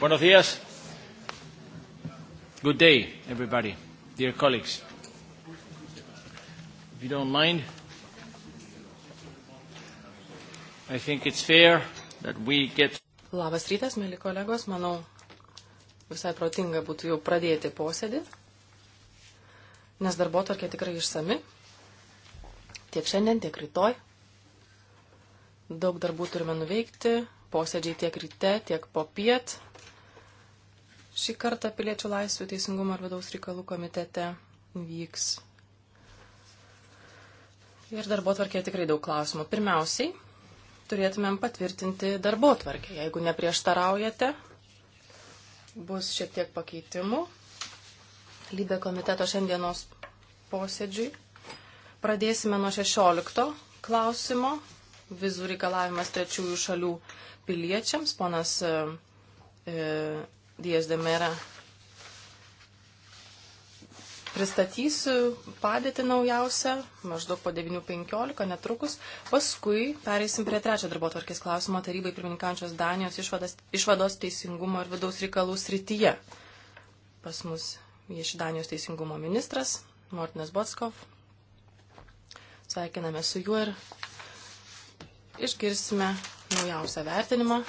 Buenos días. Good day, everybody, dear colleagues. If you don't mind, I think it's fair that we get. Labas rytas, mėly kolegos. Manau, visai protinga būtų jau pradėti posėdį, nes darbo tokia tikrai išsami. Tiek šiandien, tiek rytoj. Daug darbų turime nuveikti. Posėdžiai tiek ryte, tiek po piet Šį kartą Piliečių laisvių teisingumo ir vidaus reikalų komitete vyks. Ir darbo tvarkė tikrai daug klausimų. Pirmiausiai, turėtumėm patvirtinti darbo tvarkę. Jeigu neprieštaraujate, bus šiek tiek pakeitimų. Lybė komiteto šiandienos posėdžiui. Pradėsime nuo 16 klausimo. Vizų reikalavimas trečiųjų šalių piliečiams. Ponas e, Dijas Demera pristatys padėtį naujausią, maždaug po 9.15 netrukus. Paskui pereisim prie trečio darbo tvarkės klausimo tarybai pirmininkančios Danijos išvadas, išvados teisingumo ir vidaus reikalų srityje. Pas mus vieši Danijos teisingumo ministras Mortinas Botskov. Sveikiname su juo ir išgirsime naujausią vertinimą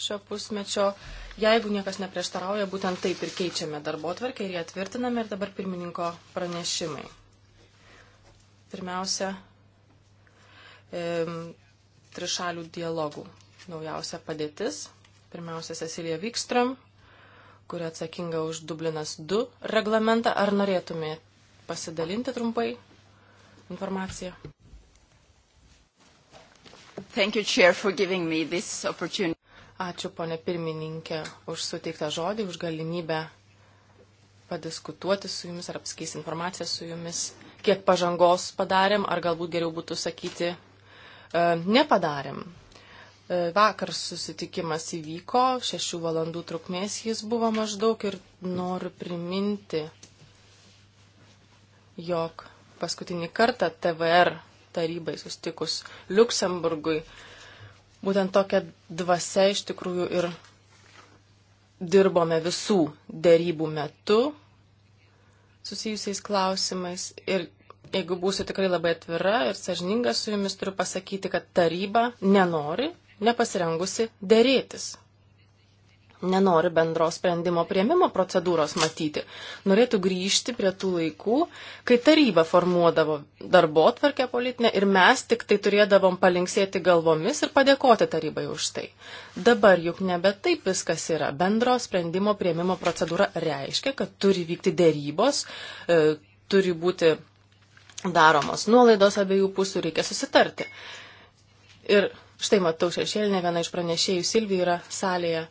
šio pusmečio. Jeigu niekas neprieštarauja, būtent taip ir keičiame darbo tvarkę ir ją tvirtiname ir dabar pirmininko pranešimai. Pirmiausia, e, trišalių dialogų naujausia padėtis. Pirmiausia, Cecilija Vikstram, kuri atsakinga už Dublinas 2 reglamentą. Ar norėtumėte pasidalinti trumpai informaciją? Thank you, Chair, for giving me this opportunity. Ačiū, ponė pirmininkė, už suteiktą žodį, už galimybę padiskutuoti su jumis ar apskeisti informaciją su jumis, kiek pažangos padarėm, ar galbūt geriau būtų sakyti, e, nepadarėm. E, vakar susitikimas įvyko, šešių valandų trukmės jis buvo maždaug ir noriu priminti, jog paskutinį kartą TVR tarybai sustikus Luksemburgui Būtent tokia dvasia iš tikrųjų ir dirbome visų dėrybų metu susijusiais klausimais. Ir jeigu būsiu tikrai labai atvira ir sažininga su jumis, turiu pasakyti, kad taryba nenori, nepasirengusi dėrėtis nenori bendros sprendimo prieimimo procedūros matyti. Norėtų grįžti prie tų laikų, kai taryba formuodavo darbo tvarkę politinę ir mes tik tai turėdavom palinksėti galvomis ir padėkoti tarybai už tai. Dabar juk nebe taip viskas yra. Bendro sprendimo prieimimo procedūra reiškia, kad turi vykti dėrybos, e, turi būti daromos nuolaidos abiejų pusių, reikia susitarti. Ir štai matau šešėlinę, viena iš pranešėjų Silvija yra salėje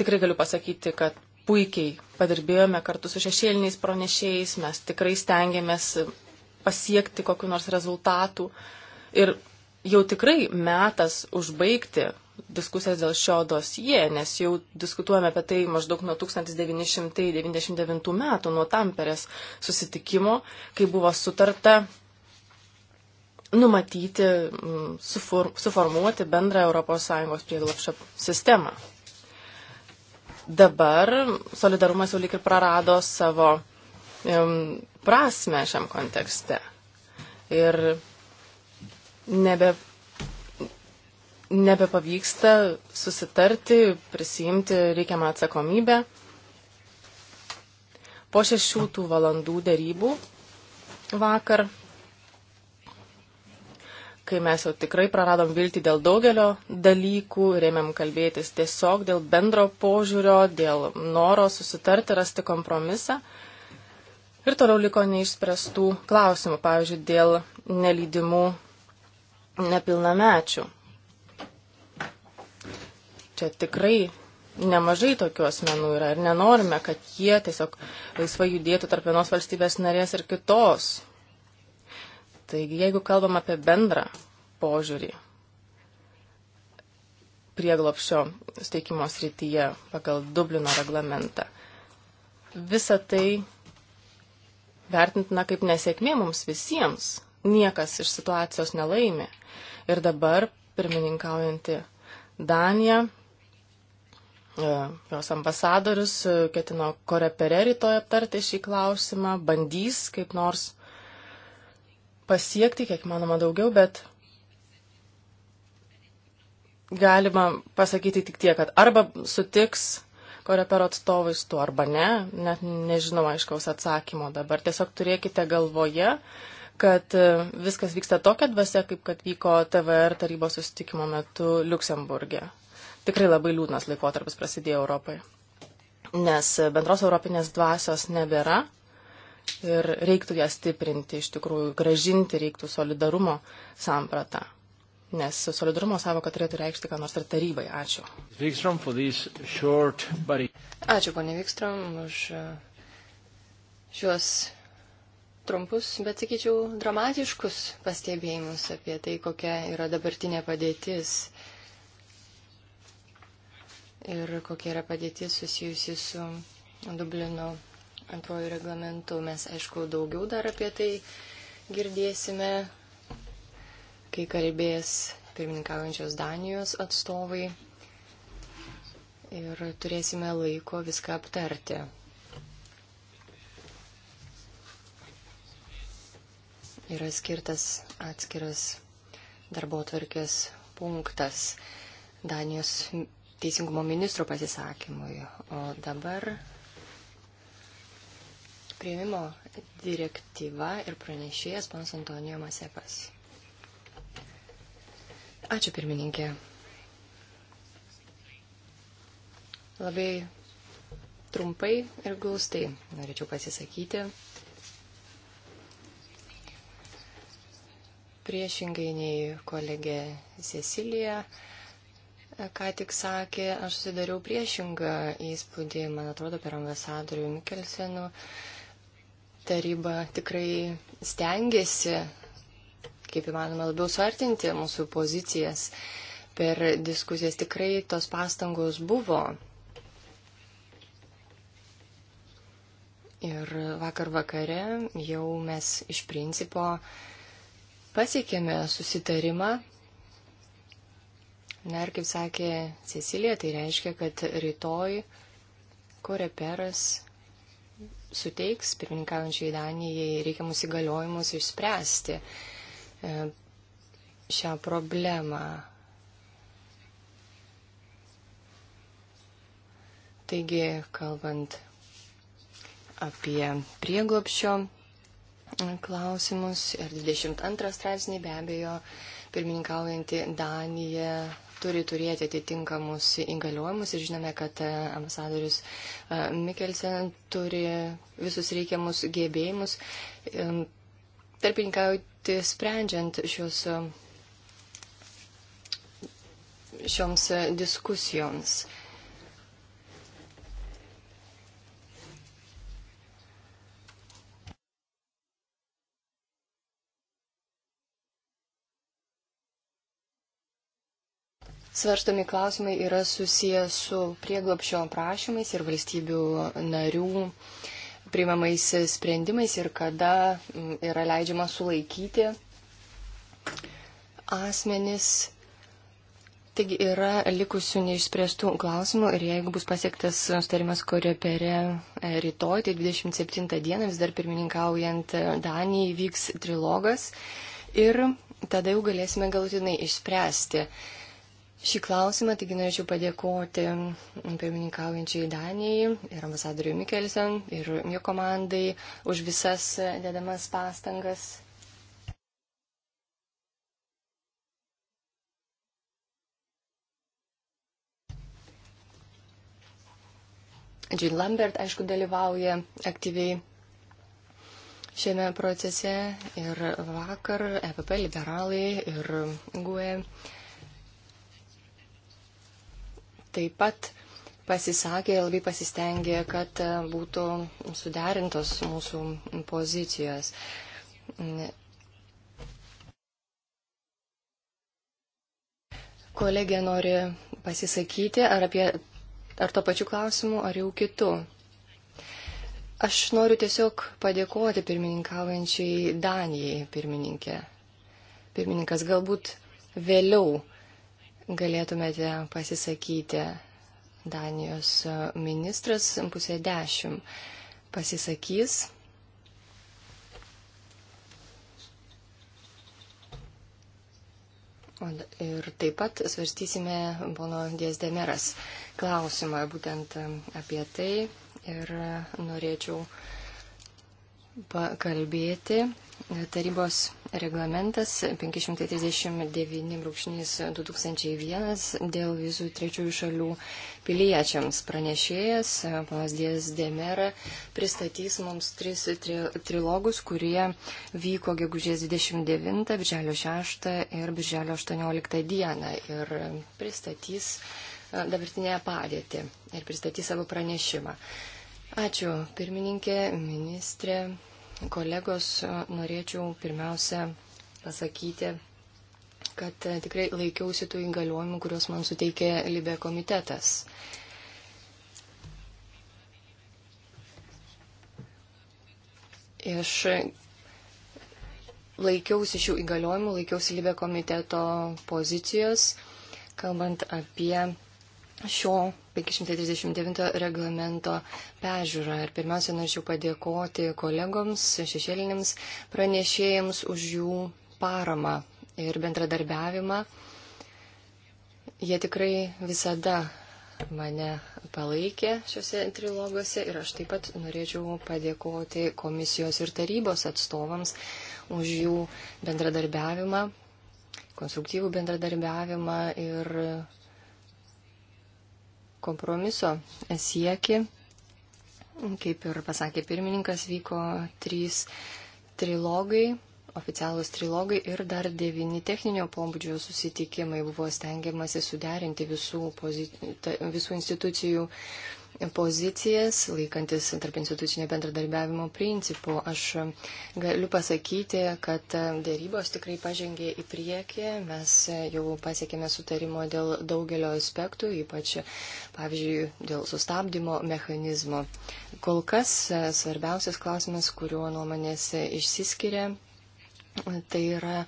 tikrai galiu pasakyti, kad puikiai padirbėjome kartu su šešėliniais pranešėjais, mes tikrai stengiamės pasiekti kokiu nors rezultatų. Ir jau tikrai metas užbaigti diskusijas dėl šio dosie, nes jau diskutuojame apie tai maždaug nuo 1999 metų, nuo Tamperės susitikimo, kai buvo sutarta numatyti, mm, suform, suformuoti bendrą ES prieglapšio sistemą dabar solidarumas jau lik ir prarado savo um, prasme šiam kontekste. Ir nebe, nebepavyksta susitarti, prisijimti reikiamą atsakomybę. Po šešių tų valandų dėrybų vakar kai mes jau tikrai praradom viltį dėl daugelio dalykų, rėmėm kalbėtis tiesiog dėl bendro požiūrio, dėl noro susitarti, rasti kompromisą. Ir toliau liko neišspręstų klausimų, pavyzdžiui, dėl nelydimų nepilnamečių. Čia tikrai nemažai tokių asmenų yra ir nenorime, kad jie tiesiog laisvai judėtų tarp vienos valstybės narės ir kitos. Taigi, jeigu kalbam apie bendrą požiūrį prieglopšio steikimo srityje pagal Dublino reglamentą, visa tai vertintina kaip nesėkmė mums visiems. Niekas iš situacijos nelaimi. Ir dabar pirmininkaujanti Danija, e, jos ambasadorius e, ketino korepere rytoj aptarti šį klausimą, bandys kaip nors pasiekti, kiek manoma daugiau, bet galima pasakyti tik tiek, kad arba sutiks korepero atstovai su tuo, arba ne, net nežinau aiškaus atsakymo dabar. Tiesiog turėkite galvoje, kad e, viskas vyksta tokia dvasia, kaip kad vyko TVR tarybos susitikimo metu Luksemburgė. Tikrai labai liūdnas laikotarpis prasidėjo Europai, nes e, bendros europinės dvasios nebėra ir reiktų ją stiprinti, iš tikrųjų, gražinti reiktų solidarumo sampratą. Nes solidarumo savoka turėtų reikšti, ką nors ir tarybai. Ačiū. Ačiū, ponė Vikstrom, už šiuos trumpus, bet sakyčiau, dramatiškus pastebėjimus apie tai, kokia yra dabartinė padėtis ir kokia yra padėtis susijusi su Dublino antrojų reglamentų. Mes, aišku, daugiau dar apie tai girdėsime, kai kalbės pirmininkaujančios Danijos atstovai. Ir turėsime laiko viską aptarti. Yra skirtas atskiras darbo tvarkės punktas Danijos teisingumo ministro pasisakymui. O dabar prieimimo direktyva ir pranešėjas panas Antonijo Masepas. Ačiū pirmininkė. Labai trumpai ir glaustai norėčiau pasisakyti. Priešingai nei kolegė Cecilija ką tik sakė, aš susidariau priešingą įspūdį, man atrodo, per ambasadorių Mikelsenų. Uh, Taryba tikrai stengiasi, kaip įmanoma, labiau suartinti mūsų pozicijas. Per diskusijas tikrai tos pastangos buvo. Ir vakar vakare jau mes iš principo pasiekėme susitarimą. Na ir kaip sakė Cecilija, tai reiškia, kad rytoj koreperas suteiks pirmininkaujančiai Danijai reikiamus įgaliojimus išspręsti e, šią problemą. Taigi, kalbant apie prieglopšio klausimus ir 22 straipsnį be abejo pirmininkaujantį Daniją turi turėti atitinkamus įgaliojimus ir žinome, kad e, ambasadorius e, Mikelsen turi visus reikiamus gebėjimus e, tarpininkauti sprendžiant šios, šioms diskusijoms. Svarstomi klausimai yra susiję su prieglopšio prašymais ir valstybių narių priimamais sprendimais ir kada mm, yra leidžiama sulaikyti asmenis. Taigi yra likusių neišspręstų klausimų ir jeigu bus pasiektas sustarimas korepere e, rytoj, tai 27 dieną vis dar pirmininkaujant e, Danijai vyks trilogas ir tada jau galėsime galutinai išspręsti uh, šį klausimą, taigi norėčiau padėkoti pirmininkaujančiai Danijai ir ambasadoriui Mikelsen ir jo komandai už visas dedamas pastangas. Jean Lambert, aišku, dalyvauja aktyviai šiame procese ir vakar EPP liberalai ir GUE taip pat pasisakė, labai pasistengė, kad e, būtų suderintos mūsų pozicijos. Kolegė nori pasisakyti ar apie ar to pačiu klausimu, ar jau kitu. Aš noriu tiesiog padėkoti pirmininkaujančiai Danijai pirmininkė. Pirmininkas galbūt vėliau galėtumėte pasisakyti. Danijos ministras pusė dešimt pasisakys. Ir taip pat svarstysime pono Diezdemeras klausimą būtent apie tai ir norėčiau pakalbėti Tarybos reglamentas 539.2001 dėl vizų trečiųjų šalių piliečiams pranešėjas, e, panas Dės Demera, pristatys mums tris tri, trilogus, kurie vyko gegužės 29, birželio 6 ir birželio 18 dieną ir pristatys e, dabartinėje padėtį ir pristatys savo pranešimą. Ačiū, pirmininkė, ministrė. Kolegos, norėčiau pirmiausia pasakyti, kad e, tikrai laikiausi tų įgaliojimų, kuriuos man suteikė Libė komitetas. Iš laikiausi šių įgaliojimų, laikiausi Libė komiteto pozicijos, kalbant apie šio 539 reglamento pežiūrą. Ir pirmiausia, norėčiau padėkoti kolegoms, šešėlinėms pranešėjams už jų paramą ir bendradarbiavimą. Jie tikrai visada mane palaikė šiuose trilogose ir aš taip pat norėčiau padėkoti komisijos ir tarybos atstovams už jų bendradarbiavimą, konstruktyvų bendradarbiavimą ir kompromiso sieki, kaip ir pasakė pirmininkas, vyko trys trilogai, oficialūs trilogai ir dar devyni techninio pobūdžio susitikimai buvo stengiamasi suderinti visų, pozit... visų institucijų uh, pozicijas, laikantis tarp institucinio bendradarbiavimo principų. Aš galiu pasakyti, kad dėrybos tikrai pažengė į priekį. Mes jau pasiekėme sutarimo dėl daugelio aspektų, ypač, pavyzdžiui, dėl sustabdymo mechanizmo. Kol kas e, svarbiausias klausimas, kuriuo nuomonės išsiskiria, Tai yra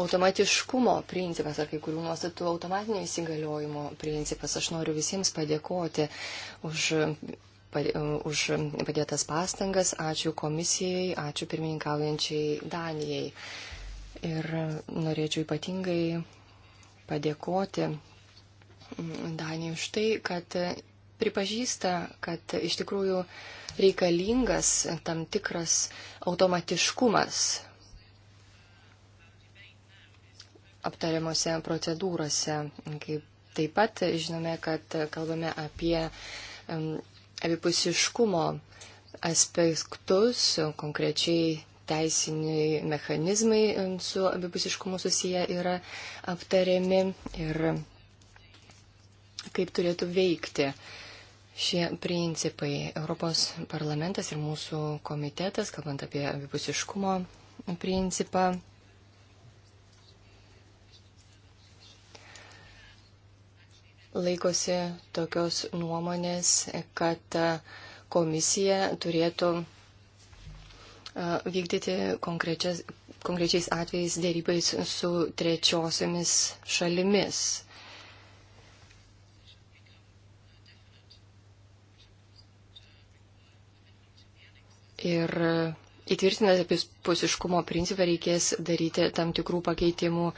automatiškumo principas ar kai kurių nuostatų automatinio įsigaliojimo principas. Aš noriu visiems padėkoti už, už padėtas pastangas. Ačiū komisijai, ačiū pirmininkaujančiai Danijai. Ir norėčiau ypatingai padėkoti Danijai už tai, kad pripažįsta, kad iš tikrųjų reikalingas tam tikras automatiškumas aptariamuose procedūrose. Kaip taip pat žinome, kad kalbame apie abipusiškumo aspektus, konkrečiai teisiniai mechanizmai su abipusiškumu susiję yra aptariami ir kaip turėtų veikti šie principai. Europos parlamentas ir mūsų komitetas, kalbant apie abipusiškumo principą, laikosi tokios nuomonės, kad komisija turėtų vykdyti konkrečiais atvejais dėrybais su trečiosiomis šalimis. Ir įtvirtinant apipusiškumo principą reikės daryti tam tikrų pakeitimų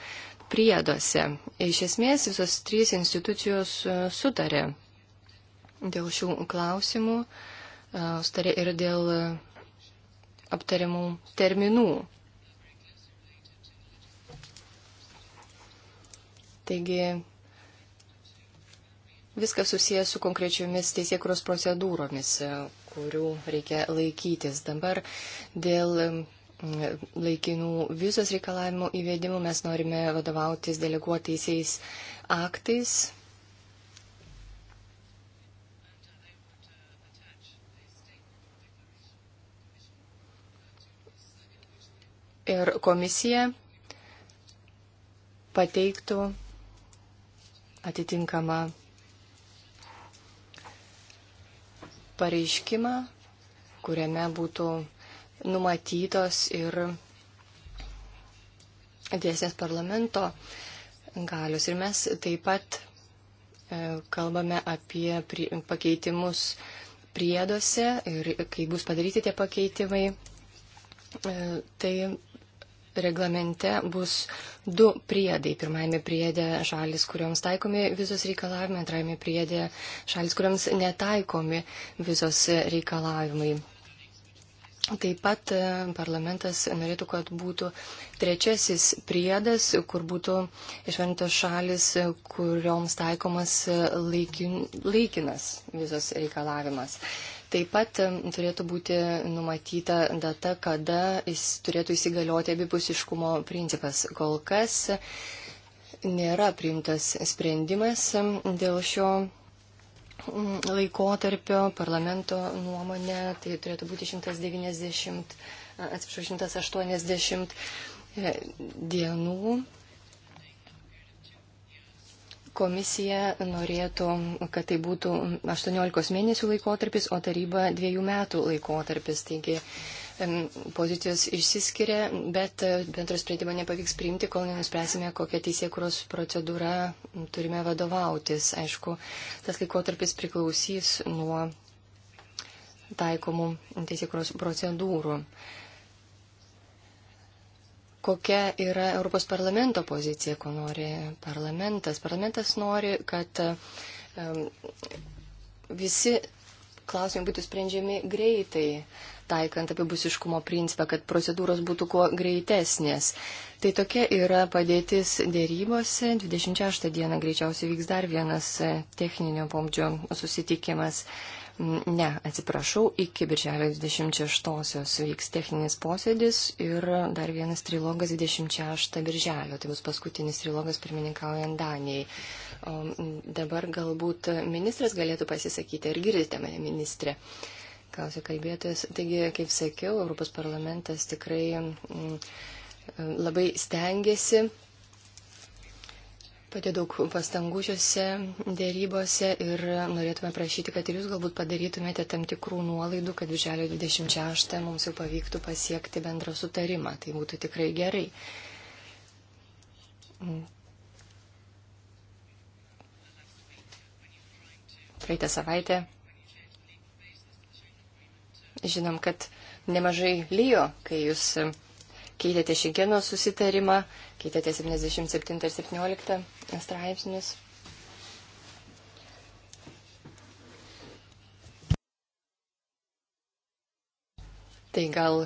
prieduose. Iš esmės visos trys institucijos e, sutarė dėl šių klausimų, e, sutarė ir dėl e, aptariamų terminų. Taigi viskas susijęs su konkrečiomis teisėkros procedūromis, kurių reikia laikytis. Dabar dėl laikinų vizos reikalavimų įvedimų. Mes norime vadovautis deleguotaisiais aktais. Ir komisija pateiktų atitinkamą pareiškimą, kuriame būtų numatytos ir dėsnės parlamento galios. Ir mes taip pat e, kalbame apie pakeitimus prieduose ir kai bus padaryti tie pakeitimai, e, tai reglamente bus du priedai. Pirmajame priedė šalis, kuriuoms taikomi visos reikalavimai, antrajame priedė šalis, kuriuoms netaikomi visos reikalavimai. Taip pat e, parlamentas norėtų, kad būtų trečiasis priedas, kur būtų išvengtos šalis, e, kurioms taikomas e, laikin, laikinas visas reikalavimas. Taip pat turėtų būti numatyta data, kada jis turėtų įsigalioti abipusiškumo principas. Kol kas nėra priimtas sprendimas dėl šio laikotarpio parlamento nuomonė, tai turėtų būti 190, atsiprašau, 180 e, dienų. Komisija norėtų, kad tai būtų 18 mėnesių laikotarpis, o taryba dviejų metų laikotarpis. Taigi, uh, pozicijos išsiskiria, bet e, bendro sprendimo nepavyks priimti, kol nenuspręsime, kokią teisėkuros procedūrą turime vadovautis. Aišku, tas laikotarpis priklausys nuo taikomų teisėkuros procedūrų. Kokia yra Europos parlamento pozicija, ko nori parlamentas? Parlamentas nori, kad um, visi klausimai būtų sprendžiami greitai. Uh, taikant apibusiškumo principą, kad procedūros būtų kuo greitesnės. Tai tokia yra padėtis dėrybose. 26 dieną greičiausiai vyks dar vienas e, techninio pomdžio susitikimas. Ne, atsiprašau, iki birželio 26-osios vyks techninis posėdis ir dar vienas trilogas 26 birželio. Tai bus paskutinis trilogas pirmininkaujant Danijai. O dabar galbūt ministras galėtų pasisakyti. Ar girdite mane, ministrė? Uh, klausė kalbėtojas. Taigi, kaip sakiau, Europos parlamentas tikrai mm, labai stengiasi, patė daug pastangų šiuose dėrybose ir norėtume prašyti, kad ir jūs galbūt padarytumėte tam tikrų nuolaidų, kad birželio 26 mums jau pavyktų pasiekti bendrą sutarimą. Tai būtų tikrai gerai. Mm. Praeitą savaitę Žinom, kad nemažai lyjo, kai jūs keitėte Šigeno susitarimą, keitėte 77 ir 17 straipsnius. Tai gal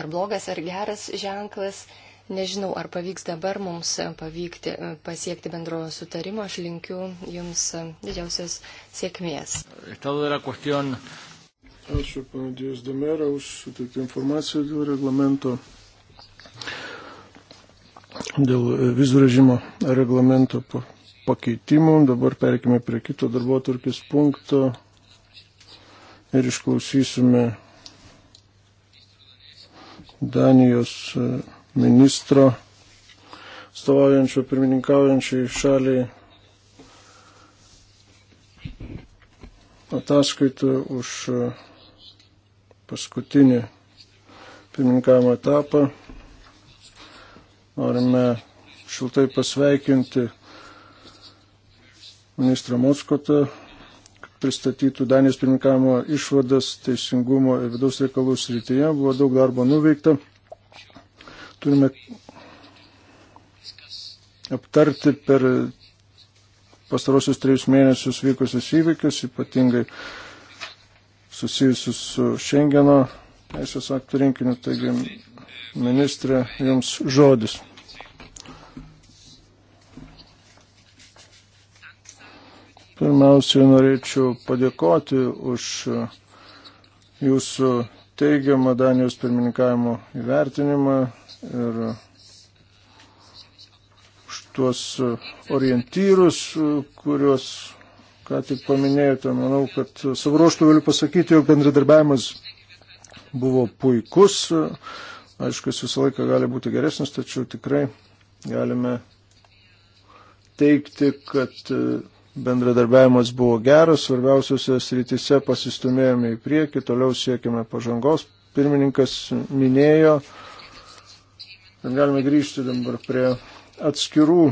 ar blogas, ar geras ženklas, nežinau, ar pavyks dabar mums pavykti, pasiekti bendro sutarimo, aš linkiu Jums didžiausios sėkmės. Ačiū, panadėjus Demera, už suteiktą informaciją dėl reglamento, dėl e, vizų režimo reglamento pakeitimų. Dabar perkime prie kito darbo turkis punkto ir išklausysime Danijos e, ministro stovaujančio pirmininkaujančiai šaliai ataskaitų už e, paskutinį pirmininkavimo etapą. Norime šiltai pasveikinti ministrą Mockotą, kad pristatytų Danijos pirmininkavimo išvadas teisingumo ir vidaus reikalų srityje. Buvo daug darbo nuveikta. Turime aptarti per pastarosius trejus mėnesius vykusius įvykius, ypatingai susijusius su Šengeno teisės aktų rinkiniu. Taigi, ministrė, jums žodis. Pirmiausiai norėčiau padėkoti už jūsų teigiamą Danijos pirmininkavimo įvertinimą ir už tuos orientyrus, kuriuos ką tik paminėjote. Manau, kad savo ruoštų galiu pasakyti, jog bendradarbiavimas buvo puikus. Aišku, jis visą laiką gali būti geresnis, tačiau tikrai galime teikti, kad bendradarbiavimas buvo geras, svarbiausiose srityse pasistumėjome į priekį, toliau siekime pažangos. Pirmininkas minėjo, kad galime grįžti dabar prie atskirų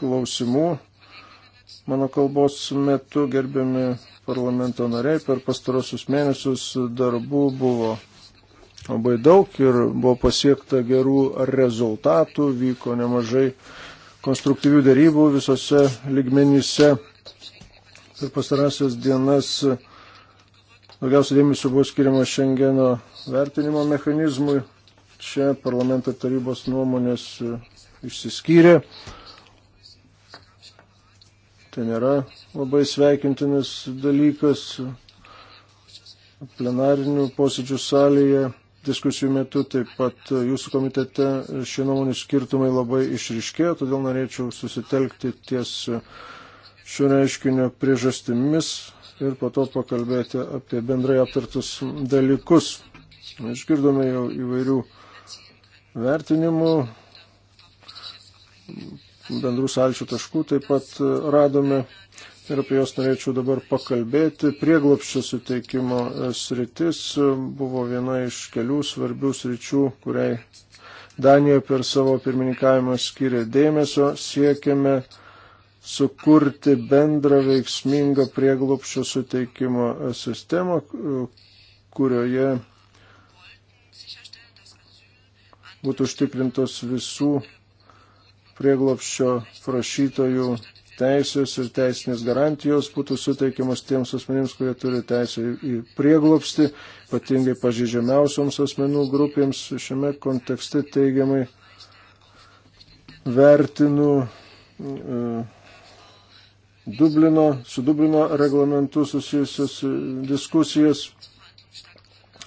klausimų. Mano kalbos metu gerbiami parlamento nariai per pastarosius mėnesius darbų buvo labai daug ir buvo pasiekta gerų rezultatų, vyko nemažai konstruktyvių darybų visose ligmenyse. Per pastarąsias dienas daugiausia dėmesio buvo skiriama Šengeno vertinimo mechanizmui. Čia parlamento tarybos nuomonės išsiskyrė. Tai nėra labai sveikintinas dalykas. Plenarinių posėdžių salėje diskusijų metu taip pat jūsų komitete šie nuomonių skirtumai labai išriškėjo, todėl norėčiau susitelkti ties šio reiškinio priežastimis ir po to pakalbėti apie bendrai aptartus dalykus. Išgirdome jau įvairių vertinimų, bendrų sąlyčių taškų taip pat e, radome ir apie juos norėčiau dabar pakalbėti. Prieglopščio suteikimo e, sritis e, buvo viena iš kelių svarbių sričių, kuriai Danija per savo pirmininkavimą skiria dėmesio, siekiame sukurti bendrą veiksmingą prieglopščio suteikimo sistemą, kurioje būtų užtikrintos visų prieglopščio prašytojų teisės ir teisinės garantijos būtų suteikiamas tiems asmenims, kurie turi teisę į prieglopstį, ypatingai pažydžiamiausioms asmenų grupėms. Šiame kontekste teigiamai vertinu e, Dublino, su Dublino reglamentu susijusias e, diskusijas.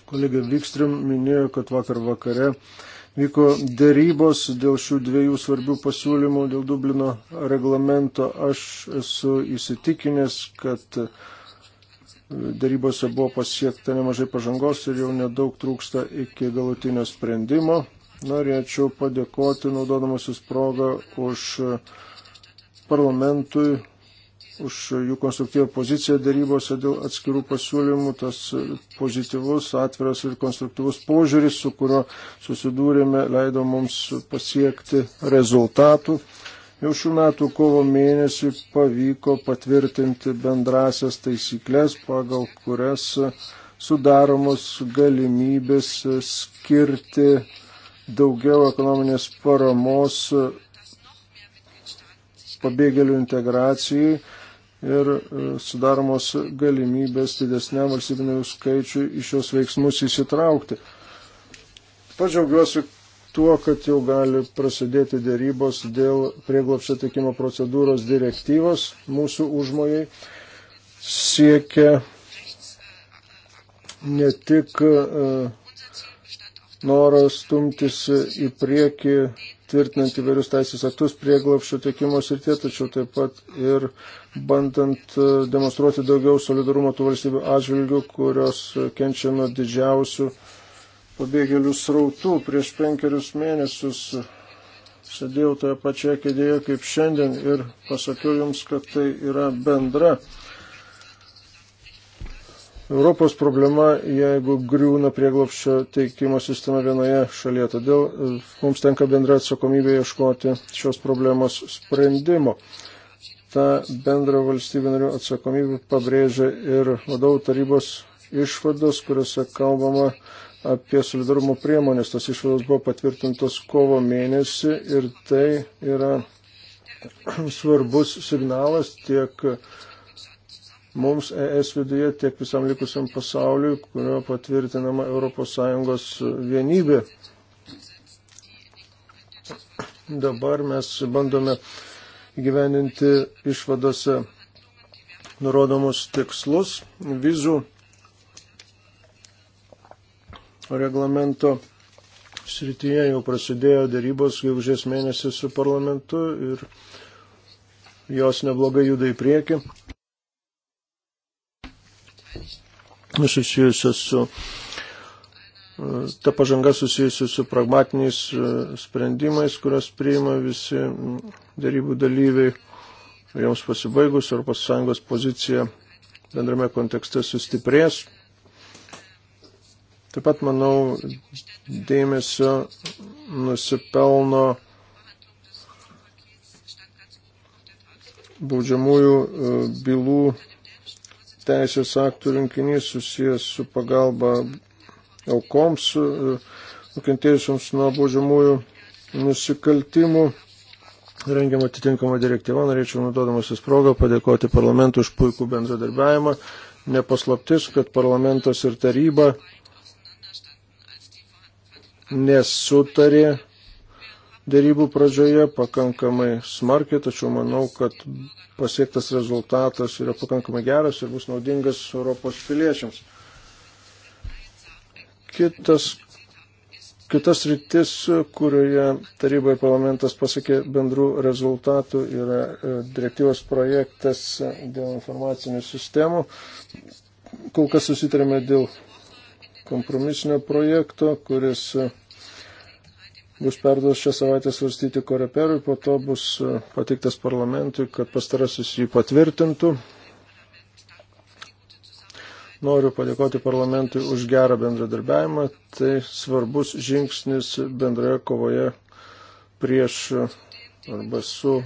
Kolega Vikstrim minėjo, kad vakar vakare vyko dėrybos dėl šių dviejų svarbių pasiūlymų dėl Dublino reglamento. Aš esu įsitikinęs, kad dėrybose buvo pasiekta nemažai pažangos ir jau nedaug trūksta iki galutinio sprendimo. Norėčiau padėkoti, naudodamasis progą, už parlamentui už jų konstruktyvę poziciją darybose dėl atskirų pasiūlymų, tas pozityvus, atviras ir konstruktyvus požiūris, su kurio susidūrėme, leido mums pasiekti rezultatų. Jau šių metų kovo mėnesį pavyko patvirtinti bendrasias taisyklės, pagal kurias sudaromos galimybės skirti daugiau ekonominės paramos pabėgėlių integracijai ir e, sudaromos galimybės didesniam valstybiniam skaičiui iš šios veiksmus įsitraukti. Pažiaugiuosi tuo, kad jau gali prasidėti dėrybos dėl prieglopšio teikimo procedūros direktyvos mūsų užmojai siekia ne tik e, noras stumtis į priekį tvirtinant įvairius teisės aktus prieglapšio tiekimo srityje, tačiau taip pat ir bandant e, demonstruoti daugiau solidarumo tų valstybių atžvilgių, kurios kenčia nuo didžiausių pabėgėlių srautų. Prieš penkerius mėnesius sėdėjau toje pačioje kėdėje kaip šiandien ir pasakiau jums, kad tai yra bendra Europos problema, jeigu griūna prieglopščio teikimo sistema vienoje šalyje. Todėl e, mums tenka bendra atsakomybė ieškoti šios problemos sprendimo. Ta bendra valstybių narių atsakomybė pabrėžia ir vadovų tarybos išvados, kuriuose kalbama apie solidarumo priemonės. Tas išvados buvo patvirtintos kovo mėnesį ir tai yra svarbus signalas tiek uh, mums ES viduje, tiek visam likusiam pasauliui, kurio patvirtinama ES vienybė. Dabar mes bandome gyveninti išvadose nurodomus tikslus vizų reglamento srityje jau prasidėjo darybos gegužės mėnesį su parlamentu ir jos neblogai juda į priekį susijusios su e, ta pažanga susijusi su pragmatiniais e, sprendimais, kurios priima visi darybų dalyviai. Joms pasibaigus ES pozicija bendrame kontekste sustiprės. Taip pat, manau, dėmesio nusipelno baudžiamųjų e, bylų teisės aktų rinkinys susijęs su pagalba aukoms, e, nukentėjusiams nuo baudžiamųjų nusikaltimų. Rengiam atitinkamą direktyvą, norėčiau naudodamasis progą padėkoti parlamentui už puikų bendradarbiavimą. Nepaslaptis, kad parlamentas ir taryba nesutarė dėrybų pradžioje pakankamai smarkiai, tačiau manau, kad pasiektas rezultatas yra pakankamai geras ir bus naudingas Europos piliečiams. Kitas, kitas rytis, kurioje taryba ir parlamentas pasiekė bendrų rezultatų, yra e, direktyvos projektas dėl informacinių sistemų. Kol kas susitarėme dėl kompromisinio projekto, kuris e, bus perduos šią savaitę svarstyti koreperui, po to bus e, pateiktas parlamentui, kad pastarasis jį patvirtintų. Noriu padėkoti parlamentui už gerą bendradarbiavimą. Tai svarbus žingsnis bendroje kovoje prieš e, arba su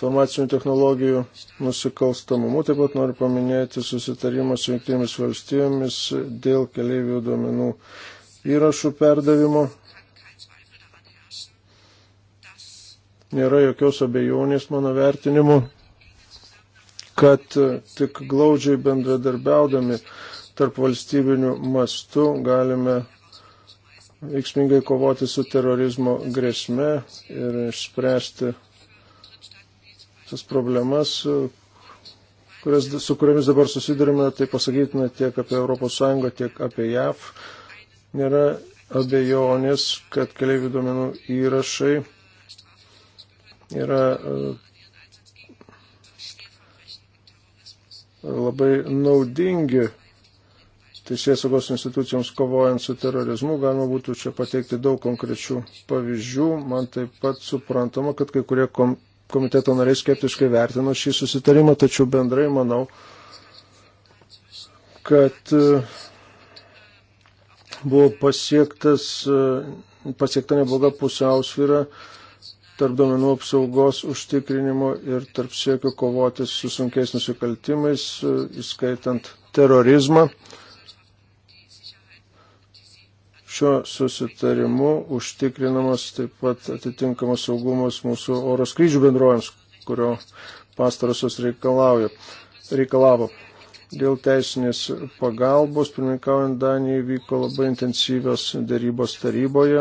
informacinių technologijų nusikalstamumu. Taip pat noriu paminėti susitarimą su jungtinėmis valstybėmis dėl keliaivių duomenų įrašų perdavimo. Nėra jokios abejonės mano vertinimu, kad tik glaudžiai bendradarbiaudami tarp valstybinių mastų galime veiksmingai kovoti su terorizmo grėsme ir išspręsti tas problemas, kurias, su kuriamis dabar susidurime, tai pasakytina tiek apie ES, tiek apie JAV. Nėra abejonės, kad keliaivių duomenų įrašai yra e, labai naudingi teisėsaugos institucijoms kovojant su terorizmu. Galima būtų čia pateikti daug konkrečių pavyzdžių. Man taip pat suprantama, kad kai kurie kom komiteto nariai skeptiškai vertino šį susitarimą, tačiau bendrai manau, kad uh, buvo pasiektas, e, pasiekta nebloga pusiausvyra tarp duomenų apsaugos užtikrinimo ir tarp siekio kovoti su sunkiais nusikaltimais, e, įskaitant terorizmą. Šiuo susitarimu užtikrinamas taip pat atitinkamas saugumas mūsų oro skrydžių bendrovėms, kurio pastarosios reikalavo. Dėl teisinės pagalbos, pirmininkaujant Danijai, vyko labai intensyvios darybos taryboje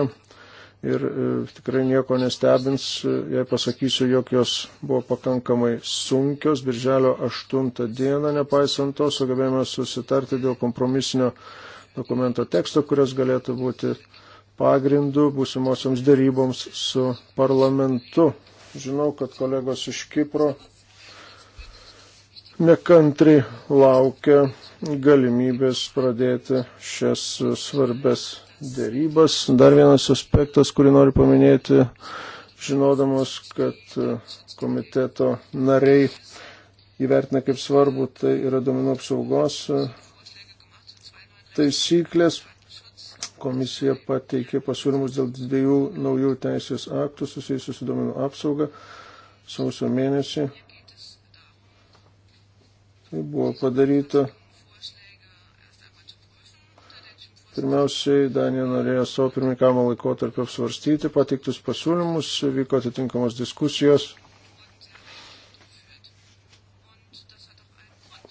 ir e, tikrai nieko nestebins, jei pasakysiu, jog jos buvo pakankamai sunkios. Birželio 8 dieną, nepaisant to, sugebėjome susitarti dėl kompromisinio dokumento teksto, kuris galėtų būti pagrindu būsimosioms daryboms su parlamentu. Žinau, kad kolegos iš Kipro nekantri laukia galimybės pradėti šias svarbes dėrybas. Dar vienas aspektas, kurį noriu paminėti, žinodamas, kad komiteto nariai įvertina kaip svarbu, tai yra domenų apsaugos taisyklės. Komisija pateikė pasiūlymus dėl dviejų naujų teisės aktų susijusių su domenų apsauga sausio mėnesį Tai buvo padaryta. Pirmiausiai Danija norėjo savo pirmikamo laikotarpio apsvarstyti, pateiktus pasiūlymus, vyko atitinkamos diskusijos.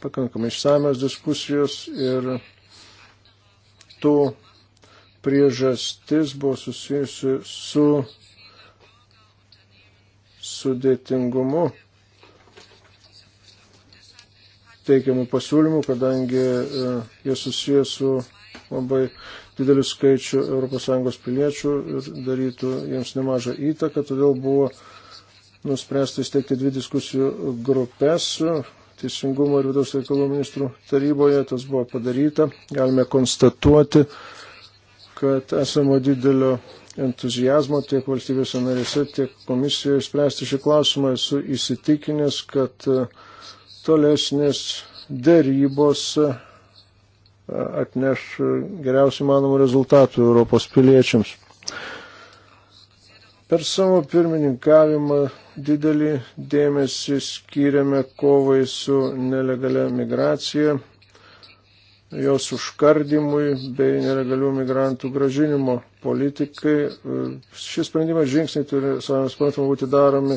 Pakankamai išsamios diskusijos ir tų priežastis buvo susijusi su sudėtingumu teikiamų pasiūlymų, kadangi e, jie susijęs su labai dideliu skaičiu ES piliečių ir darytų jiems nemažą įtaką, todėl buvo nuspręsta įsteigti dvi diskusijų grupės Teisingumo ir vidaus reikalų ministrų taryboje, tas buvo padaryta. Galime konstatuoti, kad esamo didelio entuzijazmo tiek valstybėse narėse, tiek komisijoje spręsti šį klausimą. Esu įsitikinęs, kad tolesnės dėrybos e, atneš geriausių manomų rezultatų Europos piliečiams. Per savo pirmininkavimą didelį dėmesį skiriame kovai su nelegalia migracija, jos užkardimui bei nelegalių migrantų gražinimo politikai. E, šis sprendimas žingsniai turi, savams suprantama, būti daromi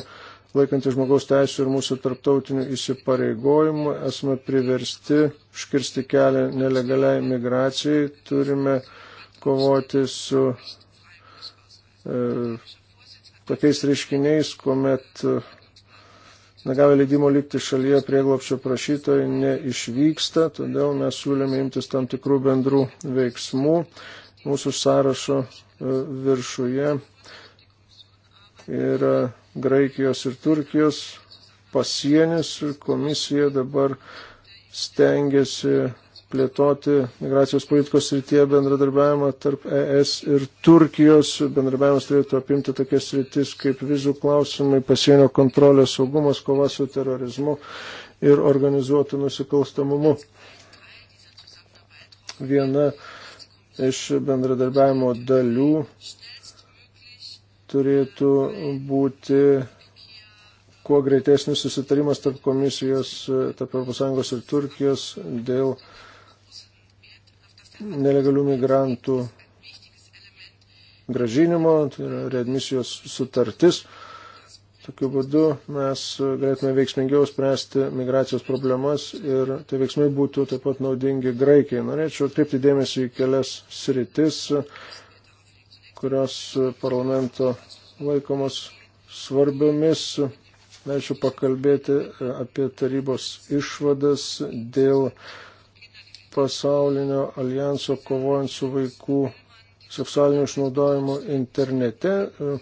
laikantį žmogaus teisų ir mūsų tarptautinių įsipareigojimų, esame priversti škirsti kelią nelegaliai migracijai, turime kovoti su e, tokiais reiškiniais, kuomet e, negavę leidimo likti šalyje prieglopščio prašytojai neišvyksta, todėl mes siūlėme imtis tam tikrų bendrų veiksmų. Mūsų sąrašo e, viršuje yra Graikijos ir Turkijos pasienis ir komisija dabar stengiasi plėtoti migracijos politikos srityje bendradarbiavimą tarp ES ir Turkijos. Bendradarbiavimas turėtų apimti tokias sritis kaip vizų klausimai, pasienio kontrolė, saugumas, kova su terorizmu ir organizuotų nusikalstamumu. Viena iš bendradarbiavimo dalių turėtų būti kuo greitesnis susitarimas tarp komisijos, tarp ES ir Turkijos dėl nelegalių migrantų gražinimo, tai yra readmisijos sutartis. Tokiu būdu mes galėtume veiksmingiau spręsti migracijos problemas ir tai veiksmai būtų taip pat naudingi Graikijai. Norėčiau atkreipti dėmesį į kelias sritis, kurios e, parlamento laikomos svarbiomis. Norėčiau pakalbėti e, apie tarybos išvadas dėl pasaulinio alijanso kovojant su vaikų seksualiniu išnaudojimu internete. E,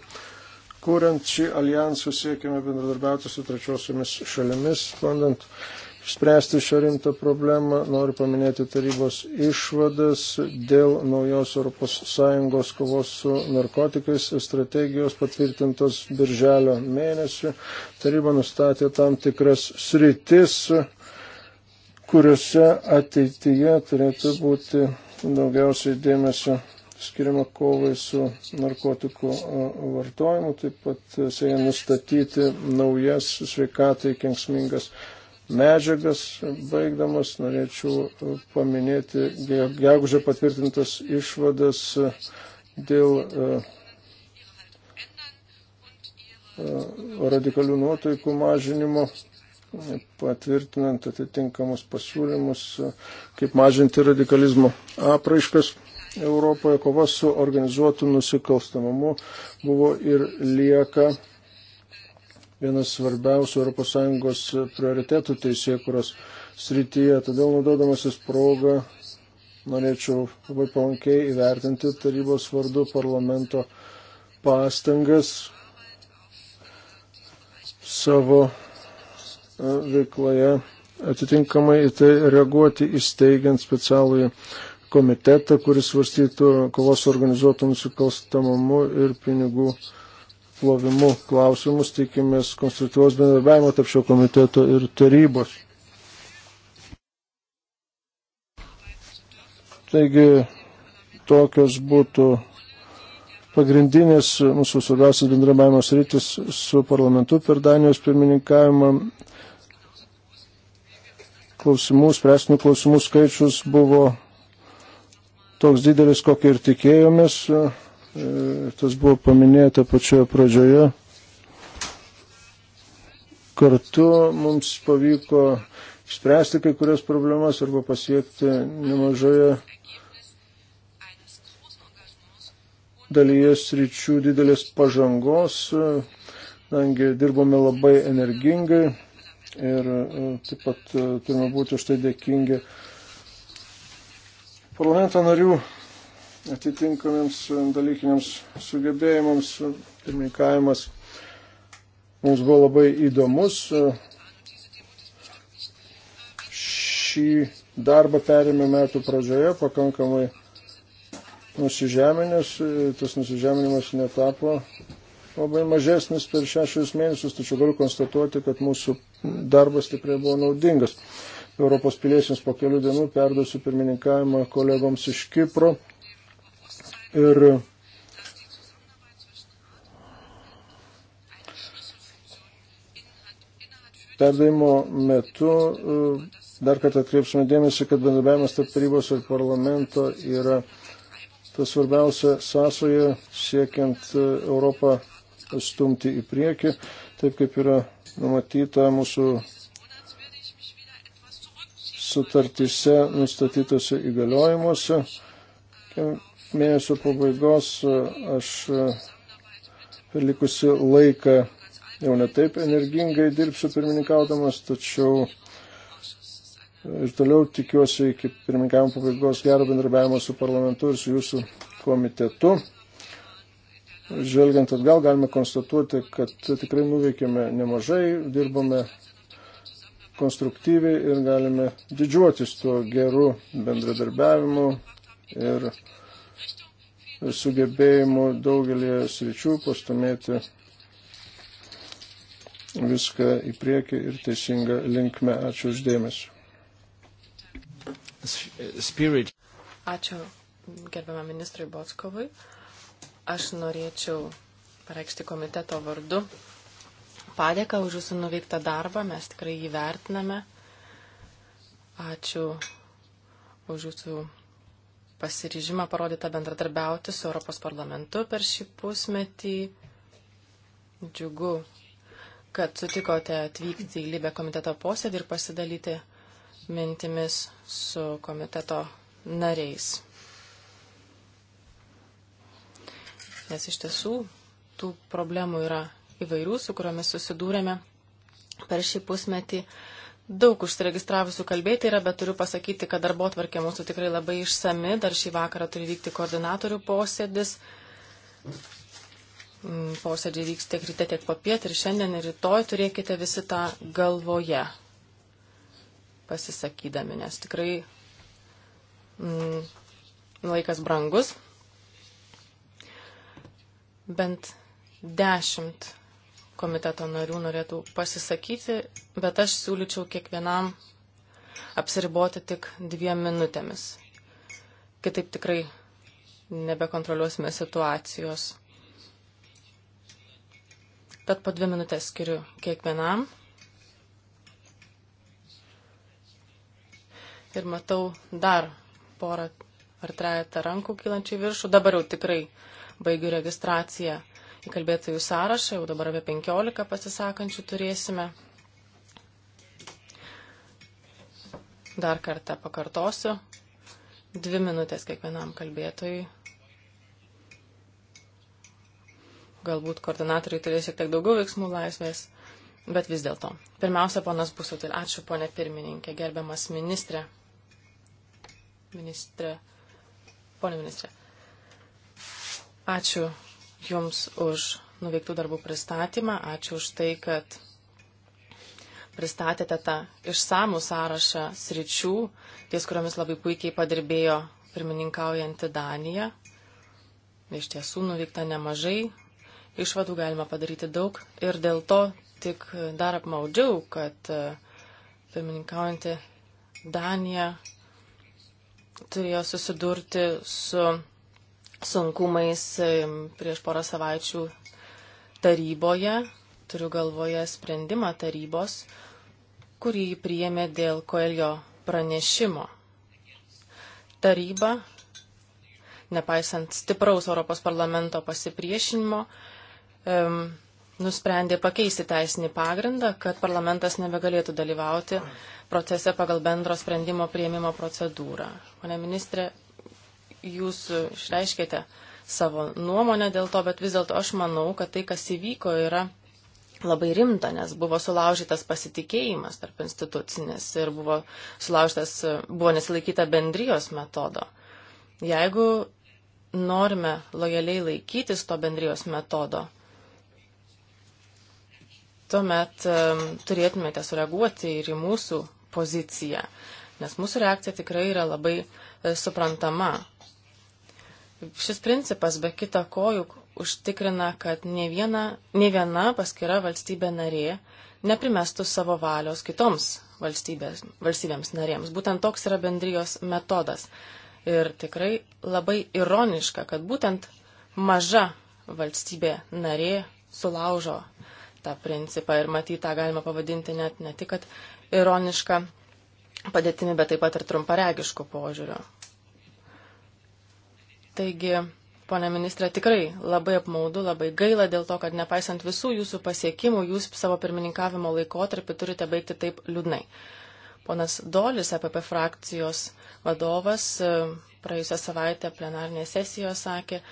kuriant šį alijansą siekiame bendradarbiauti su trečiosiomis šalimis, bandant uh, spręsti šią rimtą problemą. Noriu paminėti tarybos išvadas dėl naujos ES kovos su narkotikais strategijos patvirtintos birželio mėnesį. Taryba nustatė tam tikras sritis, kuriuose ateityje turėtų būti daugiausiai dėmesio skiriama kovai su narkotikų vartojimu, taip pat sieja nustatyti naujas sveikatai kenksmingas medžiagas. Baigdamas norėčiau paminėti gegužę patvirtintas išvadas e, dėl e, e, radikalių nuotaikų mažinimo, patvirtinant atitinkamus pasiūlymus, kaip mažinti radikalizmo apraiškas. Europoje kova su organizuotu nusikalstamumu buvo ir lieka vienas svarbiausių ES prioritetų teisėkuros srityje. Todėl naudodamasis progą norėčiau labai palankiai įvertinti tarybos vardu parlamento pastangas savo e, veikloje atitinkamai į tai reaguoti įsteigiant specialųjį komitetą, kuris svarstytų kovos organizuotų nusikalstamumu ir pinigų plovimu klausimus, tikimės konstruktyvos bendarbiavimo tarp šio komiteto ir tarybos. Taigi tokios būtų pagrindinės mūsų svarbiausias bendrabiavimo sritis su parlamentu per Danijos pirmininkavimą. Klausimų, spręsnių klausimų skaičius buvo toks didelis, kokį ir tikėjomės. E, tas buvo paminėta pačioje pradžioje. Kartu mums pavyko spręsti kai kurias problemas arba pasiekti nemažoje dalyje sričių didelės pažangos, kadangi dirbome labai energingai ir e, taip pat e, turime būti už tai dėkingi parlamento narių atitinkamiems dalykiniams sugebėjimams. Pirmininkavimas mums buvo labai įdomus. Šį darbą perėmė metų pradžioje pakankamai nusižeminęs, tas nusižeminimas netapo labai mažesnis per šešius mėnesius, tačiau galiu konstatuoti, kad mūsų darbas tikrai buvo naudingas. Europos piliečiams po kelių dienų perduosiu pirmininkavimą kolegoms iš Kipro. Ir perdavimo metu e, dar kartą atkreipsime dėmesį, kad bendrabiavimas tarp tarybos ir parlamento yra ta svarbiausia sąsoja siekiant e, Europą stumti į priekį, taip kaip yra numatyta mūsų sutartyse nustatytose įgaliojimuose mėnesio pabaigos aš per likusi laiką jau netaip energingai dirbsiu pirmininkaudamas, tačiau e, ir toliau tikiuosi iki pirmininkavimo pabaigos gero bendrabiavimo su parlamentu ir su jūsų komitetu. Žvelgiant atgal galime konstatuoti, kad tikrai nuveikėme nemažai, dirbome konstruktyviai ir galime didžiuotis tuo geru bendradarbiavimu ir sugebėjimu daugelį sričių pastumėti viską į priekį ir teisingą linkmę. Ačiū uždėmesi. Spirit. Ačiū gerbiamą ministrui Botskovui. Aš norėčiau pareikšti komiteto vardu padėką už jūsų nuveiktą darbą, mes tikrai jį vertiname. Ačiū už jūsų pasiryžimą parodytą bendradarbiauti su Europos parlamentu per šį pusmetį. Džiugu, kad sutikote atvykti į Libę komiteto posėdį ir pasidalyti mintimis su komiteto nariais. Nes iš tiesų tų problemų yra įvairių, su kuriomis susidūrėme per šį pusmetį. Uh, Daug užsiregistravusių kalbėti yra, bet turiu pasakyti, kad darbo tvarkė mūsų tikrai labai išsami. Dar šį vakarą turi vykti koordinatorių posėdis. Mm, posėdžiai vyks tiek ryte, tiek popiet ir šiandien ir rytoj turėkite visi tą galvoje pasisakydami, nes tikrai mm, laikas brangus. Bent dešimt komiteto narių norėtų pasisakyti, bet aš siūlyčiau kiekvienam apsiriboti tik dviem minutėmis. Kitaip tikrai nebekontroliuosime situacijos. Tad po dvi minutės skiriu kiekvienam. Ir matau dar porą ar trejatą rankų kylančių viršų. Dabar jau tikrai baigiu registraciją į kalbėtojų sąrašą, jau dabar apie 15 pasisakančių turėsime. Dar kartą pakartosiu. Dvi minutės kiekvienam kalbėtojui. Galbūt koordinatoriai turės šiek tiek daugiau veiksmų laisvės, bet vis dėlto. Pirmiausia, ponas Busutil, ačiū ponė pirmininkė, gerbiamas ministrė. Ministrė. Pone ministrė. Ačiū Jums už nuveiktų darbų pristatymą. Ačiū už tai, kad pristatėte tą išsamų sąrašą sričių, ties kuriomis labai puikiai padirbėjo pirmininkaujanti Danija. Iš tiesų nuveikta nemažai, išvadų galima padaryti daug ir dėl to tik dar apmaudžiau, kad e, pirmininkaujanti Danija turėjo susidurti su sunkumais prieš porą savaičių taryboje, turiu galvoje sprendimą tarybos, kurį priėmė dėl Koelio pranešimo. Taryba, nepaisant stipraus Europos parlamento pasipriešinimo, um, nusprendė pakeisti teisinį pagrindą, kad parlamentas nebegalėtų dalyvauti procese pagal bendro sprendimo prieimimo procedūrą. Pone ministrė, jūs išreiškėte savo nuomonę dėl to, bet vis dėlto aš manau, kad tai, kas įvyko, yra labai rimta, nes buvo sulaužytas pasitikėjimas tarp institucinės ir buvo sulaužytas, buvo nesilaikyta bendrijos metodo. Jeigu norime lojaliai laikytis to bendrijos metodo, tuomet um, turėtumėte sureaguoti ir į mūsų poziciją, nes mūsų reakcija tikrai yra labai uh, E, suprantama. Šis principas be kita kojų užtikrina, kad ne viena, ne viena paskira valstybė narė neprimestų savo valios kitoms valstybės, valstybėms narėms. Būtent toks yra bendrijos metodas. Ir tikrai labai ironiška, kad būtent maža valstybė narė sulaužo tą principą ir matytą galima pavadinti net ne tik, kad ironišką padėtimi, bet taip pat ir trumparegiškų požiūrių. Taigi, ponė ministrė, tikrai labai apmaudu, labai gaila dėl to, kad nepaisant visų jūsų pasiekimų, jūs savo pirmininkavimo laikotarpį turite baigti taip liūdnai. Ponas Dolis, APP e frakcijos vadovas, e, praėjusią savaitę plenarnėje sesijoje sakė,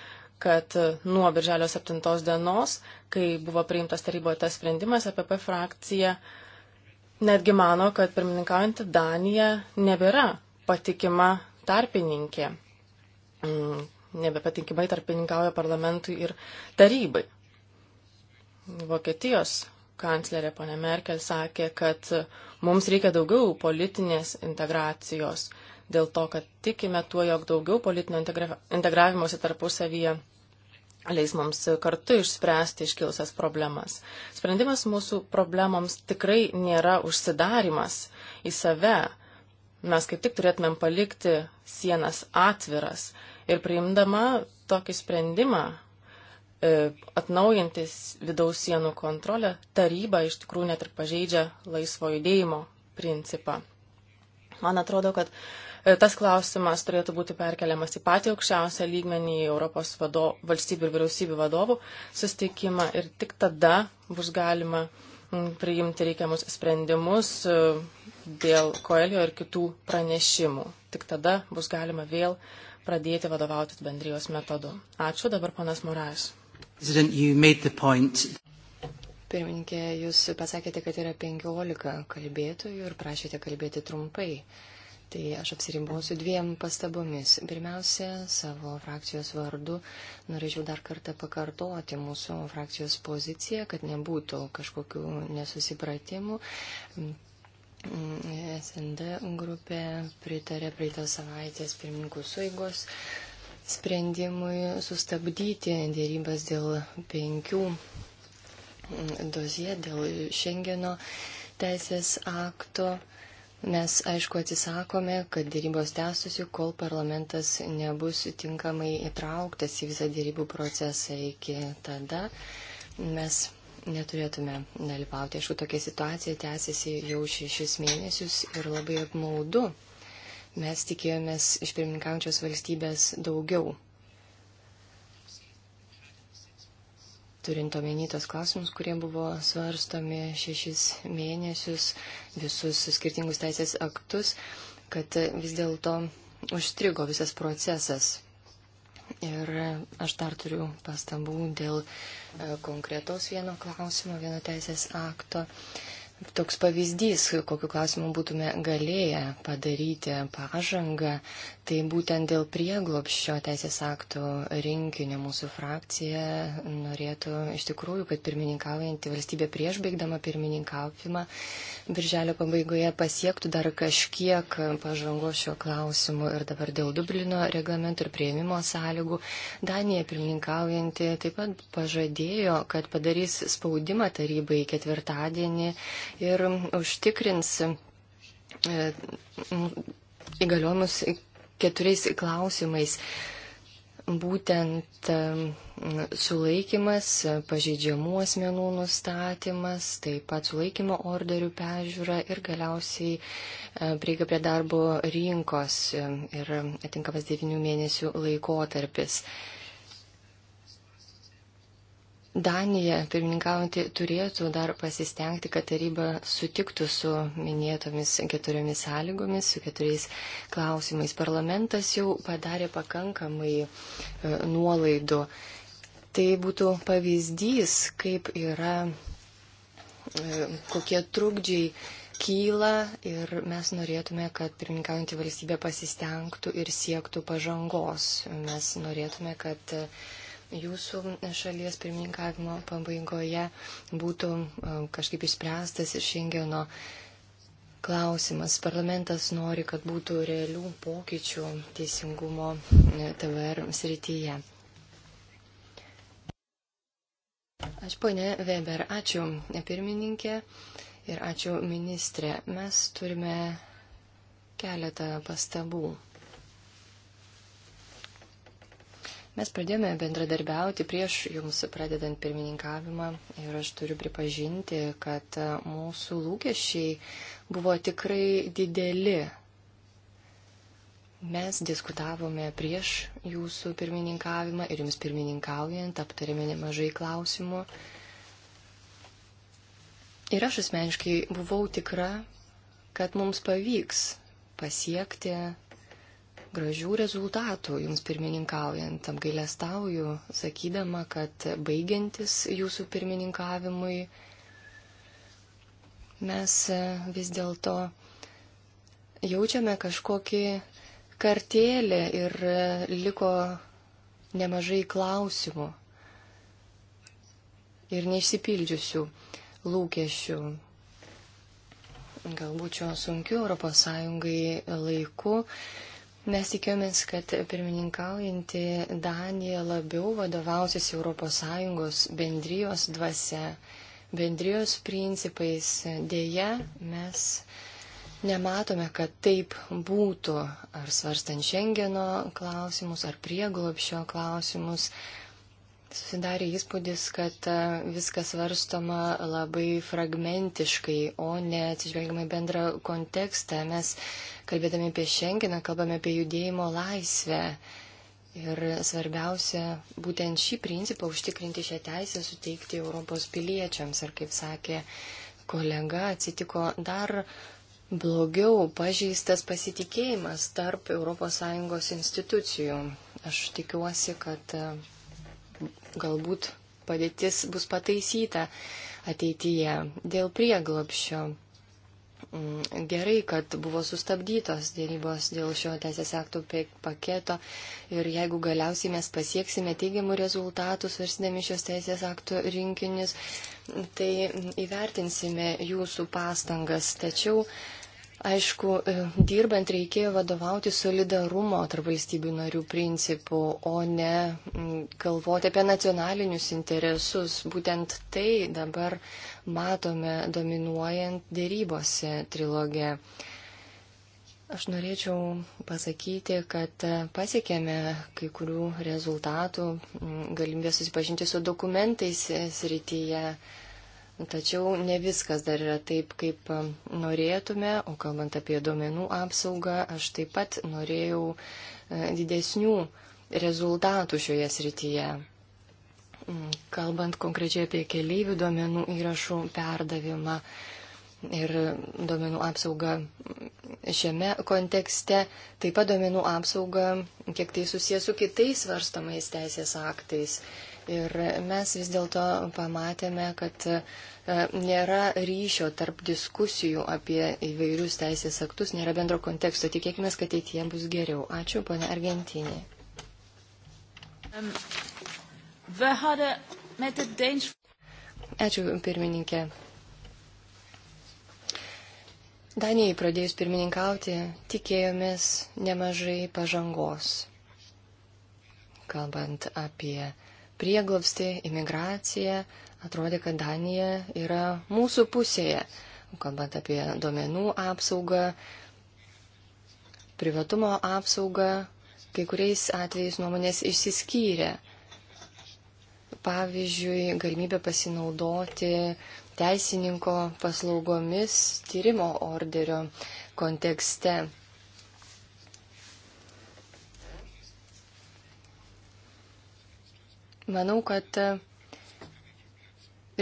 kad e, nuo birželio 7 dienos, kai buvo priimtas taryboje tas sprendimas, APP frakcija uh, netgi mano, kad pirmininkaujantį Daniją nebėra patikima tarpininkė. Mm, nebepatikimai tarpininkauja parlamentui ir tarybai. Vokietijos kanclerė ponė Merkel sakė, kad mums reikia daugiau politinės integracijos dėl to, kad tikime tuo, jog daugiau politinio integra integravimuose tarpusavyje leis mums kartu išspręsti iškilusias problemas. Sprendimas mūsų problemoms tikrai nėra užsidarimas į save. Mes kaip tik turėtumėm palikti sienas atviras ir priimdama tokį sprendimą e, atnaujantis vidaus sienų kontrolę, taryba iš tikrųjų net ir pažeidžia laisvo judėjimo principą. Man atrodo, kad E, tas klausimas turėtų būti perkeliamas į patį aukščiausią lygmenį, į Europos vado, valstybių ir vyriausybių vadovų sustikimą ir tik tada bus galima priimti reikiamus sprendimus e, dėl koelio ir kitų pranešimų. Tik tada bus galima vėl pradėti vadovautis bendrijos metodu. Ačiū dabar panas Morais. Pirmininkė, jūs pasakėte, kad yra 15 kalbėtojų ir prašėte kalbėti trumpai. Tai aš apsiribuosiu dviem pastabomis. Pirmiausia, savo frakcijos vardu norėčiau dar kartą pakartoti mūsų frakcijos poziciją, kad nebūtų kažkokių nesusipratimų. SND grupė pritarė praeitą savaitės pirmininkų suigos sprendimui sustabdyti dėrybas dėl penkių dozie, dėl Šengeno teisės akto. Mes, aišku, atsisakome, kad dėrybos tęstusi, kol parlamentas nebus tinkamai įtrauktas į visą dėrybų procesą. Iki tada mes neturėtume dalyvauti. Aišku, tokia situacija tęsiasi jau šešis mėnesius ir labai apmaudu. Mes tikėjomės iš pirmininkaujančios valstybės daugiau. turint omeny tos klausimus, kurie buvo svarstomi šešis mėnesius, visus skirtingus teisės aktus, kad vis dėlto užstrigo visas procesas. Ir aš dar turiu pastabų dėl e, konkretaus vieno klausimo, vieno teisės akto. E, toks pavyzdys, kokiu klausimu būtume galėję padaryti pažangą, tai būtent dėl prieglopščio teisės aktų rinkinio mūsų frakcija norėtų iš tikrųjų, kad pirmininkaujanti valstybė prieš baigdama pirmininkavimą birželio pabaigoje pasiektų dar kažkiek pažangos šiuo klausimu ir dabar dėl Dublino reglamentų ir prieimimo sąlygų. Danija pirmininkaujanti taip pat pažadėjo, kad padarys spaudimą tarybai ketvirtadienį ir užtikrins e, įgaliojimus keturiais klausimais. Būtent e, sulaikimas, pažeidžiamų asmenų nustatymas, taip pat sulaikimo orderių pežiūra ir galiausiai e, prieiga prie darbo rinkos ir atinkamas devinių mėnesių laikotarpis. Danija, pirmininkaujantį, turėtų dar pasistengti, kad taryba sutiktų su minėtomis keturiomis sąlygomis, su keturiais klausimais. Parlamentas jau padarė pakankamai e, nuolaidų. Tai būtų pavyzdys, kaip yra, e, kokie trukdžiai kyla ir mes norėtume, kad pirmininkaujantį valstybę pasistengtų ir siektų pažangos. Mes norėtume, kad e, jūsų šalies pirmininkavimo pabaigoje būtų e, kažkaip išspręstas ir Šengeno klausimas. Parlamentas nori, kad būtų realių pokyčių teisingumo e, TVR srityje. Aš ponė Weber, ačiū e, pirmininkė ir ačiū ministrė. Mes turime keletą pastabų. Mes pradėjome bendradarbiauti prieš jums pradedant pirmininkavimą ir aš turiu pripažinti, kad mūsų lūkesčiai buvo tikrai dideli. Mes diskutavome prieš jūsų pirmininkavimą ir jums pirmininkaujant aptarėme nemažai klausimų. Ir aš asmeniškai buvau tikra, kad mums pavyks pasiekti gražių rezultatų jums pirmininkaujant. Apgailestauju, sakydama, kad baigiantis jūsų pirmininkavimui mes e, vis dėlto jaučiame kažkokį kartėlį ir e, liko nemažai klausimų ir neišsipildžiusių lūkesčių. Galbūt šio sunkiu ES laiku Mes tikėjomės, kad pirmininkaujanti Danija labiau vadovausis ES bendrijos dvasia, bendrijos principais. Deja, mes nematome, kad taip būtų, ar svarstant Šengeno klausimus, ar prieglopšio klausimus. Susidarė įspūdis, kad e, viskas varstoma labai fragmentiškai, o ne atsižvelgiamai bendrą kontekstą. Mes, kalbėdami apie Šengeną, kalbame apie judėjimo laisvę. Ir svarbiausia, būtent šį principą užtikrinti šią teisę suteikti Europos piliečiams. Ir kaip sakė kolega, atsitiko dar blogiau pažeistas pasitikėjimas tarp ES institucijų. Aš tikiuosi, kad e, Galbūt padėtis bus pataisyta ateityje dėl prieglopščio. Mm, gerai, kad buvo sustabdytos dėrybos dėl šio teisės aktų paketo ir jeigu galiausiai mes pasieksime teigiamų rezultatų svarstydami šios teisės aktų rinkinius, tai įvertinsime jūsų pastangas. Tačiau uh, Aišku, e, dirbant reikėjo vadovauti solidarumo tarp valstybių narių principų, o ne galvoti apie nacionalinius interesus. Būtent tai dabar matome dominuojant dėrybose trilogė. Aš norėčiau pasakyti, kad e, pasiekėme kai kurių rezultatų, galimybę susipažinti su dokumentais e, srityje Tačiau ne viskas dar yra taip, kaip norėtume, o kalbant apie duomenų apsaugą, aš taip pat norėjau didesnių rezultatų šioje srityje. Mm, kalbant konkrečiai apie keliaivių duomenų įrašų perdavimą ir duomenų apsaugą šiame kontekste, taip pat duomenų apsaugą, kiek tai susijęs su kitais svarstomais teisės aktais. Ir mes vis dėlto pamatėme, kad e, nėra ryšio tarp diskusijų apie įvairius teisės aktus, nėra bendro konteksto. Tikėkime, kad ateityje bus geriau. Ačiū, ponia Argentinė. Um, Ačiū, pirmininkė. Danijai pradėjus pirmininkauti, tikėjomės nemažai pažangos, kalbant apie prieglobstį, imigraciją, atrodė, kad Danija yra mūsų pusėje, kalbant apie duomenų apsaugą, privatumo apsaugą, kai kuriais atvejais nuomonės išsiskyrė. Pavyzdžiui, galimybė pasinaudoti teisininko paslaugomis tyrimo orderio kontekste. Manau, kad e,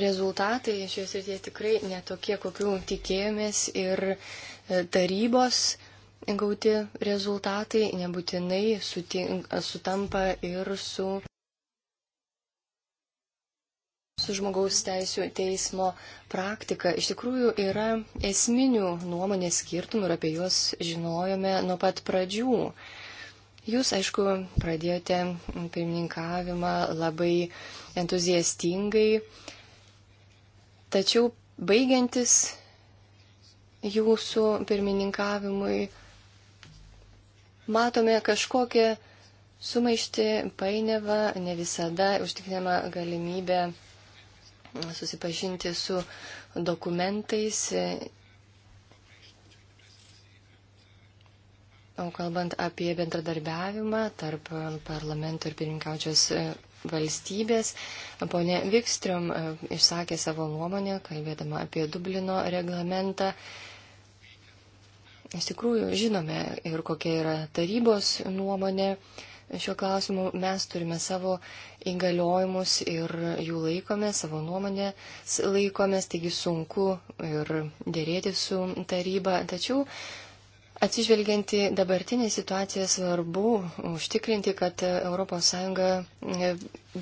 rezultatai šios srityje tikrai netokie, kokių tikėjomės ir e, tarybos gauti rezultatai nebūtinai sutink, sutampa ir su, su žmogaus teisų teismo praktika. Iš tikrųjų yra esminių nuomonės skirtumų ir apie juos žinojome nuo pat pradžių. Jūs, aišku, pradėjote pirmininkavimą labai entuziastingai, tačiau baigiantis jūsų pirmininkavimui matome kažkokią sumaišti painiavą, ne visada užtikrinama galimybė susipažinti su dokumentais O kalbant apie bendradarbiavimą tarp parlamento ir pirinkaučios e, valstybės, ponė Vikstrium e, išsakė savo nuomonę, kalbėdama apie Dublino reglamentą. Iš tikrųjų, žinome ir kokia yra tarybos nuomonė šiuo klausimu. Mes turime savo įgaliojimus ir jų laikomės, savo nuomonę laikomės, taigi sunku ir dėrėti su taryba. Tačiau Atsižvelgianti dabartinį situaciją svarbu užtikrinti, kad ES e,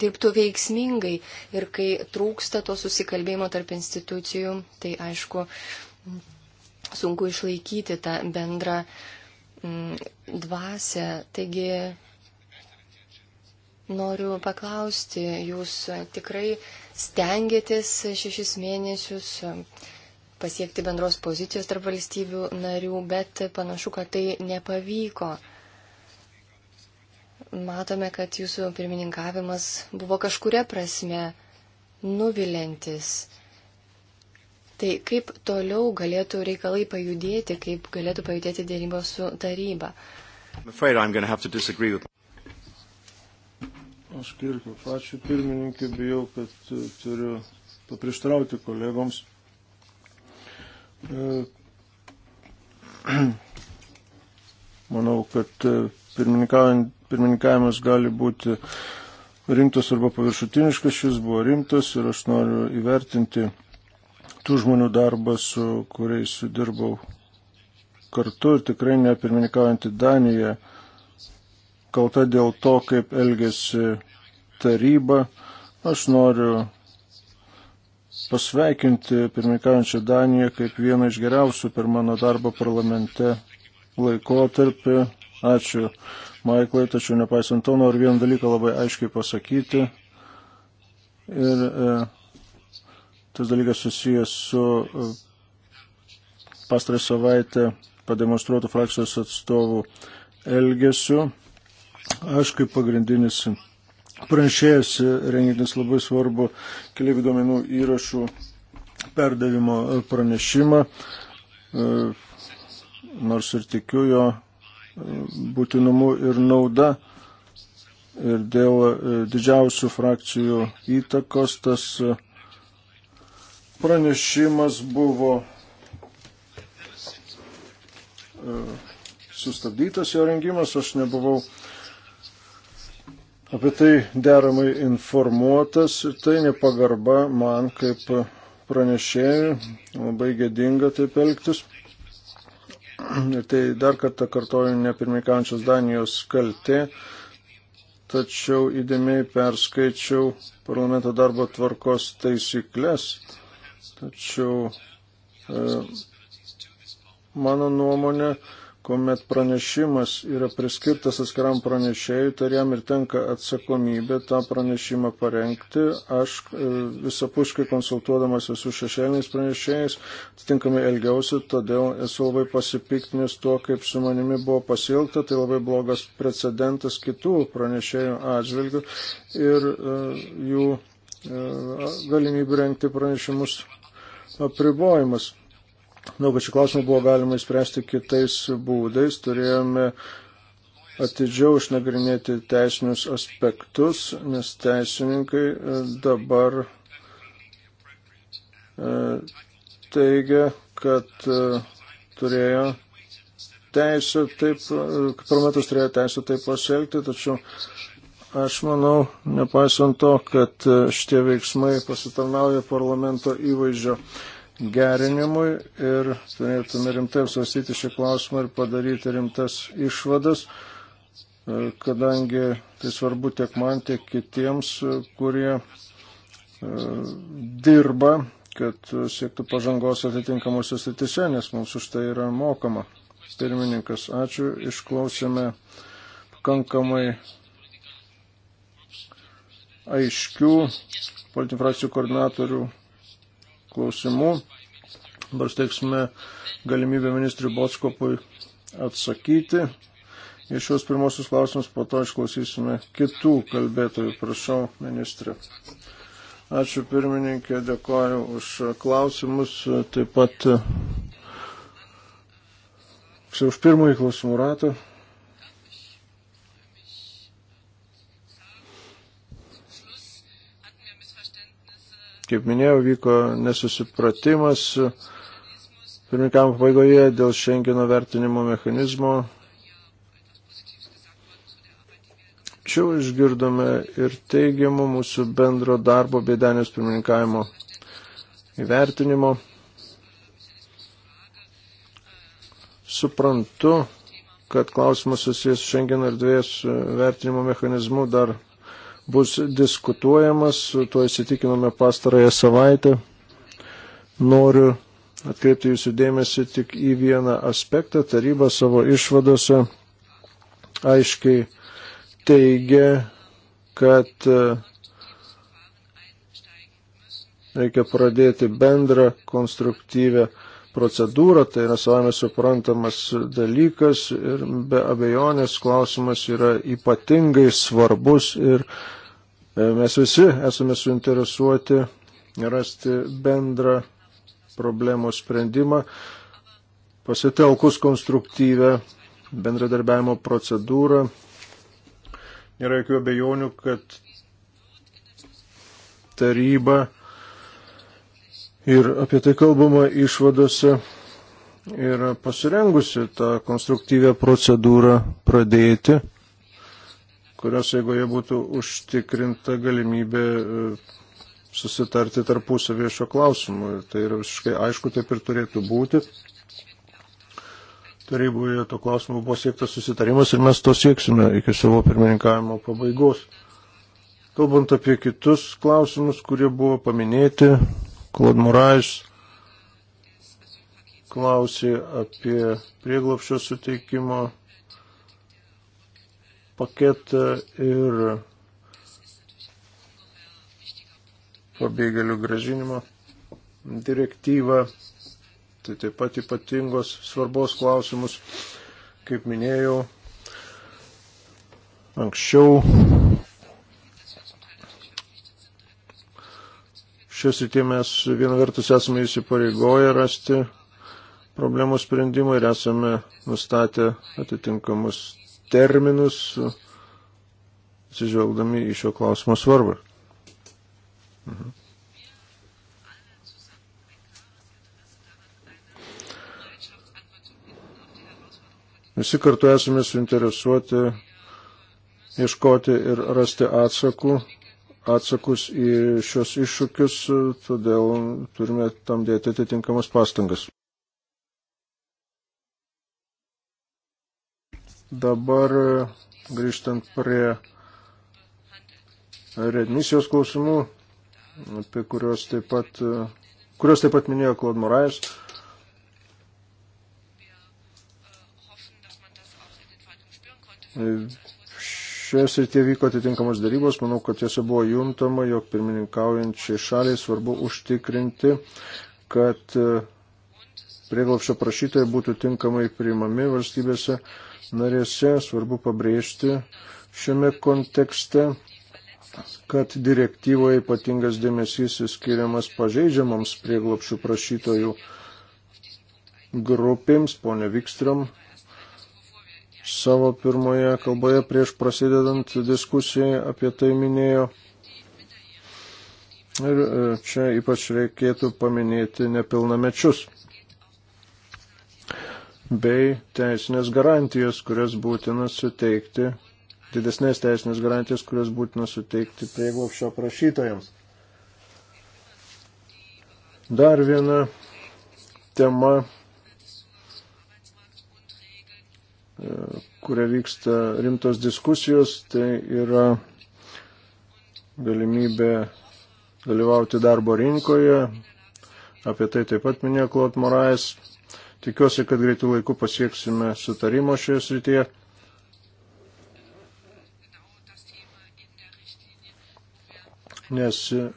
dirbtų veiksmingai ir kai trūksta to susikalbėjimo tarp institucijų, tai aišku, sunku išlaikyti tą bendrą mm, dvasę. Taigi noriu paklausti, jūs tikrai stengiatės šešis mėnesius pasiekti bendros pozicijos tarp valstybių narių, bet panašu, kad tai nepavyko. Matome, kad jūsų pirmininkavimas buvo kažkuria prasme nuvilintis. Tai kaip toliau galėtų reikalai pajudėti, kaip galėtų pajudėti dėrybos su taryba? Aš kirkiu, ačiū pirmininkė, bijau, kad turiu paprieštrauti kolegoms. E, manau, kad e, pirmininkavimas gali būti rimtas arba paviršutiniškas, šis buvo rimtas ir aš noriu įvertinti tų žmonių darbą, su kuriais dirbau kartu ir tikrai nepirmininkaujantį Daniją kalta dėl to, kaip elgesi taryba. Aš noriu pasveikinti pirmininkaujančią Daniją kaip vieną iš geriausių per mano darbo parlamente laikotarpį. Ačiū Maiklai, tačiau nepaisant to noriu vieną dalyką labai aiškiai pasakyti. Ir e, tas dalykas susijęs su e, pastarą savaitę pademonstruotų frakcijos atstovų elgesiu. Aš kaip pagrindinis pranešėjas rengintis labai svarbu keliaivių duomenų įrašų perdavimo e, pranešimą, e, nors ir tikiu jo e, būtinumu ir nauda. Ir dėl didžiausių frakcijų įtakos tas pranešimas buvo sustabdytas jo rengimas, aš nebuvau uh, apie tai deramai informuotas ir tai nepagarba man kaip pranešėjui, labai gėdinga taip elgtis. Ir tai dar kartą kartoju nepirmikančios Danijos kaltė, tačiau įdėmiai perskaičiau parlamento darbo tvarkos taisyklės, tačiau e, mano nuomonė, e, kuomet pranešimas yra priskirtas atskiram pranešėjui, tai jam ir tenka atsakomybė tą pranešimą parengti. Aš e, visapuškai konsultuodamas su šešėliniais pranešėjais, atitinkamai elgiausi, todėl esu labai pasipiktinęs tuo, kaip su manimi buvo pasilgta, tai labai blogas precedentas kitų pranešėjų atžvilgių ir uh, jų uh, galimybių rengti pranešimus apribojimas. Uh, Daug nu, šių klausimų buvo galima įspręsti kitais būdais. Turėjome atidžiau išnagrinėti teisinius aspektus, nes teisininkai e, dabar e, teigia, kad e, turėjo teisę taip, parlamentas turėjo teisę taip pasielgti, tačiau aš manau, nepaisant to, kad šitie veiksmai pasitarnauja parlamento įvaizdžio gerinimui ir turėtume rimtai apsvarstyti šį klausimą ir padaryti rimtas išvadas, e, kadangi tai svarbu tiek man, tiek kitiems, e, kurie e, dirba, kad siektų pažangos atitinkamosios sritise, nes mums už tai yra mokama. Pirmininkas, ačiū, išklausėme pakankamai aiškių politinių frakcijų koordinatorių klausimų. Dabar steiksime galimybę ministriui Botskopui atsakyti. Į šios pirmosius klausimus po to išklausysime kitų kalbėtojų. Prašau, ministrė. Ačiū pirmininkė, dėkoju už klausimus. Taip pat e, už pirmąjį klausimų ratą. Kaip minėjau, vyko nesusipratimas pirmikam pabaigoje dėl Šengino vertinimo mechanizmo. Čia išgirdome ir teigiamų mūsų bendro darbo bei Danijos pirmininkavimo įvertinimo. Suprantu, kad klausimas susijęs su Šengino erdvės vertinimo mechanizmu dar bus diskutuojamas, tuo įsitikinome pastarąją savaitę. Noriu atkreipti jūsų dėmesį tik į vieną aspektą. Taryba savo išvadose aiškiai teigia, kad e, reikia pradėti bendrą konstruktyvę procedūrą, tai yra savame suprantamas dalykas ir be abejonės klausimas yra ypatingai svarbus ir e, mes visi esame suinteresuoti rasti bendrą problemos sprendimą, pasitelkus konstruktyvę bendradarbiavimo procedūrą. Nėra jokių abejonių, kad taryba ir apie tai kalbama išvadose, yra pasirengusi tą konstruktyvę procedūrą pradėti, kurios eigoje būtų užtikrinta galimybė e, susitarti tarpusavį šio klausimu. Ir tai yra visiškai aišku, taip ir turėtų būti. Taryboje to klausimu buvo siektas susitarimas ir mes to sieksime iki savo pirmininkavimo pabaigos. Kalbant apie kitus klausimus, kurie buvo paminėti, Klod Murais klausė apie prieglopščio suteikimo paketą ir pabėgėlių gražinimo direktyvą. Tai taip pat ypatingos svarbos klausimus, kaip minėjau, anksčiau Šios rytie mes vieną vertus esame įsipareigoję rasti problemų sprendimą ir esame nustatę atitinkamus terminus, atsižvelgdami į šio klausimo svarbą. Mhm. Visi kartu esame suinteresuoti ieškoti ir rasti atsakų atsakus į šios iššūkius, todėl turime tam dėti atitinkamas pastangas. Dabar grįžtant prie readmisijos klausimų, apie kuriuos taip pat, kuriuos taip pat minėjo Claude Morais. Šioje srityje vyko atitinkamos darybos, manau, kad jose buvo juntama, jog pirmininkaujančiai šaliai svarbu užtikrinti, kad e, prieglopšio prašytojai būtų tinkamai priimami valstybėse narėse. Svarbu pabrėžti šiame kontekste, kad direktyvoje ypatingas dėmesys skiriamas pažeidžiamoms prieglopšių prašytojų grupėms, ponė Vikstrom savo pirmoje kalboje prieš prasidedant diskusijai apie tai minėjo. Ir e, čia ypač reikėtų paminėti nepilnamečius bei teisinės garantijas, kurias būtina suteikti, didesnės teisinės garantijas, kurias būtina suteikti prieglopšio prašytojams. Dar viena tema E, kuria vyksta rimtos diskusijos, tai yra galimybė dalyvauti darbo rinkoje. Apie tai taip pat minėjo Klot Morais. Tikiuosi, kad greitų laikų pasieksime sutarimo šioje srityje. Nes e,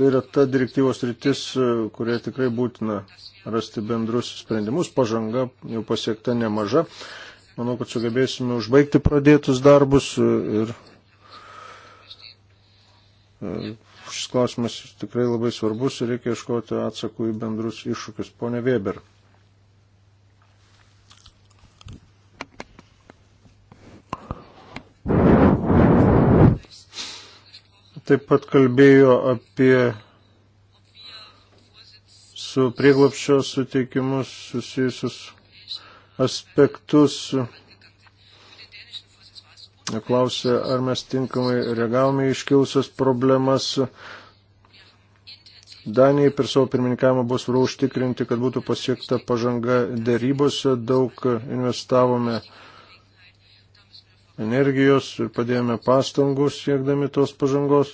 Tai yra ta direktyvos rytis, e, kurioje tikrai būtina rasti bendrus sprendimus. Pažanga jau pasiekta nemaža. Manau, kad sugebėsime užbaigti pradėtus darbus e, ir e, šis klausimas tikrai labai svarbus ir reikia iškoti atsakų į bendrus iššūkius. Pone Weber. taip pat kalbėjo apie su prieglapščio suteikimus susijusius aspektus. Klausė, ar mes tinkamai reagavome iškilusias problemas. Danijai per savo pirmininkavimą buvo svarbu užtikrinti, kad būtų pasiekta pažanga dėrybose, daug investavome uh, energijos ir padėjome pastangų siekdami tos pažangos.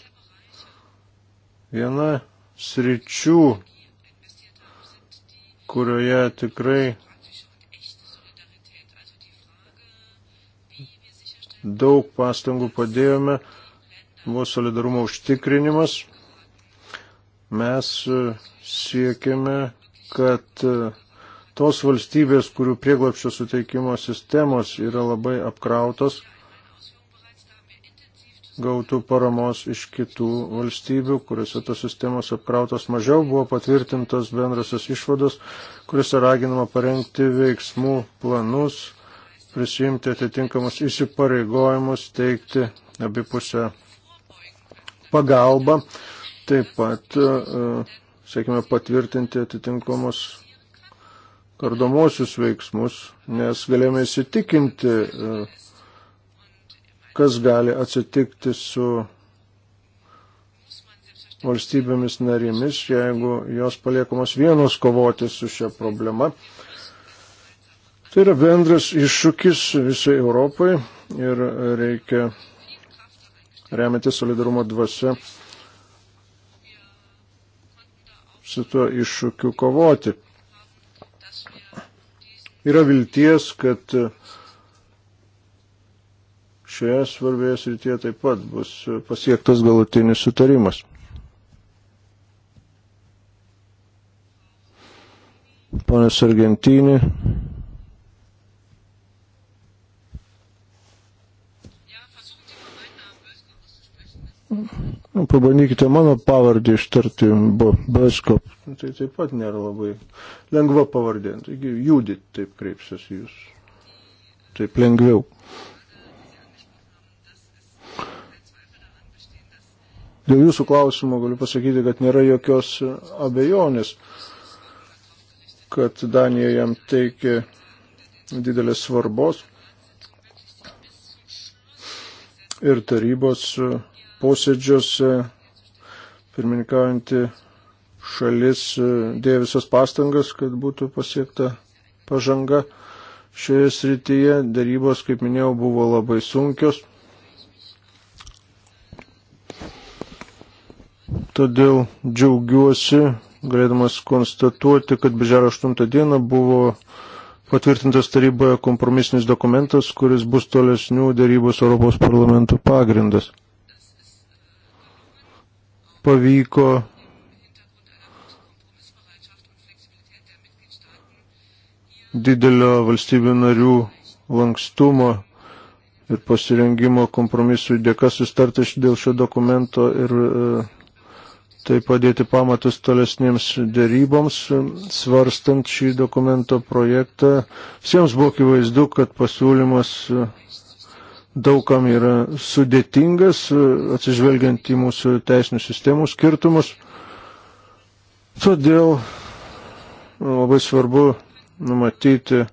Viena sričių, kurioje tikrai daug pastangų padėjome, buvo solidarumo užtikrinimas. Mes e, siekiame, kad e, tos valstybės, kurių prieglapščio suteikimo sistemos yra labai apkrautos, gautų paramos iš kitų valstybių, kuriuose tos sistemos apkrautos mažiau, buvo patvirtintos bendrasios išvados, kuriuose raginama parengti veiksmų planus, prisijimti atitinkamus įsipareigojimus, teikti abipusę pagalbą, taip pat, e, sakykime, patvirtinti atitinkamus kardomosius veiksmus, nes galėjome įsitikinti e, kas gali atsitikti su valstybėmis narėmis, jeigu jos paliekamos vienos kovoti su šia problema. Tai yra bendras iššūkis visai Europai ir reikia remianti solidarumo dvasia su tuo iššūkiu kovoti. Yra vilties, kad šioje svarbioje srityje taip pat bus pasiektas galutinis sutarimas. Ponas Argentinį. Nu, pabandykite mano pavardį ištarti, Beskop. Tai taip pat nėra labai lengva pavardė. Taigi judit taip kreipsiuosi jūs. Taip lengviau. Dėl jūsų klausimo galiu pasakyti, kad nėra jokios abejonės, kad Danija jam teikia didelės svarbos ir tarybos posėdžiuose pirmininkaujantį šalis dėjo visas pastangas, kad būtų pasiekta pažanga šioje srityje. Darybos, kaip minėjau, buvo labai sunkios. Todėl džiaugiuosi, galėdamas konstatuoti, kad birželio 8 dieną buvo patvirtintas taryboje kompromisinis dokumentas, kuris bus tolesnių dėrybos Europos parlamentų pagrindas. Pavyko didelio valstybių narių lankstumo ir pasirengimo kompromisų dėka sustarti dėl šio dokumento ir e, tai padėti pamatus tolesniems dėryboms, svarstant šį dokumento projektą. Visiems buvo akivaizdu, kad pasiūlymas daugam yra sudėtingas, atsižvelgiant į mūsų teisinių sistemų skirtumus. Todėl labai svarbu numatyti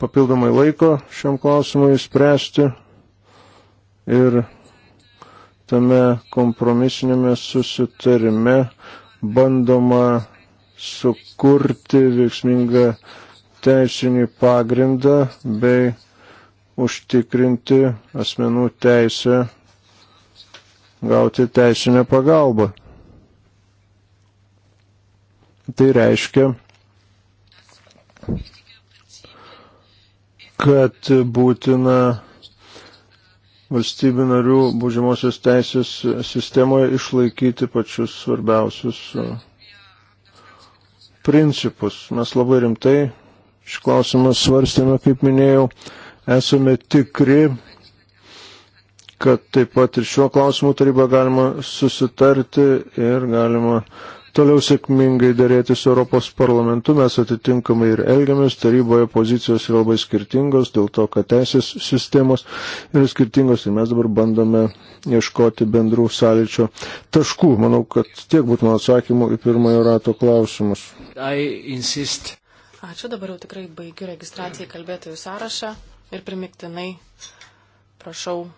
papildomai laiko šiam klausimui spręsti ir tame kompromisinėme susitarime bandoma sukurti veiksmingą teisinį pagrindą bei užtikrinti asmenų teisę gauti teisinę pagalbą. Tai reiškia, kad būtina valstybių narių būžimosios teisės sistemoje išlaikyti pačius svarbiausius e, principus. Mes labai rimtai šį klausimą svarstėme, kaip minėjau, esame tikri, kad taip pat ir šiuo klausimu taryba galima susitarti ir galima toliau sėkmingai dėrėti su Europos parlamentu. Mes atitinkamai ir elgiamės, taryboje pozicijos yra labai skirtingos dėl to, kad teisės sistemos yra skirtingos ir mes dabar bandome ieškoti bendrų sąlyčio taškų. Manau, kad tiek būtų mano atsakymų į pirmojo rato klausimus. Ačiū, dabar jau tikrai baigiu registraciją į kalbėtojų sąrašą ir primiktinai prašau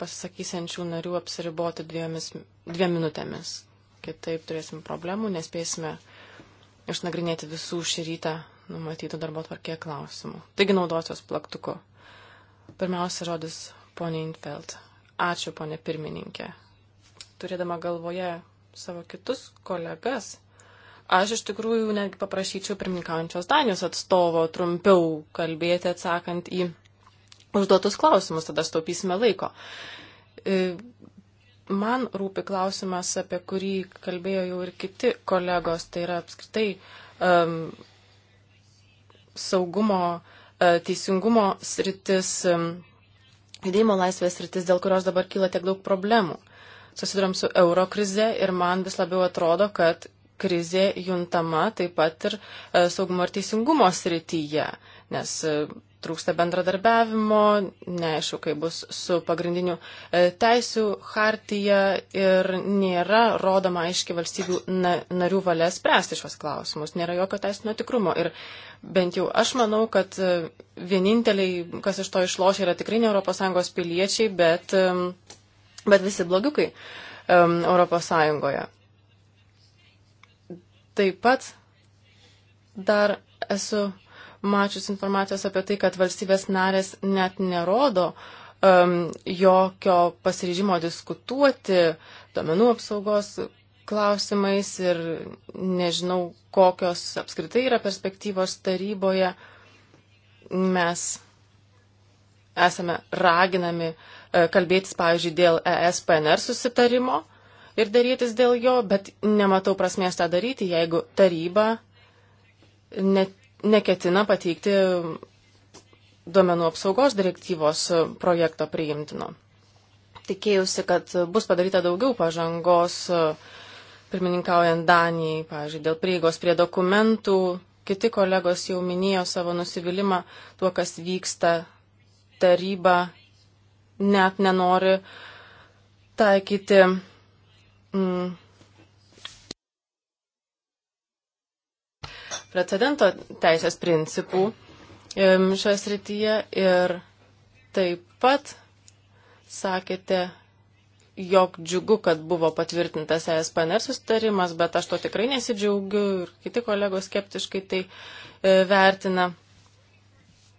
pasisakysiančių narių apsiriboti dviemis, dviem minutėmis kitaip turėsim problemų, nespėsime išnagrinėti visų šį rytą numatytų darbo tvarkėje klausimų. Taigi naudosios plaktuku. Pirmiausia žodis ponė Infeld. Ačiū ponė pirmininkė. Turėdama galvoje savo kitus kolegas, aš iš tikrųjų netgi paprašyčiau pirmininkaujančios Danijos atstovo trumpiau kalbėti atsakant į užduotus klausimus, tada staupysime laiko. E, man rūpi klausimas, apie kurį kalbėjo jau ir kiti kolegos, tai yra apskritai um, saugumo, uh, teisingumo sritis, um, judėjimo laisvės sritis, dėl kurios dabar kyla tiek daug problemų. Susidurėm su euro krize ir man vis labiau atrodo, kad krizė juntama taip pat ir uh, saugumo ir teisingumo srityje, nes uh, trūksta bendradarbiavimo, neaišku, kaip bus su pagrindiniu e, teisų hartyje ir nėra rodoma aiški valstybių narių valia spręsti šios klausimus, nėra jokio teisinio tikrumo. Ir bent jau aš manau, kad e, vieninteliai, kas iš to išlošia, yra tikrai ne ES piliečiai, bet, bet visi blogiukai ES. Taip pat dar esu mačius informacijos apie tai, kad valstybės narės net nerodo um, jokio pasiryžimo diskutuoti domenų apsaugos klausimais ir nežinau, kokios apskritai yra perspektyvos taryboje. Mes esame raginami e, kalbėtis, pavyzdžiui, dėl ES-PNR susitarimo ir darytis dėl jo, bet nematau prasmės tą daryti, jeigu taryba net neketina pateikti duomenų apsaugos direktyvos projekto priimtino. Tikėjusi, kad bus padaryta daugiau pažangos, pirmininkaujant Danijai, pavyzdžiui, dėl prieigos prie dokumentų, kiti kolegos jau minėjo savo nusivylimą tuo, kas vyksta, taryba net nenori taikyti. Mm, precedento teisės principų šioje srityje ir taip pat sakėte, jog džiugu, kad buvo patvirtintas ESPNR sustarimas, bet aš to tikrai nesidžiaugiu ir kiti kolegos skeptiškai tai e, vertina.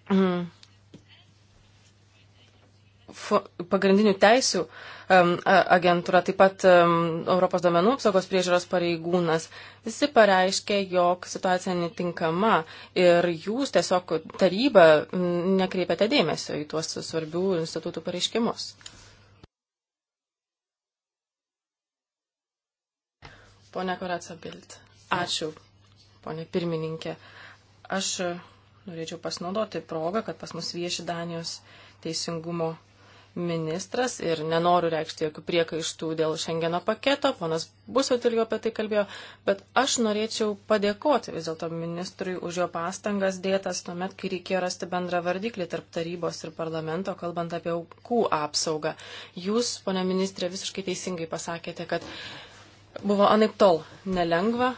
Pagrindinių teisių agentūra, taip pat Europos domenų apsaugos priežiūros pareigūnas, visi pareiškė, jog situacija netinkama ir jūs tiesiog taryba nekreipiate dėmesio į tuos svarbių institutų pareiškimus. Pone Koratsa Bild. Ačiū, ponė pirmininkė. Aš norėčiau pasinaudoti progą, kad pas mus vieši Danijos teisingumo ministras ir nenoriu reikšti jokių priekaištų dėl Šengeno paketo, ponas Busotilio apie tai kalbėjo, bet aš norėčiau padėkoti vis dėlto ministrui už jo pastangas dėtas tuomet, kai reikėjo rasti bendrą vardiklį tarp tarybos ir parlamento, kalbant apie aukų apsaugą. Jūs, ponė ministrė, visiškai teisingai pasakėte, kad buvo anaip tol nelengva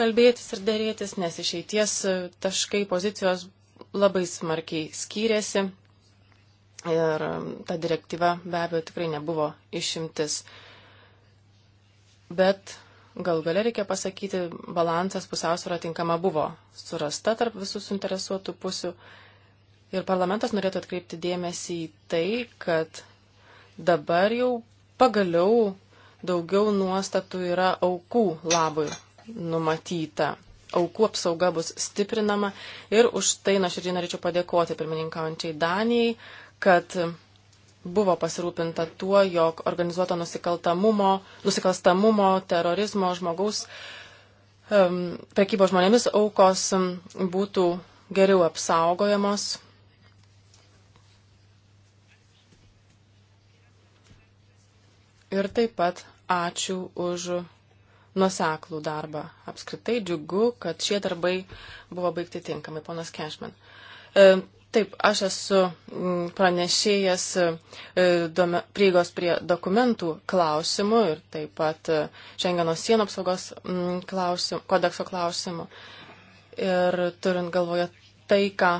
kalbėtis ir dėrėtis, nes išeities taškai pozicijos labai smarkiai skyrėsi Ir ta direktyva be abejo tikrai nebuvo išimtis. Bet gal galia reikia pasakyti, balansas pusiausvėra tinkama buvo surasta tarp visų suinteresuotų pusių. Ir parlamentas norėtų atkreipti dėmesį į tai, kad dabar jau pagaliau daugiau nuostatų yra aukų labui numatyta. Aukų apsauga bus stiprinama ir už tai nuoširdžiai norėčiau padėkoti pirmininkaujančiai Danijai, kad buvo pasirūpinta tuo, jog organizuoto nusikalstamumo, terorizmo, žmogaus um, prekybos žmonėmis aukos um, būtų geriau apsaugojamos. Ir taip pat ačiū už nuseklų darbą. Apskritai džiugu, kad šie darbai buvo baigti tinkamai, ponas Kešman. E, Taip, aš esu mm, pranešėjas e, prieigos prie dokumentų klausimų ir taip pat e, Šengeno sienų apsaugos mm, klausimų, kodekso klausimų. Ir turint galvoje tai, ką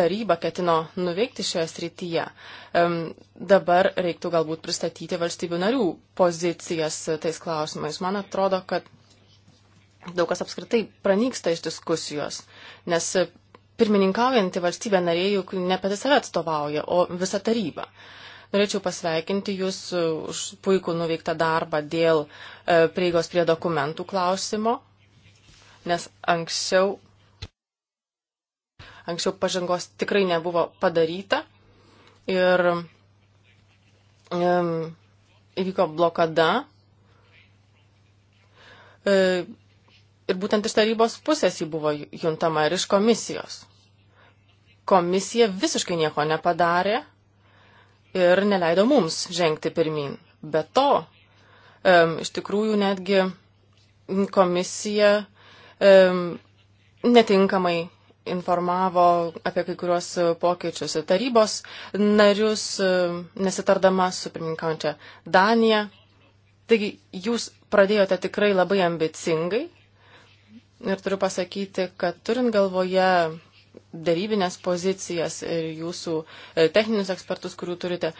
taryba ketino nuveikti šioje srityje, dabar reiktų galbūt pristatyti valstybių narių pozicijas tais klausimais. Man atrodo, kad daug kas apskritai pranyksta iš diskusijos, nes pirmininkaujanti valstybė narė juk ne pati save atstovauja, o visa taryba. Norėčiau pasveikinti Jūs už puikų nuveiktą darbą dėl e, prieigos prie dokumentų klausimo, nes anksčiau, anksčiau pažangos tikrai nebuvo padaryta ir um, įvyko blokada. E, ir būtent iš tarybos pusės jį buvo juntama ir iš komisijos komisija visiškai nieko nepadarė ir neleido mums žengti pirmin. Be to, iš tikrųjų netgi komisija netinkamai informavo apie kai kuriuos pokyčius tarybos narius, nesitardama su pirmininkaujančia Danija. Taigi jūs pradėjote tikrai labai ambicingai ir turiu pasakyti, kad turint galvoje darybinės pozicijas ir jūsų e, techninius ekspertus, kurių turite,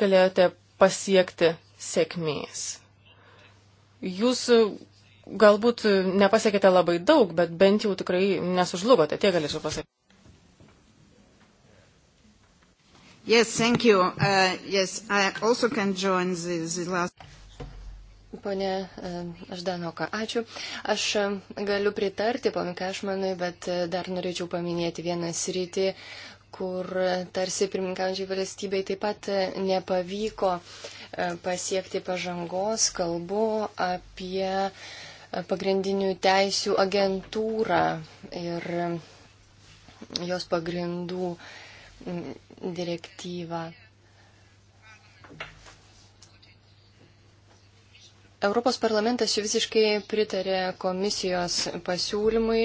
galėjote pasiekti sėkmės. Jūs e, galbūt nepasiekėte labai daug, bet bent jau tikrai nesužlugote, tie galėčiau pasakyti. Yes, thank you. Uh, yes, I also can join the, the last. Pone Aždanoka, e, ačiū. Aš e, galiu pritarti pamikašmanui, bet e, dar norėčiau paminėti vieną sritį, kur tarsi pirmininkaujančiai valstybei taip pat nepavyko pasiekti pažangos. Kalbu apie pagrindinių teisių agentūrą ir jos pagrindų direktyvą. Europos parlamentas jau visiškai pritarė komisijos pasiūlymui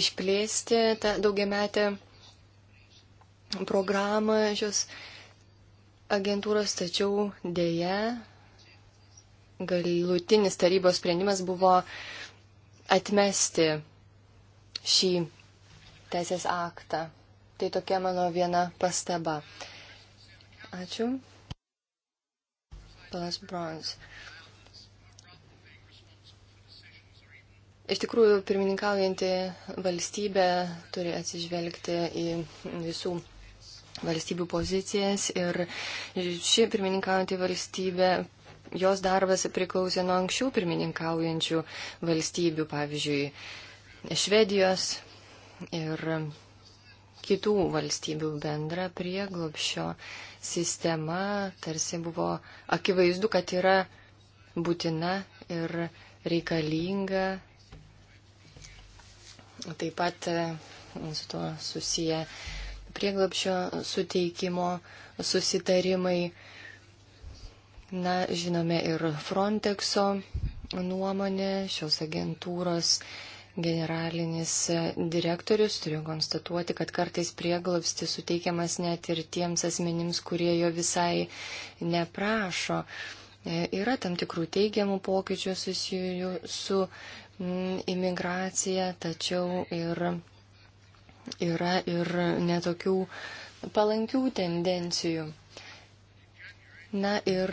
išplėsti tą daugiametę programą šios agentūros, tačiau dėja galutinis tarybos sprendimas buvo atmesti šį teisės aktą. Tai tokia mano viena pastaba. Ačiū ponas Brons. Iš tikrųjų, pirmininkaujanti valstybė turi atsižvelgti į visų valstybių pozicijas ir ši pirmininkaujanti valstybė jos darbas priklausė nuo anksčiau pirmininkaujančių valstybių, pavyzdžiui, Švedijos. Ir kitų valstybių bendra prieglopšio sistema tarsi buvo akivaizdu, kad yra būtina ir reikalinga. Taip pat e, su to susiję prieglopšio suteikimo susitarimai. Na, žinome ir Frontexo nuomonė, šios agentūros generalinis direktorius, turiu konstatuoti, kad kartais prieglobsti suteikiamas net ir tiems asmenims, kurie jo visai neprašo. E, yra tam tikrų teigiamų pokyčių susijų su mm, imigracija, tačiau ir, yra ir netokių palankių tendencijų. Na ir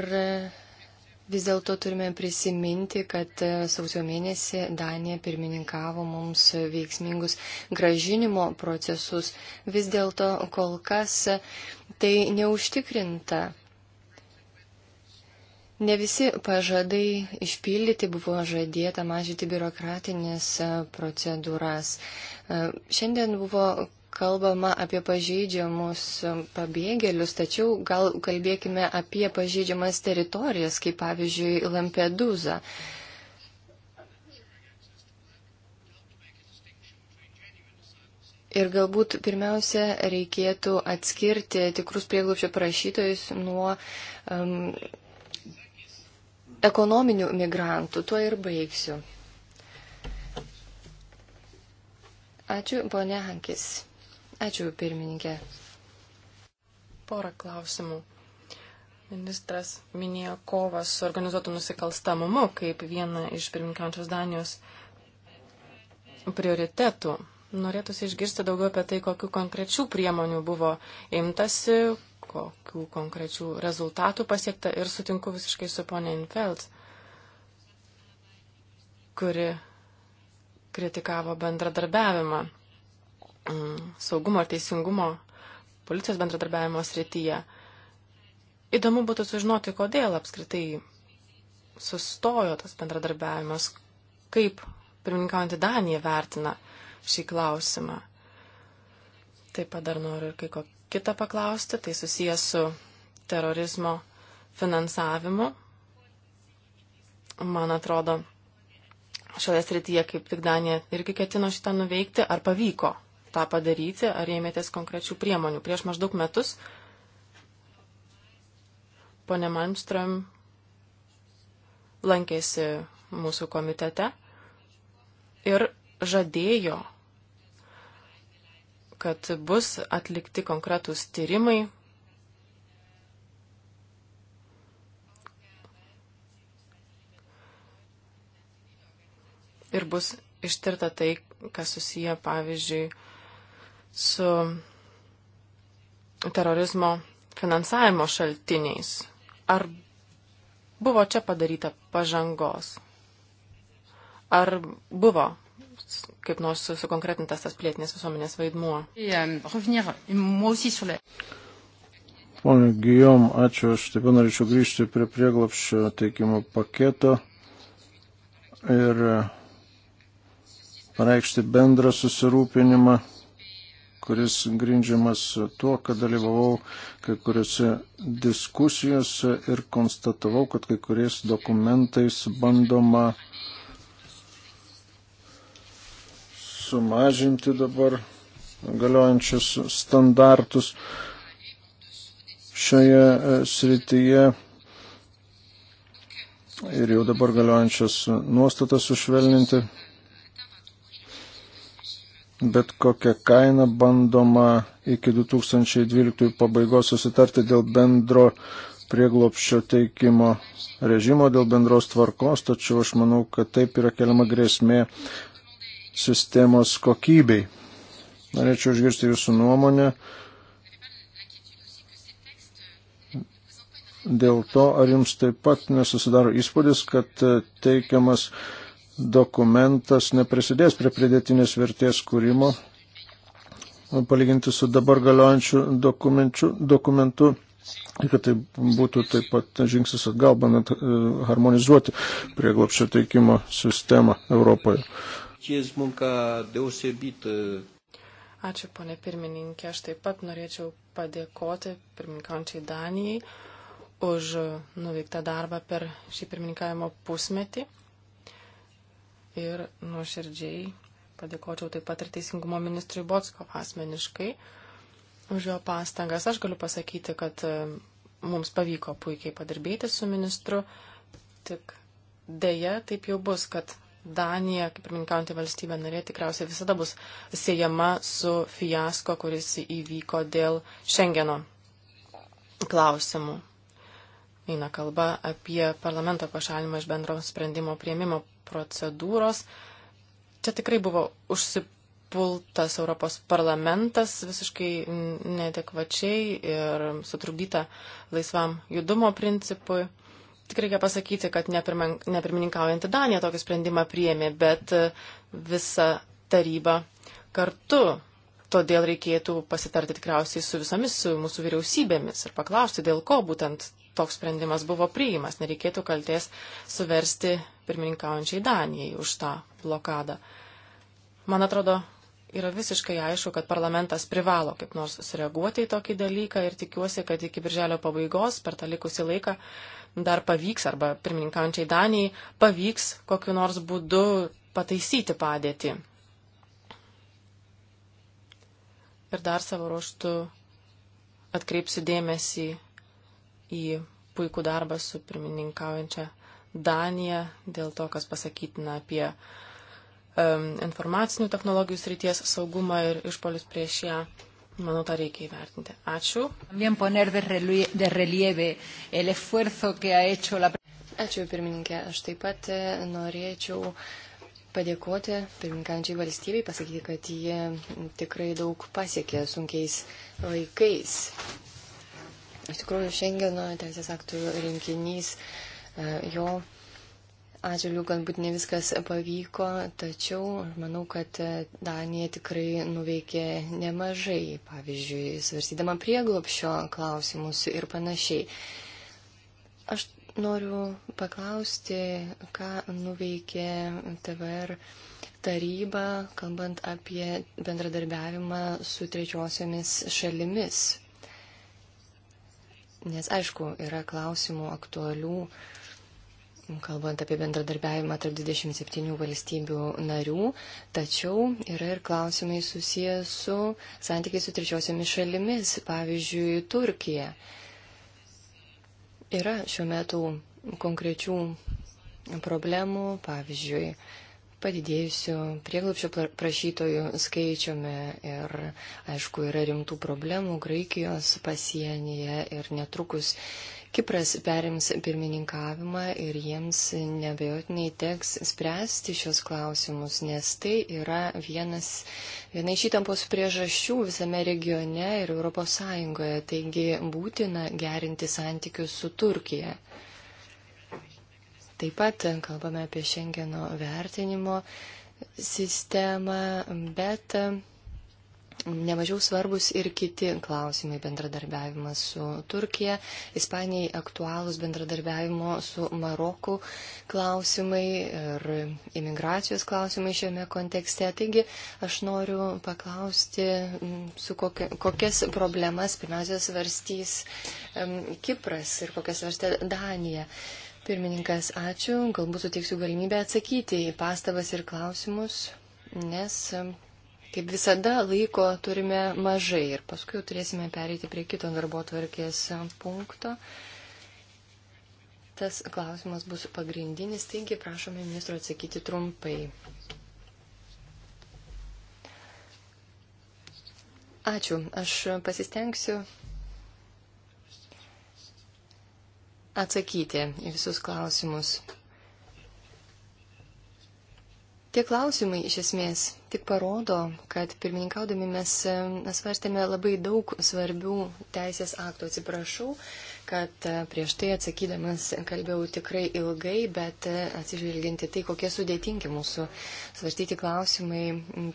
Vis dėlto turime prisiminti, kad e, sausio mėnesį Danija pirmininkavo mums veiksmingus gražinimo procesus. Vis dėlto kol kas e, tai neužtikrinta. Ne visi pažadai išpildyti buvo žadėta mažyti biurokratinės e, procedūras. Šiandien buvo kalbama apie pažeidžiamus pabėgėlius, tačiau gal kalbėkime apie pažeidžiamas teritorijas, kaip pavyzdžiui Lampedusa. Ir galbūt pirmiausia reikėtų atskirti tikrus prieglupščio prašytojus nuo um, ekonominių migrantų. Tuo ir baigsiu. Ačiū, ponia Hankis. Ačiū, pirmininkė. Porą klausimų. Ministras minėjo kovą su organizuotu nusikalstamumu kaip vieną iš pirmininkiančios Danijos prioritetų. Norėtųsi išgirsti daugiau apie tai, kokiu konkrečių priemonių buvo imtasi, kokiu konkrečių rezultatų pasiekta ir sutinku visiškai su ponė Infeld, kuri kritikavo bendradarbiavimą Mm, saugumo ir teisingumo policijos bendradarbiavimo srityje. Įdomu būtų sužinoti, kodėl apskritai sustojo tas bendradarbiavimas, kaip pirmininkaujantį Daniją vertina šį klausimą. Taip pat dar noriu ir kai ko kitą paklausti, tai susijęs su terorizmo finansavimu. Man atrodo, šioje srityje kaip tik Danija irgi ketino šitą nuveikti, ar pavyko tą padaryti, ar ėmėtės konkrečių priemonių. Prieš maždaug metus ponė Malmström lankėsi mūsų komitete ir žadėjo, kad bus atlikti konkretūs tyrimai. Ir bus ištirta tai, kas susiję, pavyzdžiui, su terorizmo finansavimo šaltiniais. Ar buvo čia padaryta pažangos? Ar buvo kaip nors sukonkretintas tas plėtinės visuomenės vaidmuo? Euh, Pone Gijom, ačiū. Aš taip pat norėčiau grįžti prie prieglapščio teikimo paketo ir pareikšti bendrą susirūpinimą kuris grindžiamas tuo, kad dalyvavau kai kuriuose diskusijose ir konstatavau, kad kai kuriais dokumentais bandoma sumažinti dabar galiojančius standartus šioje e, srityje ir jau dabar galiojančias nuostatas sušvelninti bet kokią kainą bandoma iki 2012 pabaigos susitarti dėl bendro prieglopščio teikimo režimo, dėl bendros tvarkos, tačiau aš manau, kad taip yra keliama grėsmė sistemos kokybei. Norėčiau išgirsti jūsų nuomonę dėl to, ar jums taip pat nesusidaro įspūdis, kad teikiamas dokumentas neprisidės prie pridėtinės vertės kūrimo, palyginti su dabar galiojančiu dokumentu, ir kad tai būtų taip pat žingsnis atgal, bandant e, harmonizuoti prieglopščio teikimo sistemą Europoje. Ačiū, ponė pirmininkė. Aš taip pat norėčiau padėkoti pirmininkančiai Danijai už nuveiktą darbą per šį pirmininkavimo pusmetį ir nuoširdžiai padėkočiau taip pat ir Teisingumo ministrui Botskov asmeniškai už jo pastangas. Aš galiu pasakyti, kad e, mums pavyko puikiai padirbėti su ministru, tik dėja taip jau bus, kad Danija, kaip ir minkaujantį valstybę narė, tikriausiai visada bus siejama su fiasko, kuris įvyko dėl Šengeno klausimų eina kalba apie parlamento pašalimą iš bendro sprendimo prieimimo procedūros. Čia tikrai buvo užsipultas Europos parlamentas visiškai neadekvačiai ir sutrukdyta laisvam judumo principui. Tik reikia pasakyti, kad nepirmininkaujantį Daniją tokį sprendimą priėmė, bet visa taryba kartu Todėl reikėtų pasitarti tikriausiai su visomis su mūsų vyriausybėmis ir paklausti, dėl ko būtent toks sprendimas buvo priimas. Nereikėtų kalties suversti pirmininkaujančiai Danijai už tą blokadą. Man atrodo, yra visiškai aišku, kad parlamentas privalo kaip nors sureaguoti į tokį dalyką ir tikiuosi, kad iki birželio pabaigos per tą likusį laiką dar pavyks arba pirmininkaujančiai Danijai pavyks kokiu nors būdu pataisyti padėtį. Ir dar savo ruoštų atkreipsiu dėmesį į puikų darbą su pirmininkaujančia Danija dėl to, kas pasakytina apie um, informacinių technologijų srities saugumą ir išpolius prieš ją. Manau, tą reikia įvertinti. Ačiū. Ačiū, pirmininkė. Aš taip pat e, norėčiau padėkoti pirmininkančiai valstybei, pasakyti, kad jie tikrai daug pasiekė sunkiais laikais. Iš tikrųjų, Šengeno teisės aktų rinkinys, e, jo atžvilgių galbūt ne viskas pavyko, tačiau manau, kad e, Danija tikrai nuveikė nemažai, pavyzdžiui, svarstydama prieglopšio klausimus ir panašiai. Aš noriu paklausti, ką nuveikė TVR taryba, kalbant apie bendradarbiavimą su trečiosiomis šalimis Nes aišku, yra klausimų aktualių, kalbant apie bendradarbiavimą tarp 27 valstybių narių, tačiau yra ir klausimai susijęs su santykiai su trečiosiomis šalimis, pavyzdžiui, Turkija. Yra šiuo metu konkrečių problemų, pavyzdžiui, padidėjusiu prieglapšio prašytojų skaičiumi ir, aišku, yra rimtų problemų Graikijos pasienyje ir netrukus Kipras perims pirmininkavimą ir jiems nebejotinai teks spręsti šios klausimus, nes tai yra vienas, viena iš įtampos priežasčių visame regione ir ES, taigi būtina gerinti santykius su Turkija. Taip pat kalbame apie Šengeno vertinimo sistemą, bet nemažiau svarbus ir kiti klausimai - bendradarbiavimas su Turkija, Ispanijai aktualūs bendradarbiavimo su Maroku klausimai ir imigracijos klausimai šiame kontekste. Taigi aš noriu paklausti, kokia, kokias problemas pirmiausia svarstys um, Kipras ir kokias svarstė Danija. Uh, Pirmininkas, ačiū. Galbūt suteiksiu galimybę atsakyti į pastabas ir klausimus, nes, kaip visada, laiko turime mažai ir paskui turėsime pereiti prie kito darbo tvarkės punkto. Tas klausimas bus pagrindinis, taigi prašome ministro atsakyti trumpai. Ačiū. Aš pasistengsiu atsakyti į visus klausimus. Tie klausimai iš esmės tik parodo, kad pirmininkaudami mes e, svarstėme labai daug svarbių teisės aktų. Atsiprašau, kad e, prieš tai atsakydamas kalbėjau tikrai ilgai, bet e, atsižvelginti tai, kokie sudėtingi mūsų svarstyti klausimai,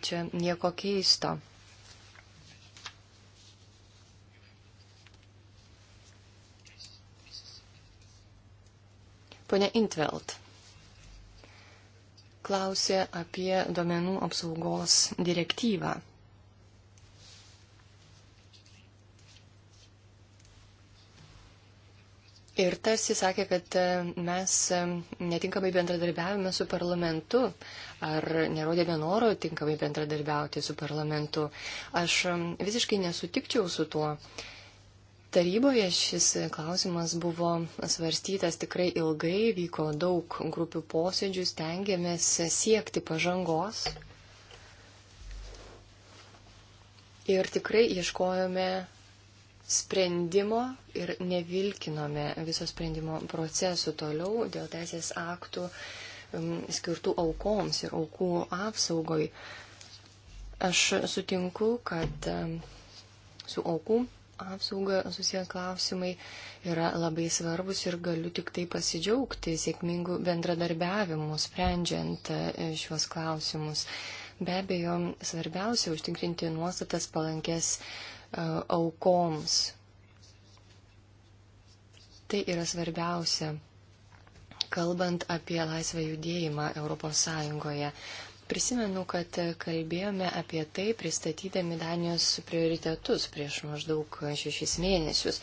čia nieko keisto. Pone Intveld klausė apie duomenų apsaugos direktyvą. Ir tarsi sakė, kad e, mes e, netinkamai bendradarbiavime su parlamentu, ar nerodėme noro tinkamai bendradarbiauti su parlamentu. Aš e, visiškai nesutikčiau su tuo. Uh, Taryboje šis klausimas buvo svarstytas tikrai ilgai, vyko daug grupių posėdžių, stengiamės siekti pažangos. Ir tikrai ieškojome sprendimo ir nevilkinome viso sprendimo procesų toliau dėl teisės aktų um, skirtų aukoms ir aukų apsaugoj. Aš sutinku, kad um, su aukų apsaugą susiję klausimai yra labai svarbus ir galiu tik tai pasidžiaugti sėkmingų bendradarbiavimų sprendžiant e, šiuos klausimus. Be abejo, svarbiausia užtikrinti nuostatas palankės e, aukoms. Tai yra svarbiausia kalbant apie laisvą judėjimą ES. Prisimenu, kad kalbėjome apie tai pristatydami Danijos prioritetus prieš maždaug šešis mėnesius.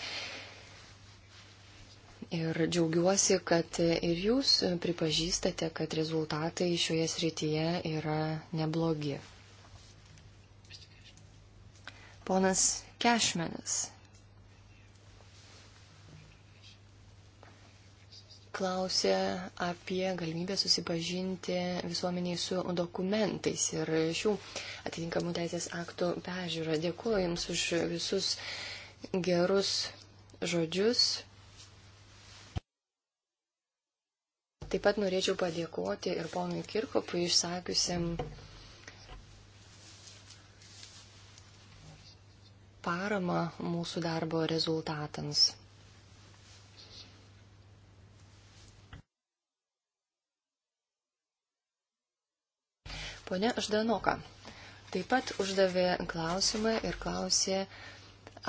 Ir džiaugiuosi, kad ir jūs pripažįstate, kad rezultatai šioje srityje yra neblogi. Ponas Kešmenas klausė apie galimybę susipažinti visuomeniai su dokumentais ir šių atitinkamų teisės aktų pežiūrą. Dėkuoju Jums už visus gerus žodžius. Taip pat norėčiau padėkoti ir ponui Kirkopui išsakiusiam paramą mūsų darbo rezultatams. Pone Ždanoka taip pat uždavė klausimą ir klausė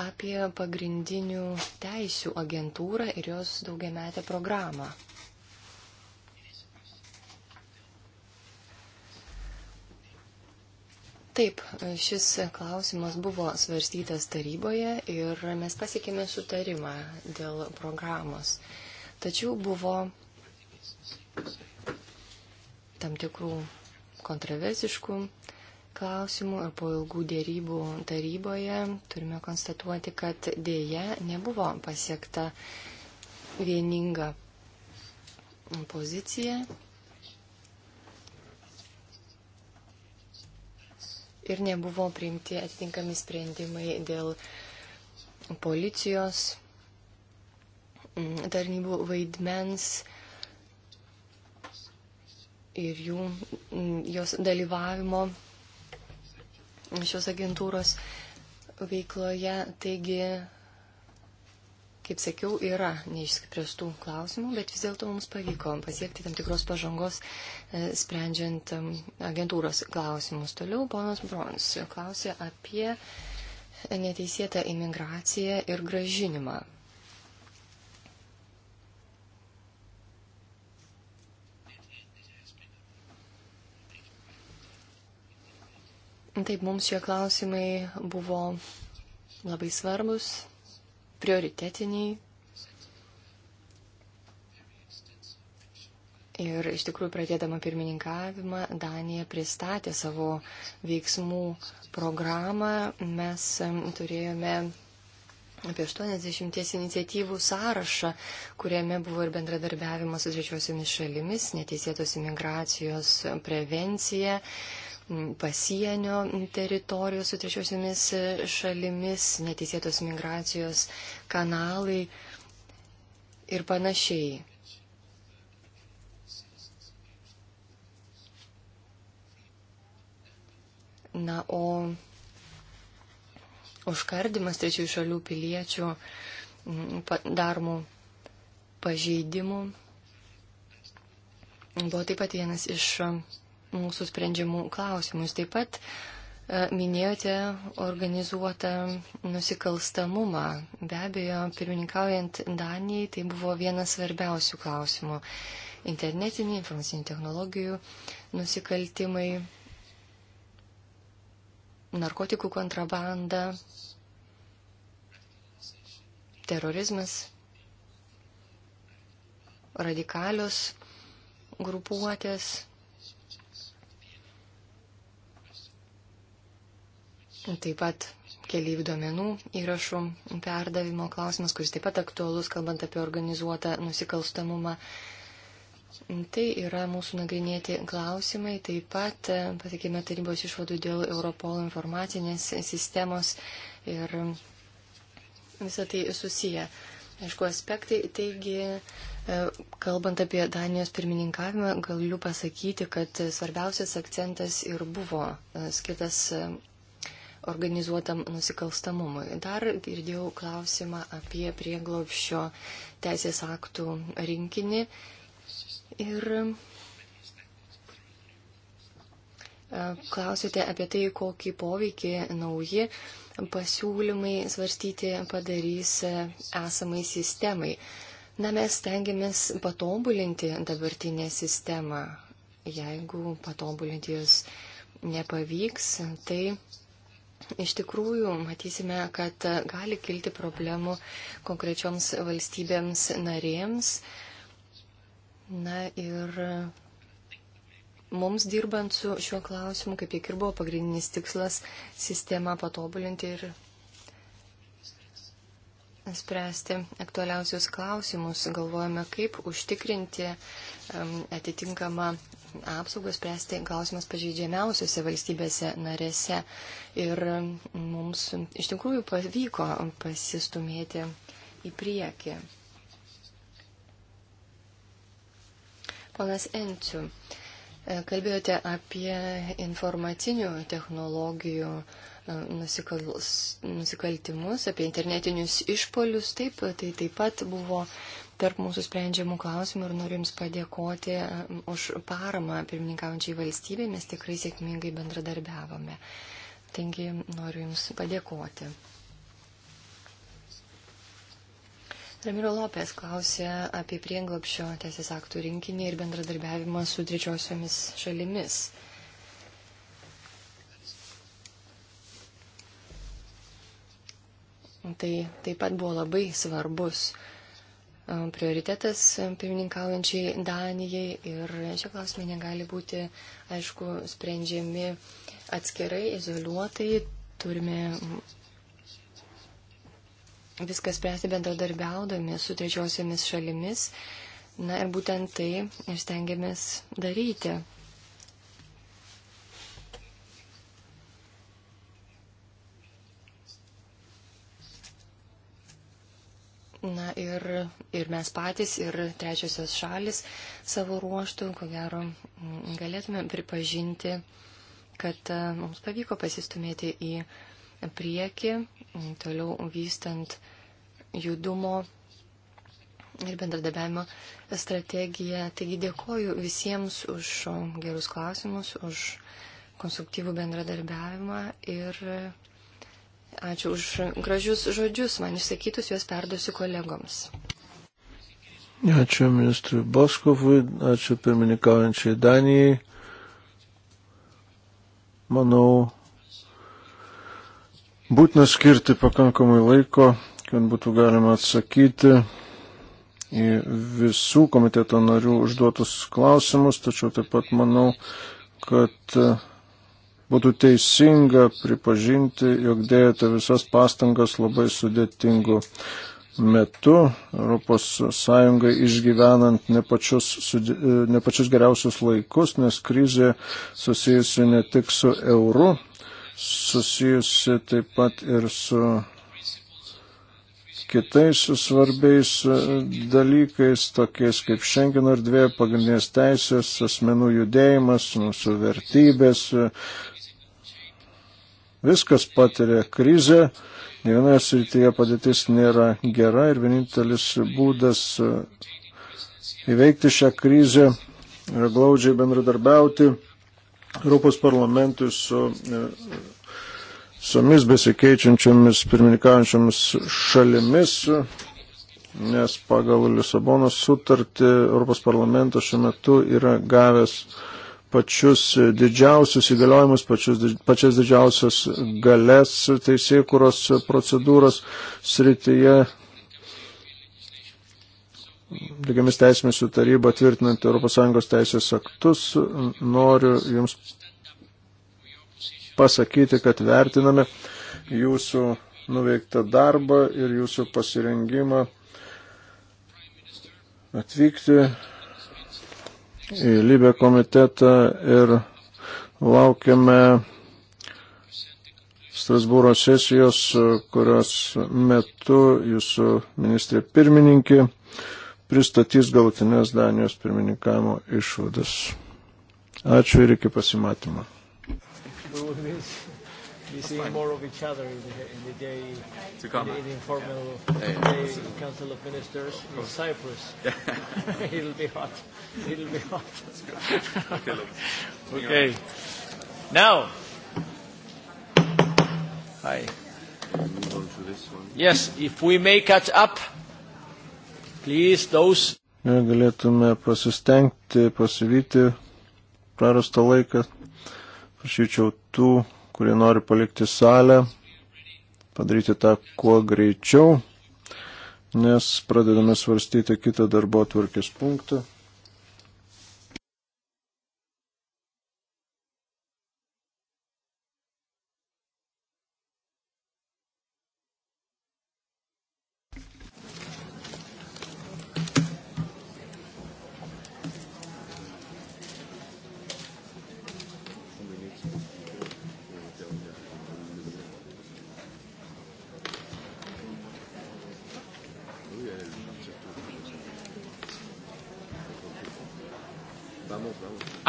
apie pagrindinių teisių agentūrą ir jos daugiametę programą. Taip, šis klausimas buvo svarstytas taryboje ir mes pasiekėme sutarimą dėl programos. Tačiau buvo tam tikrų kontroversiškų klausimų ir po ilgų dėrybų taryboje turime konstatuoti, kad dėja nebuvo pasiekta vieninga pozicija. Ir nebuvo priimti atitinkami sprendimai dėl policijos mm, tarnybų vaidmens ir jų, jos dalyvavimo šios agentūros veikloje. Taigi, kaip sakiau, yra neišspręstų klausimų, bet vis dėlto mums pavyko pasiekti tam tikros pažangos, e, sprendžiant agentūros klausimus. Toliau ponas Brons klausė apie neteisėtą imigraciją ir gražinimą. Taip, mums šie klausimai buvo labai svarbus, prioritetiniai. Ir iš tikrųjų, pradėdama pirmininkavimą, Danija pristatė savo veiksmų programą. Mes turėjome apie 80 iniciatyvų sąrašą, kuriame buvo ir bendradarbiavimas su trečiosiomis šalimis, neteisėtos imigracijos prevencija pasienio teritorijos su trečiosiomis šalimis, neteisėtos migracijos kanalai ir panašiai. Na, o užkardimas trečiųjų šalių piliečių mm, daromų pažeidimų buvo taip pat vienas iš mūsų sprendžiamų klausimus. Taip pat e, minėjote organizuotą nusikalstamumą. Be abejo, pirmininkaujant Danijai, tai buvo vienas svarbiausių klausimų. Internetiniai, informacinių technologijų nusikaltimai, narkotikų kontrabanda, terorizmas, radikalios grupuotės, Taip pat keliaivių duomenų įrašų perdavimo klausimas, kuris taip pat aktualus, kalbant apie organizuotą nusikalstamumą. Tai yra mūsų nagrinėti klausimai. Taip pat e, patikėme tarybos išvadų dėl Europolo informacinės sistemos ir visą tai susiję. Aišku, aspektai. Taigi, e, kalbant apie Danijos pirmininkavimą, galiu pasakyti, kad svarbiausias akcentas ir buvo e, skirtas organizuotam nusikalstamumui. Dar girdėjau klausimą apie prieglobščio teisės aktų rinkinį. Ir e, klausėte apie tai, kokį poveikį nauji pasiūlymai svarstyti padarys e, esamai sistemai. Na, mes tengiamės patobulinti dabartinę sistemą. Jeigu patobulinti jos nepavyks, tai Iš tikrųjų, matysime, kad gali kilti problemų konkrečioms valstybėms narėms. Na ir mums dirbant su šiuo klausimu, kaip tik ir buvo pagrindinis tikslas, sistemą patobulinti ir spręsti aktualiausius klausimus. Galvojame, kaip užtikrinti atitinkamą apsaugą spręsti klausimas pažeidžiamiausiose valstybėse narėse. Ir mums iš tikrųjų pavyko pasistumėti į priekį. Ponas Enciu, kalbėjote apie informacinių technologijų e, nusikaltimus, apie internetinius išpolius. Taip, tai taip pat buvo tarp mūsų sprendžiamų klausimų ir noriu Jums padėkoti um, už paramą pirmininkaujančiai valstybei, mes tikrai sėkmingai bendradarbiavome. Taigi noriu Jums padėkoti. Ramiro Lopės klausė apie prieglopšio teisės aktų rinkinį ir bendradarbiavimą su trečiosiomis šalimis. Tai taip pat buvo labai svarbus uh, Um, prioritetas um, pirmininkaujančiai Danijai ir šie klausimai negali būti, aišku, sprendžiami atskirai, izoliuotai. Turime viską spręsti bendradarbiaudami su trečiosiomis šalimis. Na ir būtent tai ir stengiamės daryti. Na ir, ir mes patys, ir trečiosios šalis savo ruoštų, ko gero, galėtume pripažinti, kad e, mums pavyko pasistumėti į priekį, toliau vystant judumo ir bendradarbiavimo strategiją. Taigi dėkoju visiems už gerus klausimus, už konstruktyvų bendradarbiavimą ir Ačiū už gražius žodžius, man išsakytus juos perduosiu kolegoms. Ačiū ministrui Boskovui, ačiū pirmininkaujančiai Danijai. Manau, būtina skirti pakankamai laiko, kad būtų galima atsakyti į visų komiteto narių užduotus klausimus, tačiau taip pat manau, kad būtų teisinga pripažinti, jog dėjote visas pastangas labai sudėtingu metu ES išgyvenant ne pačius, ne pačius geriausius laikus, nes krizė susijusi ne tik su euru, susijusi taip pat ir su kitais svarbiais dalykais, tokiais kaip Šengeno erdvė, pagrindinės teisės, asmenų judėjimas, mūsų vertybės, Viskas patiria krizę, ne vienoje srityje padėtis nėra gera ir vienintelis būdas e, įveikti šią krizę yra glaudžiai bendradarbiauti Europos parlamentui su visomis e, besikeičiančiomis pirmininkaujančiomis šalimis, nes pagal Lisabonos sutartį Europos parlamentas šiuo metu yra gavęs pačius didžiausius įgaliojimus, pačius, pačias didžiausias galės teisėkuros procedūros srityje. Lygiamis teisėmis su taryba tvirtinant ES teisės aktus, noriu Jums pasakyti, kad vertiname Jūsų nuveiktą darbą ir Jūsų pasirengimą atvykti į Libę komitetą ir laukiame Strasbūro sesijos, kurios metu jūsų ministrė pirmininkė pristatys galutinės Danijos pirmininkavimo išvadas. Ačiū ir iki pasimatymo. Thank you be seeing fine. more of each other in the, in the day to come. In, the, in the informal yeah. Yeah, day absolutely. Council of Ministers of in Cyprus. Yeah. It'll be hot. It'll be hot. That's good. Okay. Look. okay. Now. Hi. Move on to this one. Yes, if we may catch up, please those. Galėtume pasistengti, pasivyti prarastą laiką. Prašyčiau tų kurie nori palikti salę, padaryti tą kuo greičiau, nes pradedame svarstyti kitą darbo atvarkės punktą.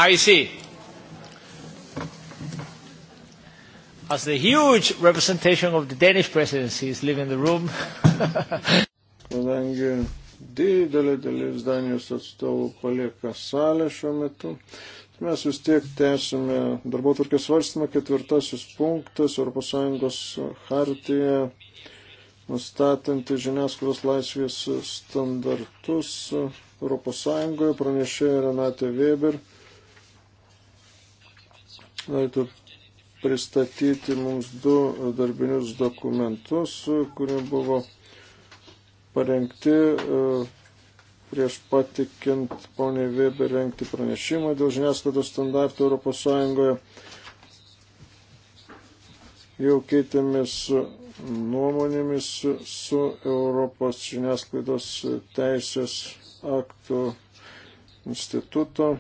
I see. As the huge representation of the Danish presidency is leaving the room. Kadangi didelė dalis Danijos atstovų palieka salę šiuo metu, tai mes vis tiek tęsime darbo tvarkės svarstymą ketvirtasis punktas ES hartija nustatanti žiniasklaidos laisvės standartus ES pranešė Renate Weber norėtų pristatyti mums du darbinius dokumentus, kurie buvo parengti e, prieš patikint poniai Weber rengti pranešimą dėl žiniasklaidos standartų Europos Sąjungoje. Jau keitėmės nuomonėmis su Europos žiniasklaidos teisės aktų instituto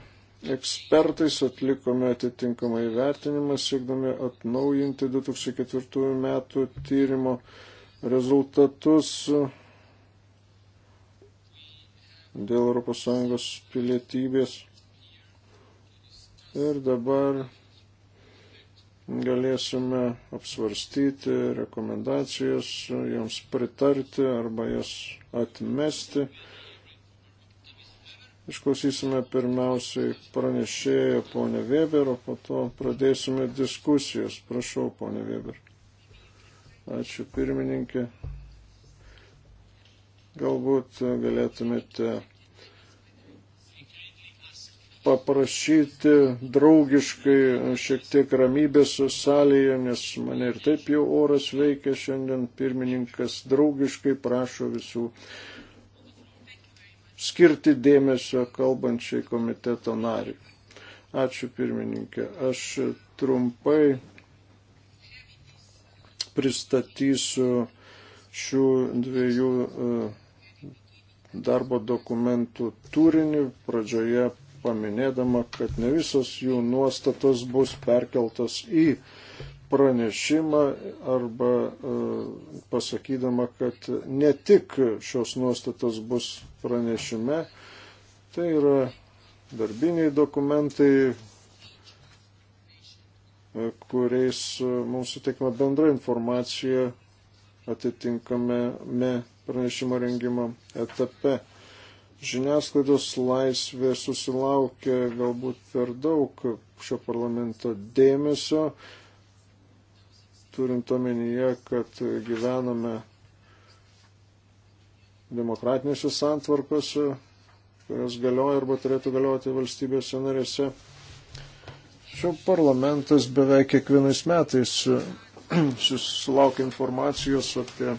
ekspertais atlikome atitinkamą įvertinimą, siekdami atnaujinti 2004 metų tyrimo rezultatus dėl ES pilietybės. Ir dabar galėsime apsvarstyti rekomendacijas, joms pritarti arba jas atmesti. Išklausysime pirmiausiai pranešėją ponę Weber, o po to pradėsime diskusijas. Prašau, ponė Weber. Ačiū pirmininkė. Galbūt galėtumėte paprašyti draugiškai šiek tiek ramybės salėje, nes mane ir taip jau oras veikia šiandien. Pirmininkas draugiškai prašo visų skirti dėmesio kalbančiai komiteto nariai. Ačiū pirmininkė. Aš trumpai pristatysiu šių dviejų e, darbo dokumentų turinį, pradžioje paminėdama, kad ne visos jų nuostatos bus perkeltos į pranešimą arba e, pasakydama, kad ne tik šios nuostatos bus pranešime, tai yra darbiniai dokumentai, e, kuriais mums suteikima bendra informacija atitinkame pranešimo rengimo etape. Žiniasklaidos laisvė susilaukia galbūt per daug šio parlamento dėmesio, turint omenyje, kad gyvename demokratinėse santvarkose, kurios galioja arba turėtų galioti valstybėse narėse. Šio parlamentas beveik kiekvienais metais susilaukia informacijos apie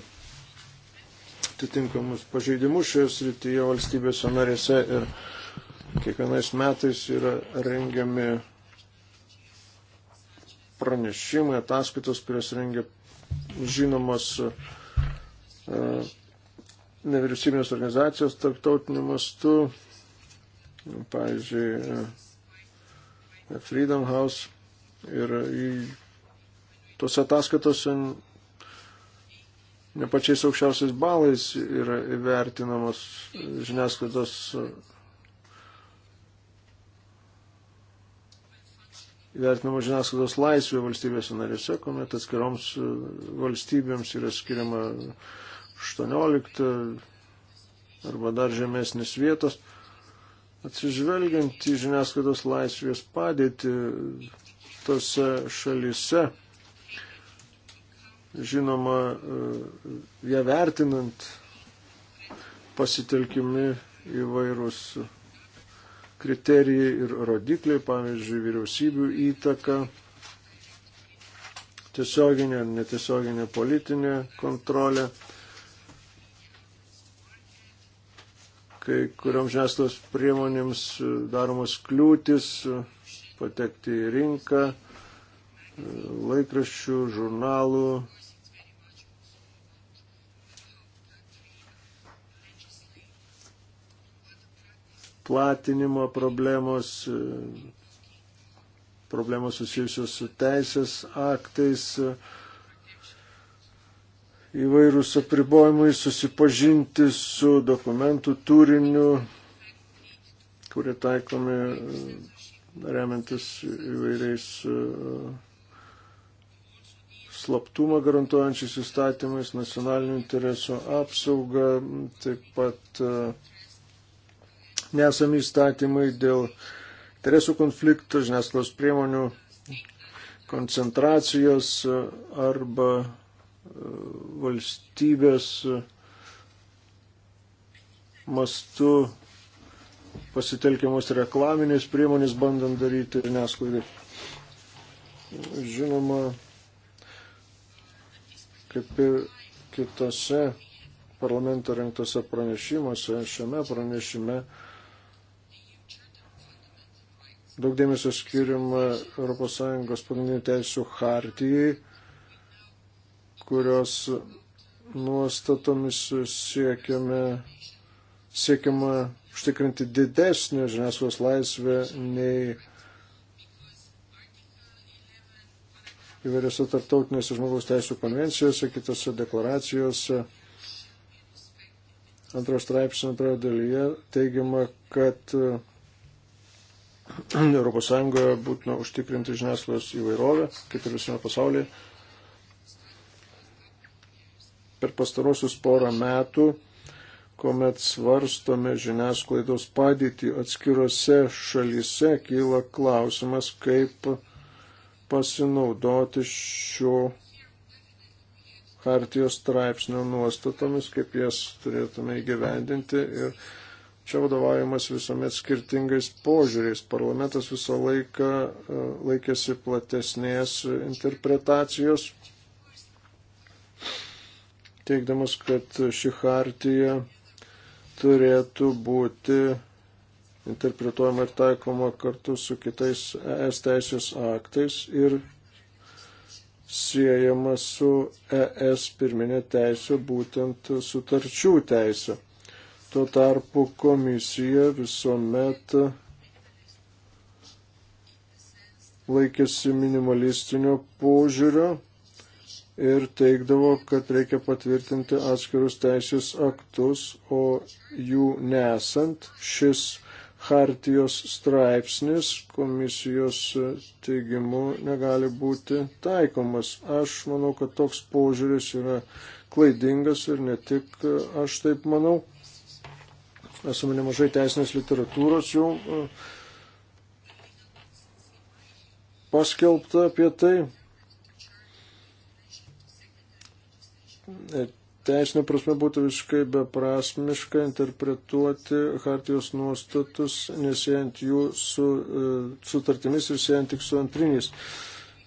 atitinkamus pažeidimus šioje srityje valstybėse narėse ir kiekvienais metais yra rengiami pranešimai, ataskaitos, kurias rengia žinomos e, nevyriausybinės organizacijos tarptautiniu mastu, pavyzdžiui, e, Freedom House ir tose ataskaitose ne pačiais aukščiausiais balais yra įvertinamos žiniasklaidos vertinama žiniasklaidos laisvė valstybėse narėse, kuomet atskiroms e, valstybėms yra skiriama 18 arba dar žemesnis vietos. Atsižvelgiant į žiniasklaidos laisvės padėtį tose šalise, žinoma, e, ją vertinant pasitelkimi įvairūs kriterijai ir rodikliai, pavyzdžiui, vyriausybių įtaka, tiesioginė ar netiesioginė politinė kontrolė. Kai kuriam žiniasklaidos priemonėms daromos kliūtis patekti į rinką, laikraščių, žurnalų, platinimo problemos, e, problemos susijusios su teisės aktais, e, įvairūs apribojimai susipažinti su dokumentų turiniu, kurie taikomi e, remiantis įvairiais slaptumą garantuojančiais įstatymais, nacionalinių interesų apsaugą, taip pat uh, nesami įstatymai dėl interesų konfliktų, žiniasklaidos priemonių koncentracijos arba e, valstybės e, mastu pasitelkiamos reklaminės priemonės bandant daryti žiniasklaidai. Žinoma, kaip ir kitose parlamento renktose pranešimuose, šiame pranešime Daug dėmesio skiriama ES pagrindinių teisų hartijai, kurios nuostatomis siekiame, siekiama užtikrinti didesnį žiniasklaidos laisvę nei įvairiose tarptautinėse žmogaus teisų konvencijose, kitose deklaracijose. Antros straipsnio antroje dalyje teigiama, kad ES būtina užtikrinti žiniasklaidos įvairovę, kaip ir visame pasaulyje. Per pastarosius porą metų, kuomet svarstome žiniasklaidos padėtį atskirose šalyse, kyla klausimas, kaip pasinaudoti šio hartijos straipsnio nuostatomis, kaip jas turėtume įgyvendinti ir Čia vadovaujamas visuomet skirtingais požiūriais. Parlamentas visą laiką e, laikėsi platesnės interpretacijos, teikdamas, kad ši hartija turėtų būti interpretuojama ir taikoma kartu su kitais ES teisės aktais ir siejama su ES pirminė teisė, būtent sutarčių teisė. Tuo tarpu komisija visuomet laikėsi minimalistinio požiūrio ir teikdavo, kad reikia patvirtinti atskirus teisės aktus, o jų nesant šis hartijos straipsnis komisijos teigimu negali būti taikomas. Aš manau, kad toks požiūris yra klaidingas ir ne tik aš taip manau. Esame nemažai teisinės literatūros jau e, paskelbta apie tai. E, teisinė prasme būtų visiškai beprasmiška interpretuoti hartijos nuostatus, nesijant jų su e, sutartimis ir siejant tik su antriniais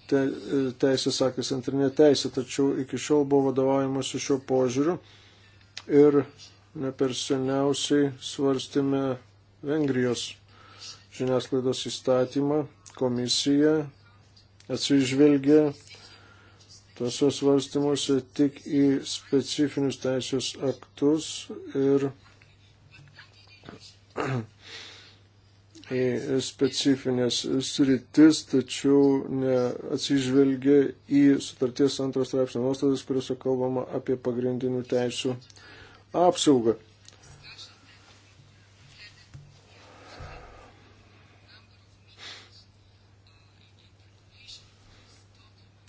te, e, teisės aktais, antrinė teisė, tačiau iki šiol buvo vadovaujamas šio požiūriu ir neperseniausiai svarstėme Vengrijos žiniasklaidos įstatymą. Komisija atsižvelgia tuose svarstymuose tik į specifinius teisės aktus ir į specifines sritis, tačiau neatsižvelgia į sutarties antros straipsnio nuostatas, kuriuose kalbama apie pagrindinių teisų apsaugą.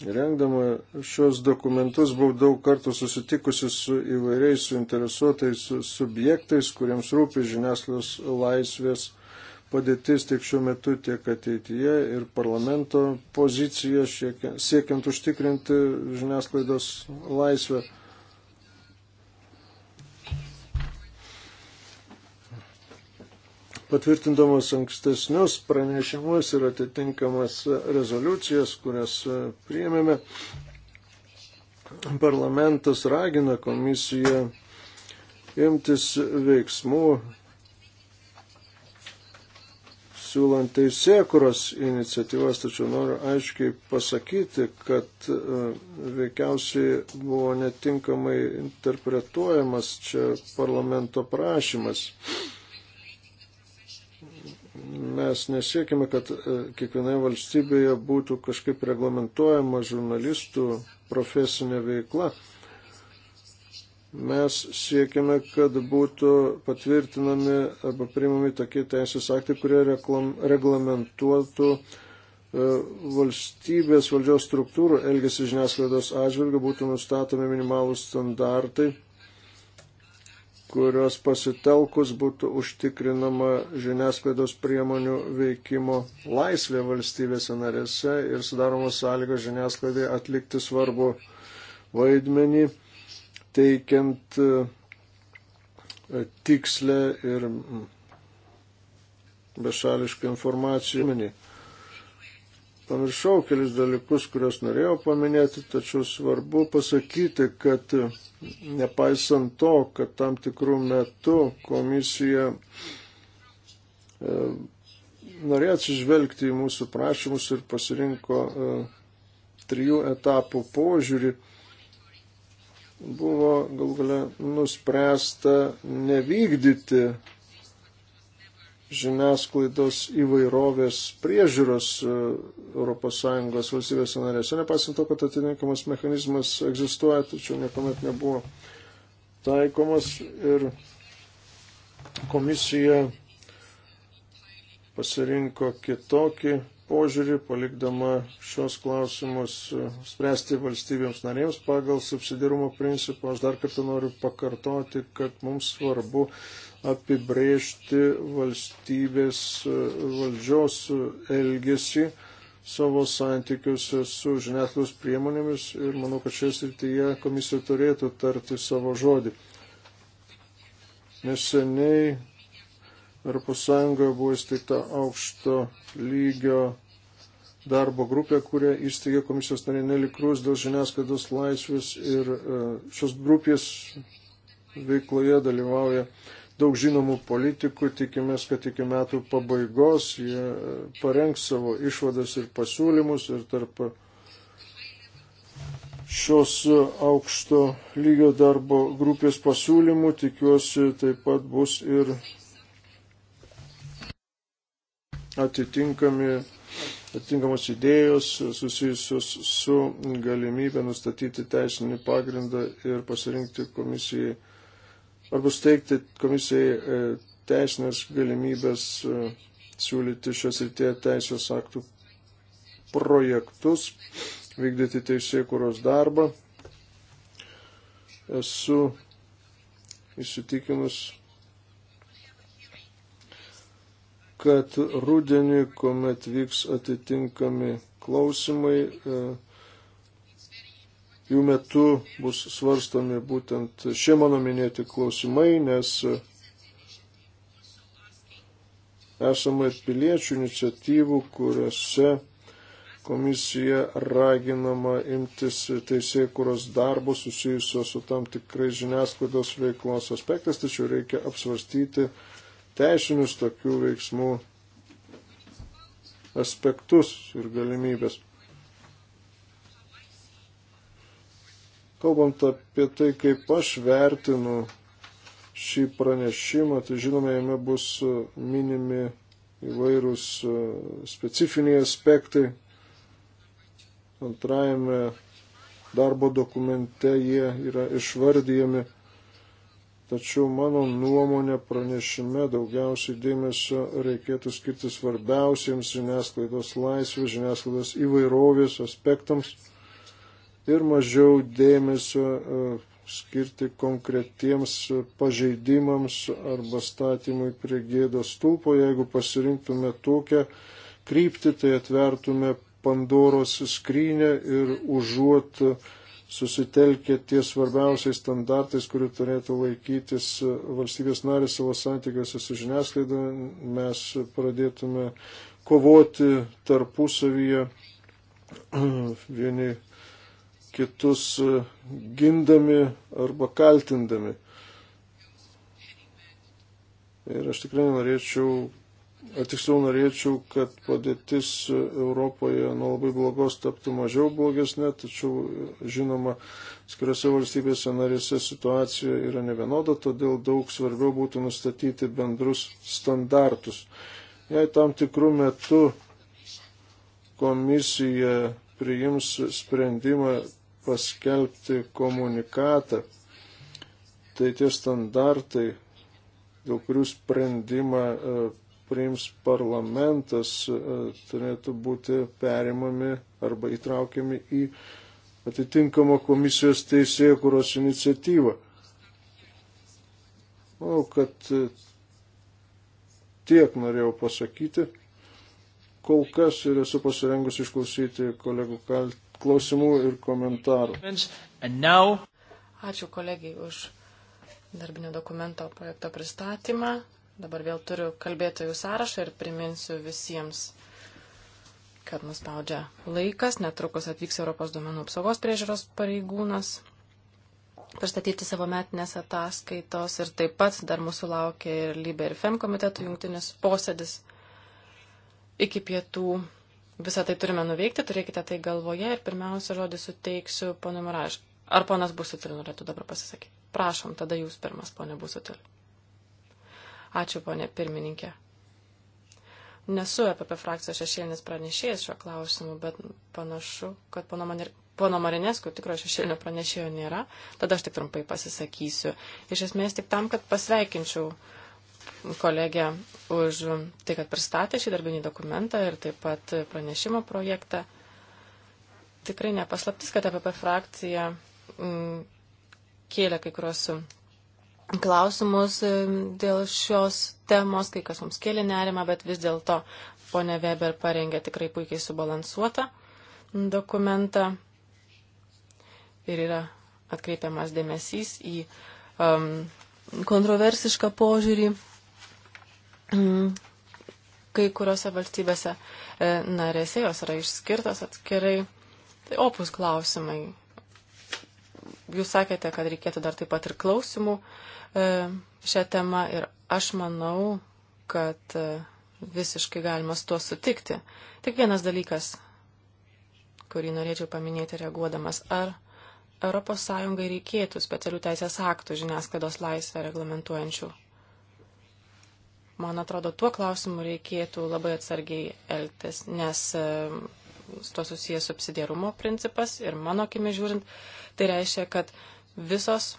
Rengdama šios dokumentus buvau daug kartų susitikusi su įvairiais suinteresuotais subjektais, kuriems rūpi žiniasklaidos laisvės padėtis tiek šiuo metu, tiek ateityje ir parlamento pozicija siekiant užtikrinti žiniasklaidos laisvę. patvirtindamas ankstesnius pranešimus ir atitinkamas rezoliucijas, kurias e, priėmėme, parlamentas ragina komisiją imtis veiksmų, siūlant teisėkuros iniciatyvas, tačiau noriu aiškiai pasakyti, kad e, veikiausiai buvo netinkamai interpretuojamas čia parlamento prašymas mes nesiekime, kad e, kiekvienoje valstybėje būtų kažkaip reglamentuojama žurnalistų profesinė veikla. Mes siekime, kad būtų patvirtinami arba priimami tokie teisės aktai, kurie reklam, reglamentuotų e, valstybės valdžios struktūrų elgesi žiniasklaidos atžvilgių, būtų nustatomi minimalūs standartai kurios pasitelkus būtų užtikrinama žiniasklaidos priemonių veikimo laisvė valstybėse narėse ir sudaromos sąlygos žiniasklaidai atlikti svarbu vaidmenį, teikiant e, tikslę ir bešališką informaciją pamiršau kelis dalykus, kuriuos norėjau paminėti, tačiau svarbu pasakyti, kad nepaisant to, kad tam tikrų metų komisija e, norėjo atsižvelgti į mūsų prašymus ir pasirinko e, trijų etapų požiūrį, buvo gal gale nuspręsta nevykdyti žiniasklaidos įvairovės priežiūros ES valstybės narėse. Nepaisant to, kad atitinkamas mechanizmas egzistuoja, tačiau niekuomet nebuvo taikomas ir komisija pasirinko kitokį požiūrį, palikdama šios klausimus e, spręsti valstybėms narėms pagal subsidirumo principą. Aš dar kartą noriu pakartoti, kad mums svarbu apibrėžti valstybės e, valdžios e, elgesį savo santykiuose su žiniasklaidos priemonėmis ir manau, kad šioje srityje komisija turėtų tarti savo žodį. Neseniai ES buvo įsteigta aukšto lygio darbo grupė, kurią įsteigė komisijos narė Nelikrus dėl žiniasklaidos laisvės ir e, šios grupės veikloje dalyvauja daug žinomų politikų, tikimės, kad iki metų pabaigos jie parengs savo išvadas ir pasiūlymus ir tarp šios aukšto lygio darbo grupės pasiūlymų tikiuosi taip pat bus ir atitinkami atitinkamos idėjos susijusios su galimybė nustatyti teisinį pagrindą ir pasirinkti komisijai arba steigti komisijai e, teisinės galimybės e, siūlyti šios rytėje teisės aktų projektus, vykdyti teisėkuros darbą. Esu įsitikinus, kad rudenį, kuomet vyks atitinkami klausimai, e, jų metu bus svarstomi būtent šie mano minėti klausimai, nes esama ir piliečių iniciatyvų, kuriuose komisija raginama imtis teisėjų, kurios darbo susijusio su tam tikrais žiniasklaidos veiklos aspektais, tačiau reikia apsvarstyti teisinius tokių veiksmų aspektus ir galimybės. Kalbant apie tai, kaip aš vertinu šį pranešimą, tai žinoma, jame bus minimi įvairūs e, specifiniai aspektai. Antrajame darbo dokumente jie yra išvardyjami. Tačiau mano nuomonė pranešime daugiausiai dėmesio reikėtų skirti svarbiausiems žiniasklaidos laisvės, žiniasklaidos įvairovės aspektams ir mažiau dėmesio e, skirti konkretiems pažeidimams arba statymui prie gėdos stulpo. Jeigu pasirinktume tokią kryptį, tai atvertume Pandoros skrynę ir užuot susitelkę ties svarbiausiais standartais, kurių turėtų laikytis valstybės narės savo santykiuose su žiniasklaida, mes pradėtume kovoti tarpusavyje vieni kitus e, gindami arba kaltindami. Ir aš tikrai norėčiau, atiksliau norėčiau, kad padėtis Europoje nuo labai blogos taptų mažiau blogesnė, tačiau žinoma, skiriose valstybėse narėse situacija yra nevienoda, todėl daug svarbiau būtų nustatyti bendrus standartus. Jei tam tikrų metų komisija priims sprendimą paskelbti komunikatą. Tai tie standartai, dėl kurių sprendimą e, priims parlamentas, e, turėtų būti perimami arba įtraukiami į atitinkamą komisijos teisėjų kuros iniciatyvą. Manau, kad e, tiek norėjau pasakyti. Kol kas ir esu pasirengusi išklausyti kolegų kalt klausimų ir komentarų. Now... Ačiū kolegijai už darbinio dokumento projekto pristatymą. Dabar vėl turiu kalbėtojų sąrašą ir priminsiu visiems, kad mus spaudžia laikas. Netrukus atvyks Europos duomenų apsaugos priežiūros pareigūnas pristatyti savo metinės ataskaitos ir taip pat dar mūsų laukia ir Libe ir FEM komitetų jungtinis posėdis iki pietų visą tai turime nuveikti, turėkite tai galvoje ir pirmiausia žodį suteiksiu ponui Maraš. Ar ponas Busutil norėtų dabar pasisakyti? Prašom, tada jūs pirmas, ponė Busutil. Ačiū, ponė pirmininkė. Nesu EPP frakcijos šešėlinis pranešėjas šiuo klausimu, bet panašu, kad pono, Manir... pono Marinesku tikro šešėlinio pranešėjo nėra, tada aš tik trumpai pasisakysiu. Iš esmės tik tam, kad pasveikinčiau uh, kolegę už tai, kad pristatė šį darbinį dokumentą ir taip pat pranešimo projektą. Tikrai nepaslaptis, kad APP e frakcija m, mm, kėlė kai kurios klausimus mm, dėl šios temos, kai kas mums kėlė nerimą, bet vis dėlto ponė Weber parengė tikrai puikiai subalansuotą dokumentą ir yra atkreipiamas dėmesys į um, kontroversišką požiūrį kai kuriuose valstybėse e, narėse jos yra išskirtos atskirai. Tai opus klausimai. Jūs sakėte, kad reikėtų dar taip pat ir klausimų e, šią temą ir aš manau, kad e, visiškai galima su tuo sutikti. Tik vienas dalykas, kurį norėčiau paminėti reaguodamas. Ar ES reikėtų specialių teisės aktų žiniasklaidos laisvę reglamentuojančių Man atrodo, tuo klausimu reikėtų labai atsargiai elgtis, nes e, su to susijęs subsidiarumo principas ir mano akimi žiūrint, tai reiškia, kad visos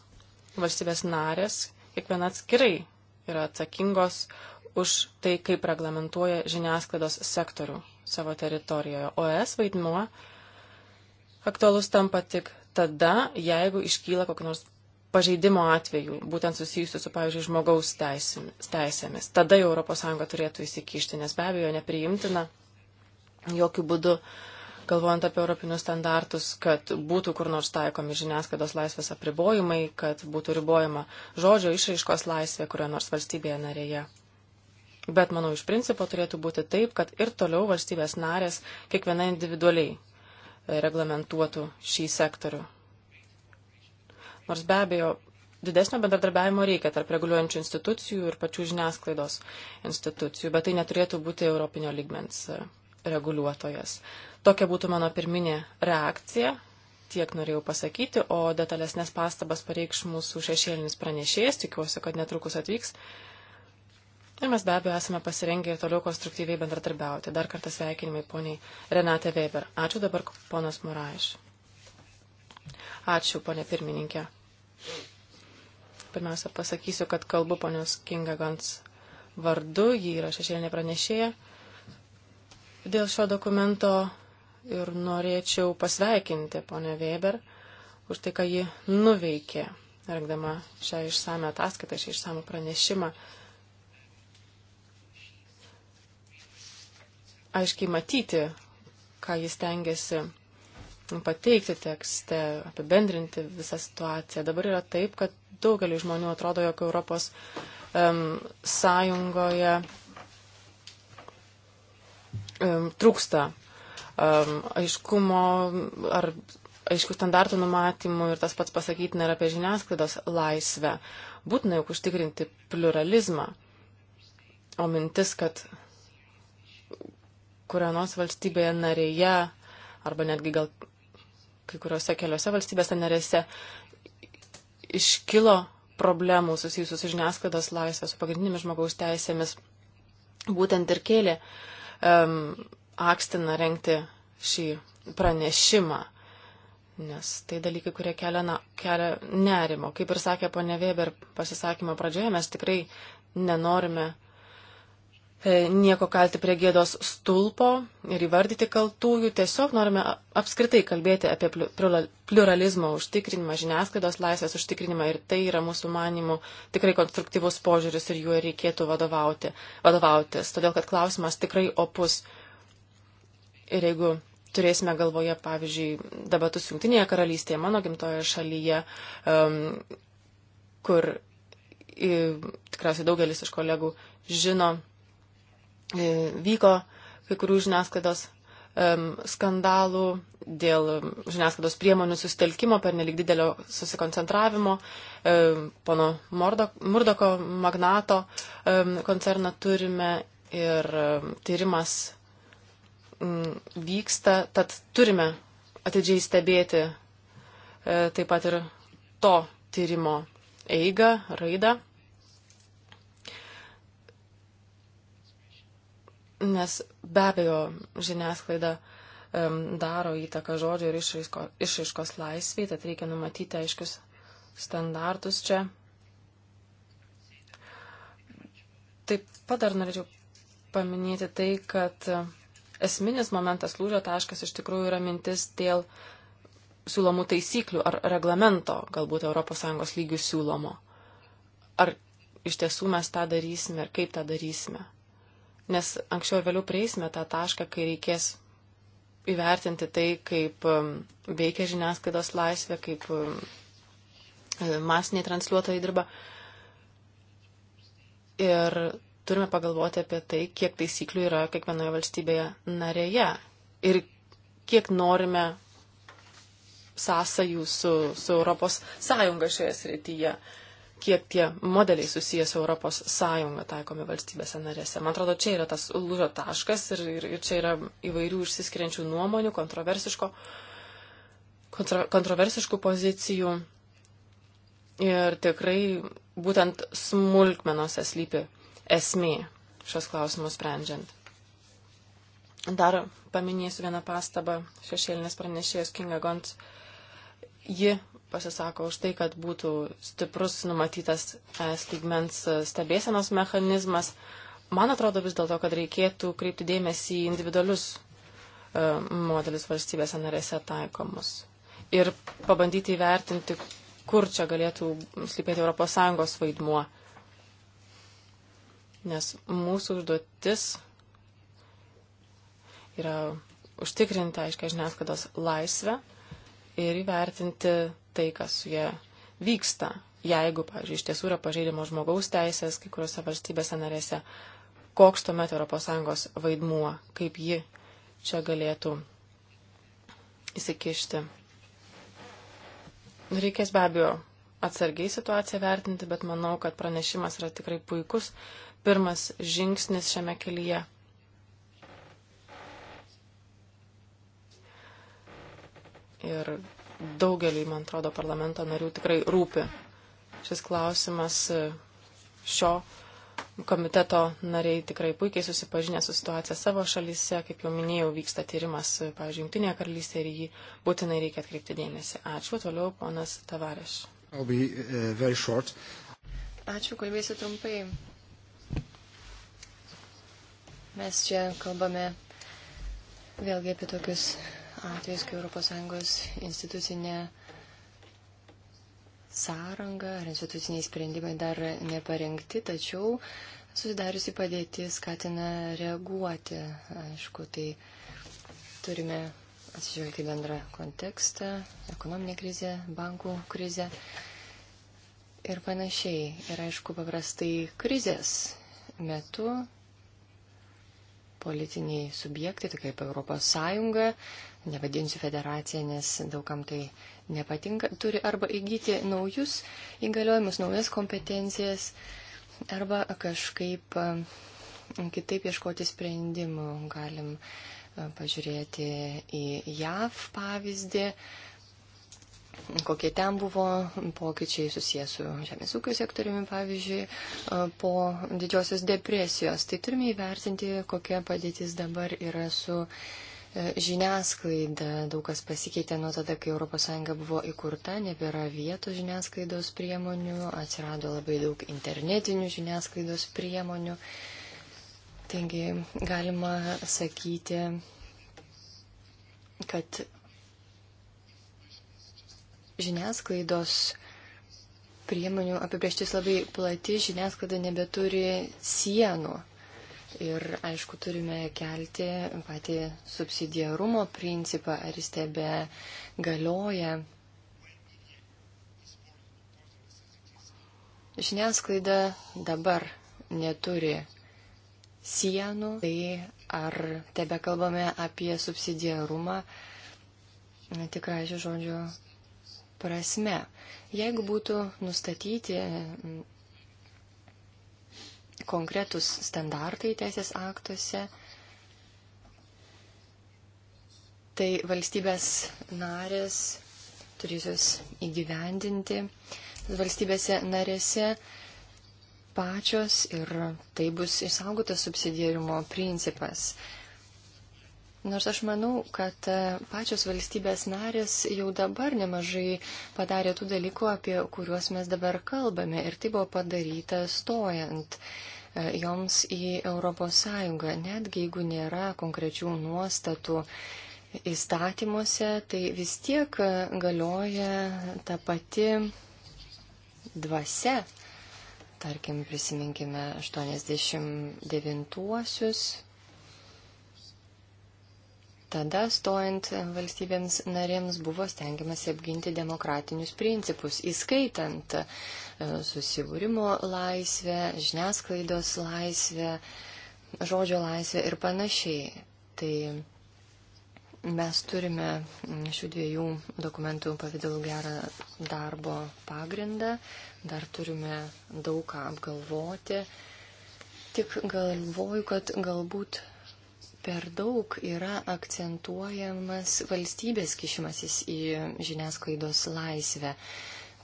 valstybės narės, kiekviena atskirai yra atsakingos už tai, kaip reglamentuoja žiniasklaidos sektorių savo teritorijoje. O es vaidmuo aktualus tampa tik tada, jeigu iškyla kokių nors pažeidimo atveju, būtent susijusių su, pavyzdžiui, žmogaus teisėmis. Tada jau ES turėtų įsikišti, nes be abejo nepriimtina jokių būdų, galvojant apie europinius standartus, kad būtų kur nors taikomi žiniasklaidos laisvės apribojimai, kad būtų ribojama žodžio išraiškos laisvė kurioje nors valstybėje narėje. Bet manau, iš principo turėtų būti taip, kad ir toliau valstybės narės kiekviena individualiai reglamentuotų šį sektorių Nors be abejo, didesnio bendradarbiavimo reikia tarp reguliuojančių institucijų ir pačių žiniasklaidos institucijų, bet tai neturėtų būti Europinio ligmens e, reguliuotojas. Tokia būtų mano pirminė reakcija, tiek norėjau pasakyti, o detalesnės pastabas pareikš mūsų šešėlinis pranešėjas, tikiuosi, kad netrukus atvyks. Ir mes be abejo esame pasirengę ir toliau konstruktyviai bendradarbiauti. Dar kartą sveikinimai poniai Renate Weber. Ačiū dabar ponas Muraiš. Ačiū, ponė pirmininkė. Pirmiausia, pasakysiu, kad kalbu ponios Kingagans vardu, jį yra šešėlinė pranešėja. Dėl šio dokumento ir norėčiau pasveikinti ponę Weber už tai, ką ji nuveikė, rengdama šią išsame ataskaitą, šią išsamų pranešimą. Aiškiai matyti, ką jis tengiasi pateikti tekste, apibendrinti visą situaciją. Dabar yra taip, kad daugeliu žmonių atrodo, jog Europos um, sąjungoje um, trūksta um, aiškumo ar aiškių standartų numatymų ir tas pats pasakyti nėra apie žiniasklaidos laisvę. Būtina juk užtikrinti pluralizmą. O mintis, kad kurionos valstybėje narėje arba netgi gal kai kuriuose keliose valstybėse narėse iškilo problemų susijusių su žiniasklaidos laisvė, su pagrindinėmis žmogaus teisėmis, būtent ir kėlė um, Akstina renkti šį pranešimą, nes tai dalykai, kurie kelia, na, kelia nerimo. Kaip ir sakė ponė Weber pasisakymo pradžioje, mes tikrai nenorime E, nieko kalti prie gėdos stulpo ir įvardyti kaltųjų. Tiesiog norime apskritai kalbėti apie pluralizmo užtikrinimą, žiniasklaidos laisvės užtikrinimą ir tai yra mūsų manimų tikrai konstruktyvus požiūris ir juo reikėtų vadovauti, vadovautis. Todėl, kad klausimas tikrai opus. Ir jeigu turėsime galvoje, pavyzdžiui, debatus Junktinėje karalystėje, mano gimtoje šalyje, um, kur i, tikriausiai daugelis iš kolegų žino, E, vyko kai kurių žiniasklaidos skandalų dėl žiniasklaidos priemonių susitelkimo per nelik didelio susikoncentravimo. Pono Murdoko magnato koncerną turime ir tyrimas vyksta, tad turime atidžiai stebėti e, taip pat ir to tyrimo eigą, raidą. nes be abejo žiniasklaida um, daro įtaką žodžio ir išraiško, išraiškos laisvai, tad reikia numatyti aiškius standartus čia. Taip pat dar norėčiau paminėti tai, kad esminis momentas lūžio taškas iš tikrųjų yra mintis dėl siūlomų taisyklių ar reglamento, galbūt ES lygių siūlomo. Ar iš tiesų mes tą darysime ir kaip tą darysime nes anksčiau ar vėliau prieisime tą tašką, kai reikės įvertinti tai, kaip um, veikia žiniasklaidos laisvė, kaip um, e, masiniai transliuotojai dirba. Ir turime pagalvoti apie tai, kiek taisyklių yra kiekvienoje valstybėje narėje ir kiek norime sąsajų su, su Europos Sąjunga šioje srityje. Uh, kiek tie modeliai susijęs su Europos Sąjunga taikomi valstybėse narėse. Man atrodo, čia yra tas lūžio taškas ir, ir, ir čia yra įvairių išsiskiriančių nuomonių, kontroversiško, kontra, kontroversiškų pozicijų. Ir tikrai būtent smulkmenose slypi esmė šios klausimus sprendžiant. Dar paminėsiu vieną pastabą šešėlinės pranešėjos Kinga Gons. Ji pasisako už tai, kad būtų stiprus numatytas e, stigmens e, stebėsenos mechanizmas. Man atrodo vis dėlto, kad reikėtų kreipti dėmesį į individualius e, modelius valstybėse narėse taikomus. Ir pabandyti įvertinti, kur čia galėtų slypėti ES vaidmuo. Nes mūsų užduotis yra užtikrinti, aiškiai, žiniasklaidos laisvę ir įvertinti tai, kas su jie vyksta, jeigu, pavyzdžiui, iš tiesų yra pažeidimo žmogaus teisės kai kuriuose valstybėse narėse, koks tuomet ES vaidmuo, kaip ji čia galėtų įsikišti. Reikės be abejo atsargiai situaciją vertinti, bet manau, kad pranešimas yra tikrai puikus pirmas žingsnis šiame kelyje. Ir daugeliui, man atrodo, parlamento narių tikrai rūpi šis klausimas. Šio komiteto nariai tikrai puikiai susipažinę su situacija savo šalyse, kaip jau minėjau, vyksta tyrimas, pavyzdžiui, Junktinėje karalystėje ir jį būtinai reikia atkreipti dėmesį. Ačiū, toliau ponas Tavareš. Uh, Ačiū, kalbėsiu trumpai. Mes čia kalbame vėlgi apie tokius atvejais, kai ES institucinė sąranga ar instituciniai sprendimai dar neparengti, tačiau susidariusi padėtis skatina reaguoti. Aišku, tai turime atsižvelgti bendrą kontekstą, ekonominę krizę, bankų krizę ir panašiai. Ir aišku, paprastai krizės metu politiniai subjektai, tokia kaip Europos Sąjunga, nevadinsiu federacija, nes daugam tai nepatinka, turi arba įgyti naujus įgaliojimus, naujas kompetencijas, arba kažkaip um, kitaip ieškoti sprendimų. Galim uh, pažiūrėti į JAV pavyzdį kokie ten buvo pokyčiai susijęs su žemės ūkio sektoriumi, pavyzdžiui, uh, po didžiosios depresijos. Tai turime įvertinti, kokia padėtis dabar yra su žiniasklaida. Daug kas pasikeitė nuo tada, kai ES buvo įkurta, nebėra vietos žiniasklaidos priemonių, atsirado labai daug internetinių žiniasklaidos priemonių. Taigi galima sakyti, kad žiniasklaidos priemonių apibrieštis labai plati, žiniasklaida nebeturi sienų Ir aišku, turime kelti patį subsidiarumo principą, ar jis tebe galioja. Žiniasklaida dabar neturi sienų, tai ar tebe kalbame apie subsidiarumą tikrai šio žodžio prasme. Jeigu būtų nustatyti konkretus standartai teisės aktuose, tai valstybės narės turėsios įgyvendinti valstybėse narėse pačios ir tai bus išsaugotas subsidiarumo principas. Nors aš manau, kad e, pačios valstybės narės jau dabar nemažai padarė tų dalykų, apie kuriuos mes dabar kalbame. Ir tai buvo padaryta stojant e, joms į ES, netgi jeigu nėra konkrečių nuostatų. Įstatymuose tai vis tiek e, galioja ta pati dvasia. Tarkim, prisiminkime 89-uosius Tada, stojant valstybėms narėms, buvo stengiamasi apginti demokratinius principus, įskaitant e, susibūrimo laisvę, žiniasklaidos laisvę, žodžio laisvę ir panašiai. Tai mes turime šių dviejų dokumentų pavydalų gerą darbo pagrindą, dar turime daug ką apgalvoti. Tik galvoju, kad galbūt per daug yra akcentuojamas valstybės kišimasis į žiniasklaidos laisvę.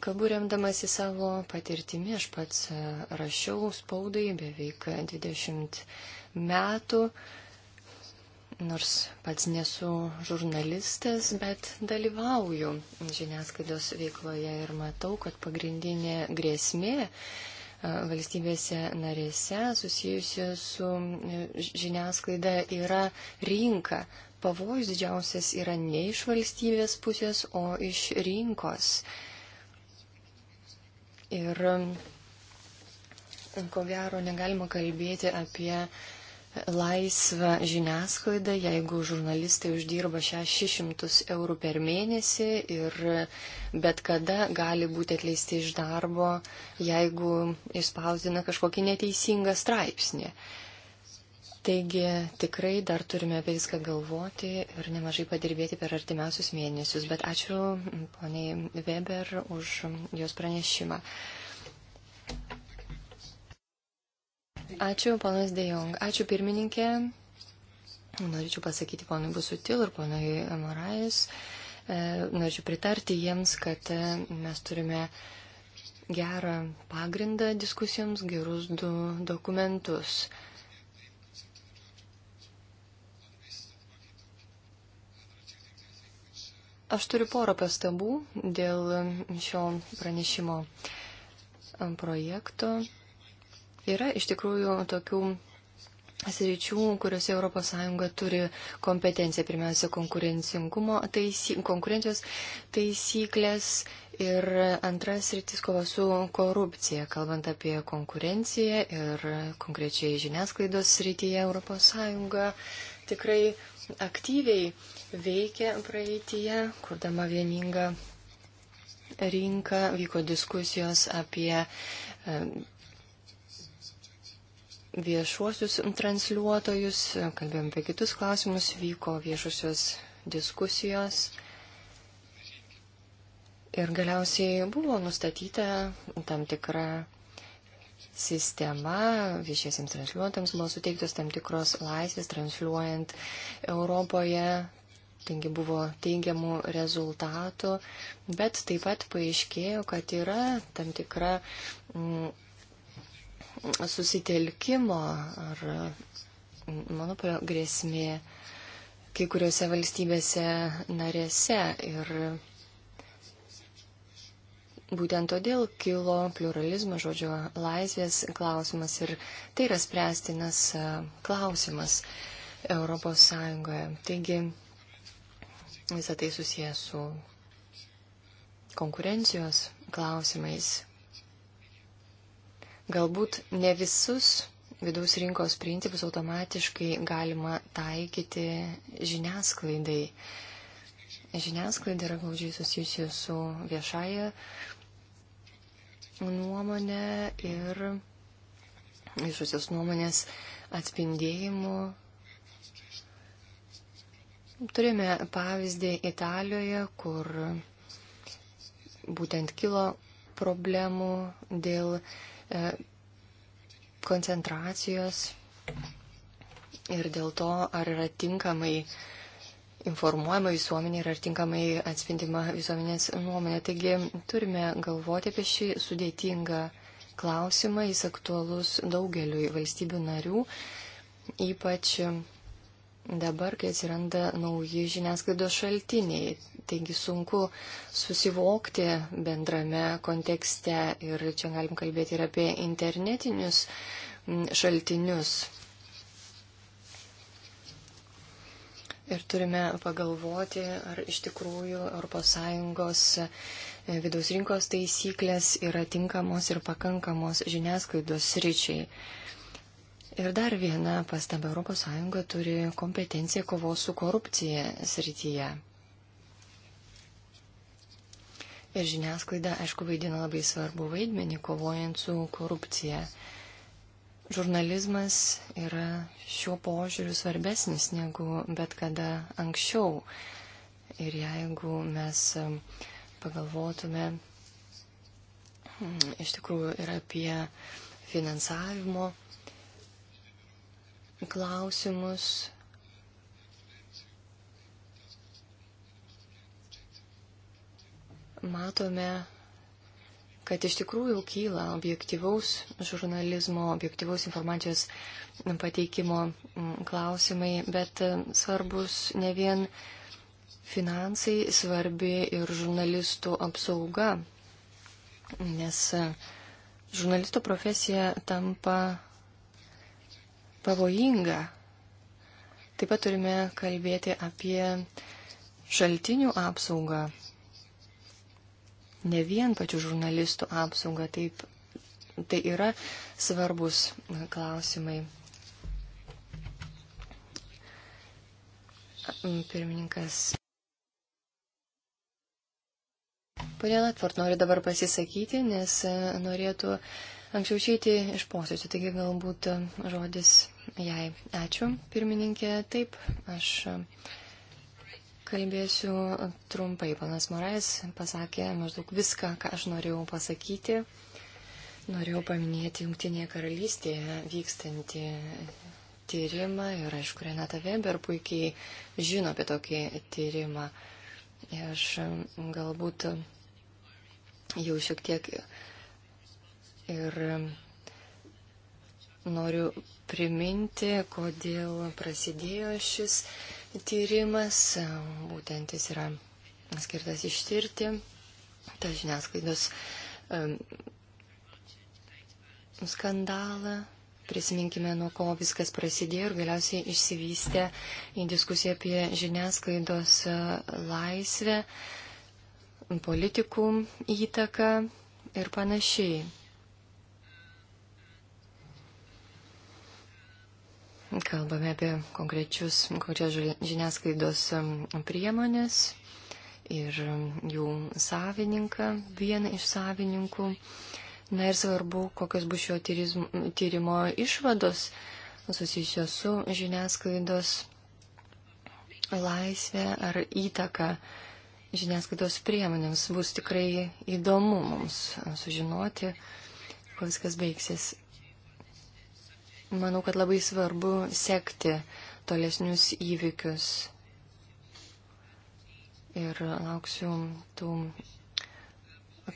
Kalbu remdamasi savo patirtimi, aš pats e, rašiau spaudai beveik 20 metų, nors pats nesu žurnalistas, bet dalyvauju žiniasklaidos veikloje ir matau, kad pagrindinė grėsmė valstybėse narėse susijusi su e, žiniasklaida yra rinka. Pavojus didžiausias yra ne iš valstybės pusės, o iš rinkos. Ir ko gero negalima kalbėti apie uh, laisvą žiniasklaidą, jeigu žurnalistai uždirba 600 eurų per mėnesį ir bet kada gali būti atleisti iš darbo, jeigu išspausdina kažkokį neteisingą straipsnį. Taigi tikrai dar turime apie viską galvoti ir nemažai padirbėti per artimiausius mėnesius, bet ačiū poniai Weber už jos pranešimą. Ačiū, ponas Dejong. Ačiū, pirmininkė. Norėčiau pasakyti ponui Busutil ir ponui Morais. E, norėčiau pritarti jiems, kad e, mes turime gerą pagrindą diskusijoms, gerus du dokumentus. Aš turiu porą pastabų dėl šio pranešimo projekto. Yra iš tikrųjų tokių sričių, kuriuose ES turi kompetenciją. Pirmiausia, taisy, konkurencijos taisyklės ir antras rytis kova su korupcija, kalbant apie konkurenciją ir konkrečiai žiniasklaidos srityje ES tikrai aktyviai veikia praeitie, kurdama vieningą rinką, vyko diskusijos apie viešuosius transliuotojus, kalbėjom apie kitus klausimus, vyko viešusios diskusijos. Ir galiausiai buvo nustatyta tam tikra sistema, viešiesiems transliuotams buvo suteiktos tam tikros laisvės transliuojant Europoje, taigi buvo teigiamų rezultatų, bet taip pat paaiškėjo, kad yra tam tikra. Mm, susitelkimo ar monopolio grėsmė kai kuriuose valstybėse narėse. Ir būtent todėl kilo pluralizmo žodžio laisvės klausimas ir tai yra spręstinas e, klausimas Europos Sąjungoje. Taigi visą tai susijęs su konkurencijos klausimais, Galbūt ne visus vidaus rinkos principus automatiškai galima taikyti žiniasklaidai. Žiniasklaida yra glaudžiai susijusi su viešaja nuomonė ir viešosios nuomonės atspindėjimu. Turime pavyzdį Italijoje, kur būtent kilo problemų dėl E, koncentracijos ir dėl to, ar yra tinkamai informuojama visuomenė ir ar tinkamai atspindima visuomenės nuomonė. Taigi turime galvoti apie šį sudėtingą klausimą, jis aktualus daugeliui valstybių narių, ypač dabar, kai atsiranda nauji žiniasklaidos šaltiniai. Taigi sunku susivokti bendrame kontekste ir čia galim kalbėti ir apie internetinius šaltinius. Ir turime pagalvoti, ar iš tikrųjų ES e, vidaus rinkos taisyklės yra tinkamos ir pakankamos žiniasklaidos ryčiai. Ir dar viena pastaba ES turi kompetenciją kovos su korupcija srityje. Ir žiniasklaida, aišku, vaidina labai svarbu vaidmenį kovojant su korupcija. Žurnalizmas yra šiuo požiūriu svarbesnis negu bet kada anksčiau. Ir jeigu mes um, pagalvotume mm, iš tikrųjų ir apie finansavimo klausimus matome, kad iš tikrųjų kyla objektivaus žurnalizmo, objektivaus informacijos pateikimo mm, klausimai, bet e, svarbus ne vien finansai, svarbi ir žurnalistų apsauga, nes e, žurnalisto profesija tampa pavojinga. Taip pat turime kalbėti apie šaltinių apsaugą, ne vien pačių žurnalistų apsaugą, taip, tai yra svarbus klausimai. Pirmininkas. Pane Latvart nori dabar pasisakyti, nes norėtų anksčiau išeiti iš posėdžio, taigi galbūt e, žodis jai. Ačiū, pirmininkė. Taip, aš e, kalbėsiu trumpai. Panas Morais pasakė maždaug viską, ką aš norėjau pasakyti. Norėjau paminėti Junktinėje karalystėje vykstantį tyrimą ir, aišku, Renata Weber puikiai žino apie tokį tyrimą. Aš e, galbūt jau šiek tiek Ir noriu priminti, kodėl prasidėjo šis tyrimas. Būtent jis yra skirtas ištirti tą žiniasklaidos skandalą. Prisiminkime, nuo ko viskas prasidėjo ir galiausiai išsivystė į diskusiją apie žiniasklaidos e, laisvę, politikų įtaką ir panašiai. Kalbame apie konkrečius, konkrečias žiniasklaidos priemonės ir jų savininką, vieną iš savininkų. Na ir svarbu, kokios bus šio tyrimo išvados susijusios su žiniasklaidos laisvė ar įtaka žiniasklaidos priemonėms. Bus tikrai įdomu mums sužinoti, kuo viskas baigsis. Manau, kad labai svarbu sekti tolesnius įvykius. Ir lauksiu tų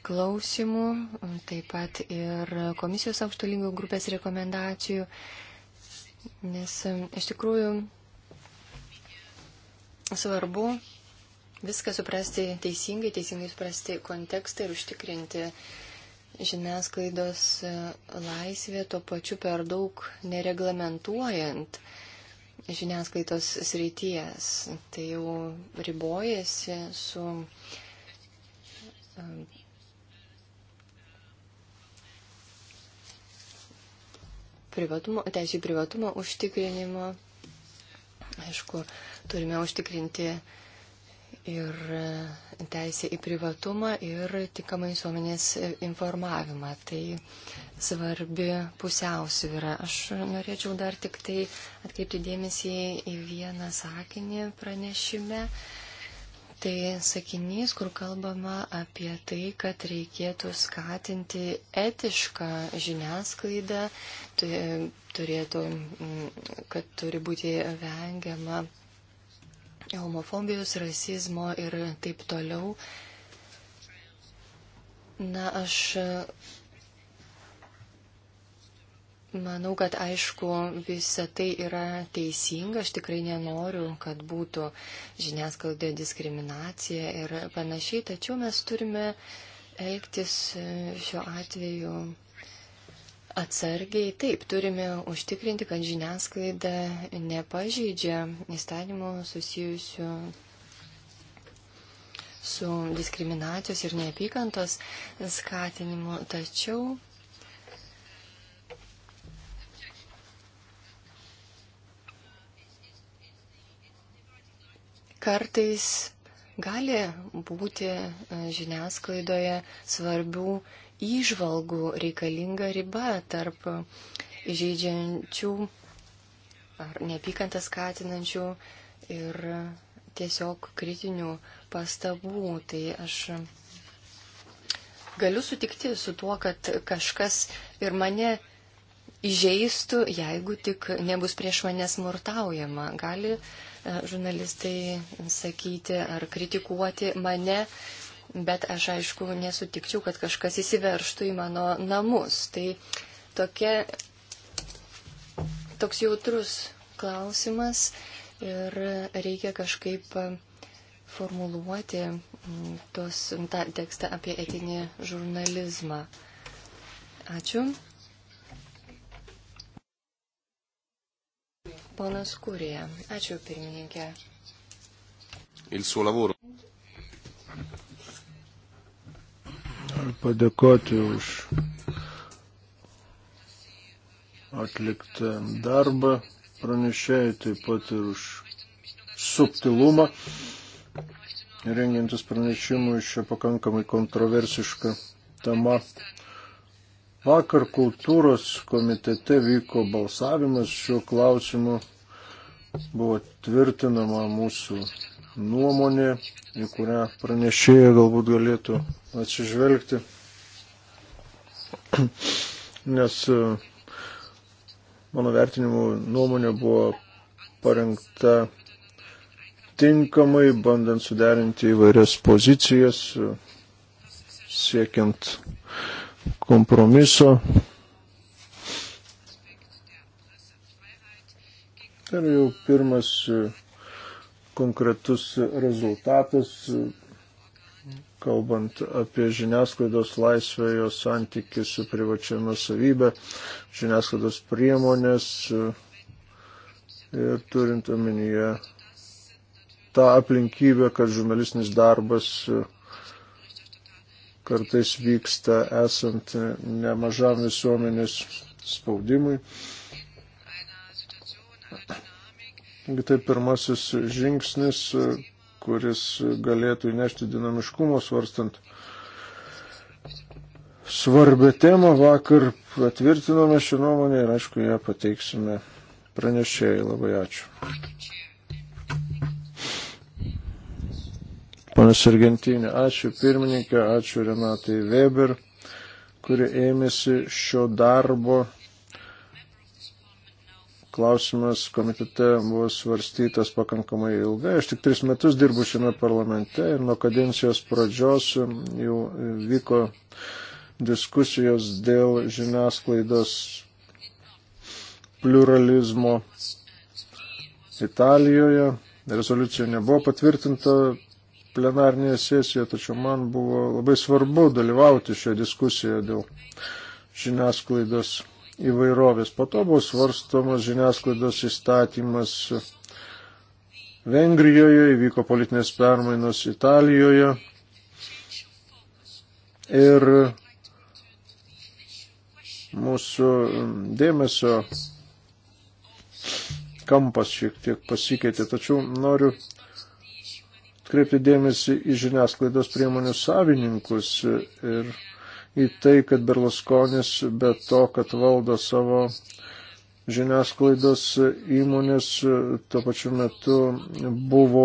klausimų, taip pat ir komisijos aukšto lygio grupės rekomendacijų, nes iš tikrųjų svarbu viską suprasti teisingai, teisingai suprasti kontekstą ir užtikrinti uh, žiniasklaidos e, laisvė tuo pačiu per daug nereglamentuojant žiniasklaidos srities. Tai jau ribojasi su e, privatumo, teisų į privatumą užtikrinimo. Aišku, turime užtikrinti ir teisė į privatumą ir tikamai visuomenės informavimą. Tai svarbi pusiausvyrą. Aš norėčiau dar tik tai atkreipti dėmesį į vieną sakinį pranešime. Tai sakinys, kur kalbama apie tai, kad reikėtų skatinti etišką žiniasklaidą, tai turėtų, mm, kad turi būti vengiama homofobijos, rasizmo ir taip toliau. Na, aš e, Manau, kad aišku, visa tai yra teisinga. Aš tikrai nenoriu, kad būtų žiniasklaidė diskriminacija ir panašiai. Tačiau mes turime elgtis e, šiuo atveju Atsargiai taip turime užtikrinti, kad žiniasklaida nepažeidžia įstatymų susijusių su diskriminacijos ir neapykantos skatinimu. Tačiau kartais gali būti žiniasklaidoje svarbių įžvalgų reikalinga riba tarp žaidžiančių ar neapykantą skatinančių ir tiesiog kritinių pastabų. Tai aš galiu sutikti su tuo, kad kažkas ir mane įžeistų, jeigu tik nebus prieš mane smurtaujama. Gali e, žurnalistai sakyti ar kritikuoti mane bet aš aišku nesutikčiau, kad kažkas įsiverštų į mano namus. Tai tokia, toks jautrus klausimas ir reikia kažkaip e, formuluoti mm, tos, tą tekstą apie etinį žurnalizmą. Ačiū. Ponas Kūrėja. Ačiū pirmininkė. Il suo lavoro. padėkoti už atliktą darbą pranešėjai, taip pat ir už subtilumą, rengiantis pranešimui šią pakankamai kontroversišką temą. Vakar kultūros komitete vyko balsavimas šiuo klausimu, buvo tvirtinama mūsų nuomonė, į kurią pranešėja galbūt galėtų atsižvelgti, nes e, mano vertinimu nuomonė buvo parengta tinkamai, bandant suderinti įvairias pozicijas, e, siekiant kompromiso. Ir jau pirmas e, konkretus rezultatas, kalbant apie žiniasklaidos laisvę, jos santykių su privačia nusavybė, žiniasklaidos priemonės ir turint omenyje tą aplinkybę, kad žurnalistinis darbas kartais vyksta esant nemažam visuomenės spaudimui. Tai pirmasis žingsnis, kuris galėtų įnešti dinamiškumo svarstant svarbę temą. Vakar patvirtinome šią nuomonę ir aišku, ją pateiksime pranešėjai. Labai ačiū. Panas Argentinė, ačiū pirmininkė, ačiū Renatai Weber, kuri ėmėsi šio darbo klausimas komitete buvo svarstytas pakankamai ilgai. Aš tik tris metus dirbu šiame parlamente ir nuo kadencijos pradžios jau vyko diskusijos dėl žiniasklaidos pluralizmo Italijoje. Rezoliucija nebuvo patvirtinta plenarnėje sesijoje, tačiau man buvo labai svarbu dalyvauti šioje diskusijoje dėl žiniasklaidos pluralizmo įvairovės. Po to buvo svarstomas žiniasklaidos įstatymas Vengrijoje, įvyko politinės permainos Italijoje ir mūsų dėmesio kampas šiek tiek pasikeitė, tačiau noriu kreipti dėmesį į žiniasklaidos priemonių savininkus ir į tai, kad Berlusconis be to, kad valdo savo žiniasklaidos įmonės, tuo pačiu metu buvo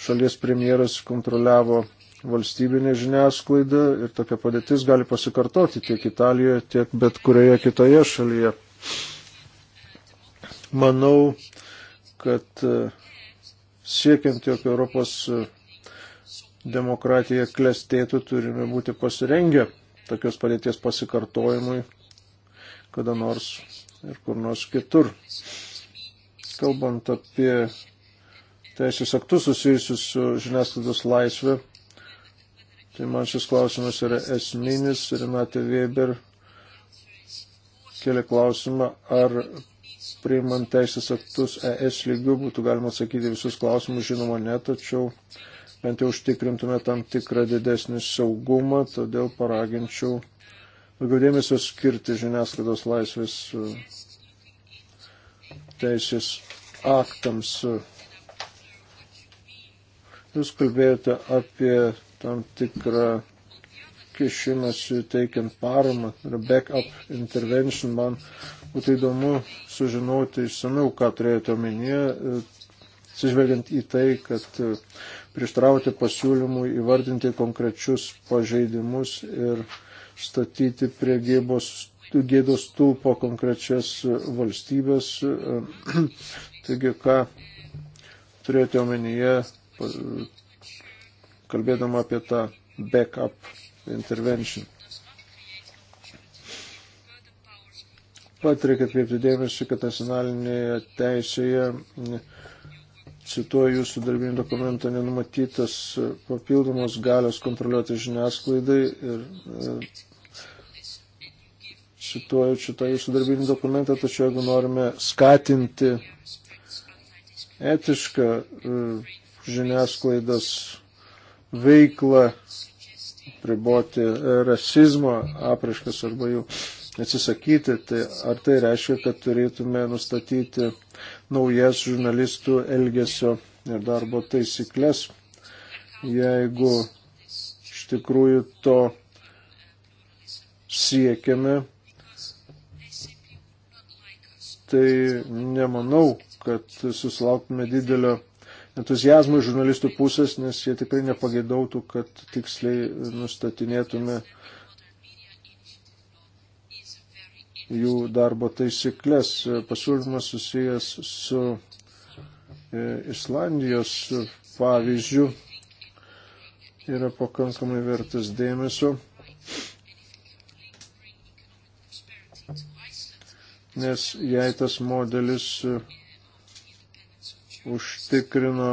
šalies premjeras kontroliavo valstybinė žiniasklaida ir tokia padėtis gali pasikartoti tiek Italijoje, tiek bet kurioje kitoje šalyje. Manau, kad e, siekiant, jog Europos e, demokratija klestėtų, turime būti pasirengę tokios padėties pasikartojimui kada nors ir kur nors kitur. Kalbant apie teisės aktus susijusius su žiniasklaidos laisvė, tai man šis klausimas yra esminis. Renate Weber kelia klausimą, ar priimant teisės aktus ES lygių būtų galima atsakyti visus klausimus, žinoma, ne, tačiau bent jau užtikrintume tam tikrą didesnį saugumą, todėl paraginčiau daugiau dėmesio skirti žiniasklaidos laisvės e, teisės aktams. Jūs kalbėjote apie tam tikrą kišimąsi teikiant paramą, tai back-up intervention. Man būtų įdomu sužinoti išsamiau, ką turėjote omenyje atsižvelgiant į tai, kad e, prieštrauti pasiūlymui įvardinti konkrečius pažeidimus ir statyti prie gėbos, gėdos stulpo konkrečias valstybės. E, taigi, ką turėjote omenyje, kalbėdama apie tą backup intervention. Pat reikia atkreipti dėmesį, kad nacionalinėje teisėje cituoju jūsų darbinį dokumentą, nenumatytas papildomos galios kontroliuoti žiniasklaidai ir e, cituoju šitą jūsų darbinį dokumentą, tačiau jeigu norime skatinti etišką e, žiniasklaidos veiklą, priboti e, rasizmo apraiškas arba jų atsisakyti, tai ar tai reiškia, kad turėtume nustatyti naujas žurnalistų elgesio ir darbo taisyklės, jeigu iš tikrųjų to siekiame, tai nemanau, kad susilauktume didelio entuzijazmo iš žurnalistų pusės, nes jie tikrai nepagėdautų, kad tiksliai nustatinėtume uh, jų darbo taisyklės. Pasiūlymas susijęs su e, Islandijos pavyzdžių yra pakankamai vertas dėmesio, nes jei tas modelis e, užtikrino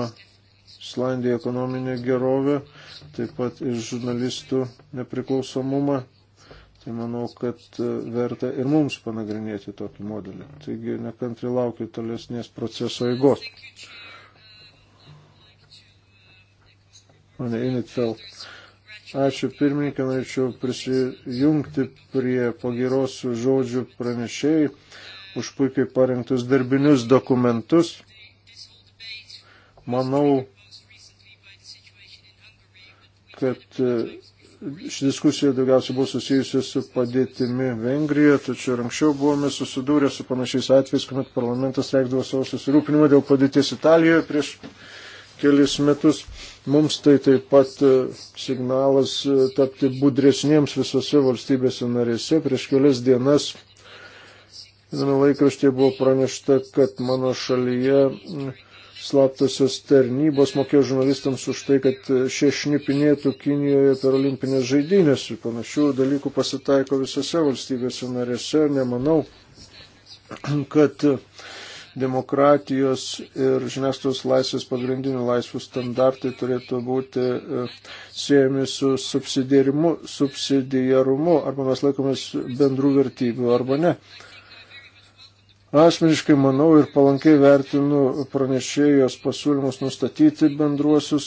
Islandijai ekonominę gerovę, taip pat ir žurnalistų nepriklausomumą Tai manau, kad e, verta ir mums panagrinėti tokį modelį. Taigi nekantri laukiu tolesnės proceso eigos. Mane Initfeld. Ačiū pirmininkai, norėčiau prisijungti prie pagiros žodžių pranešėjai už puikiai parengtus darbinius dokumentus. Manau, kad e, ši diskusija daugiausiai buvo susijusi su padėtimi Vengrijoje, tačiau ir anksčiau buvome susidūrę su panašiais atvejais, kuomet parlamentas reikdavo savo susirūpinimą dėl padėties Italijoje prieš kelis metus. Mums tai taip pat e, signalas e, tapti budresniems visose valstybėse narėse. Prieš kelias dienas viename laikraštyje buvo pranešta, kad mano šalyje slaptosios tarnybos mokėjo žurnalistams už tai, kad šie šnipinėtų Kinijoje per olimpinės žaidynės. Panašių dalykų pasitaiko visose valstybėse narėse. Nemanau, kad demokratijos ir žiniasklaidos laisvės pagrindinių laisvų standartai turėtų būti e, siejami su subsidiarumu, subsidiarumu arba mes laikomės bendrų vertybių arba ne. Asmeniškai manau ir palankiai vertinu pranešėjos pasiūlymus nustatyti bendruosius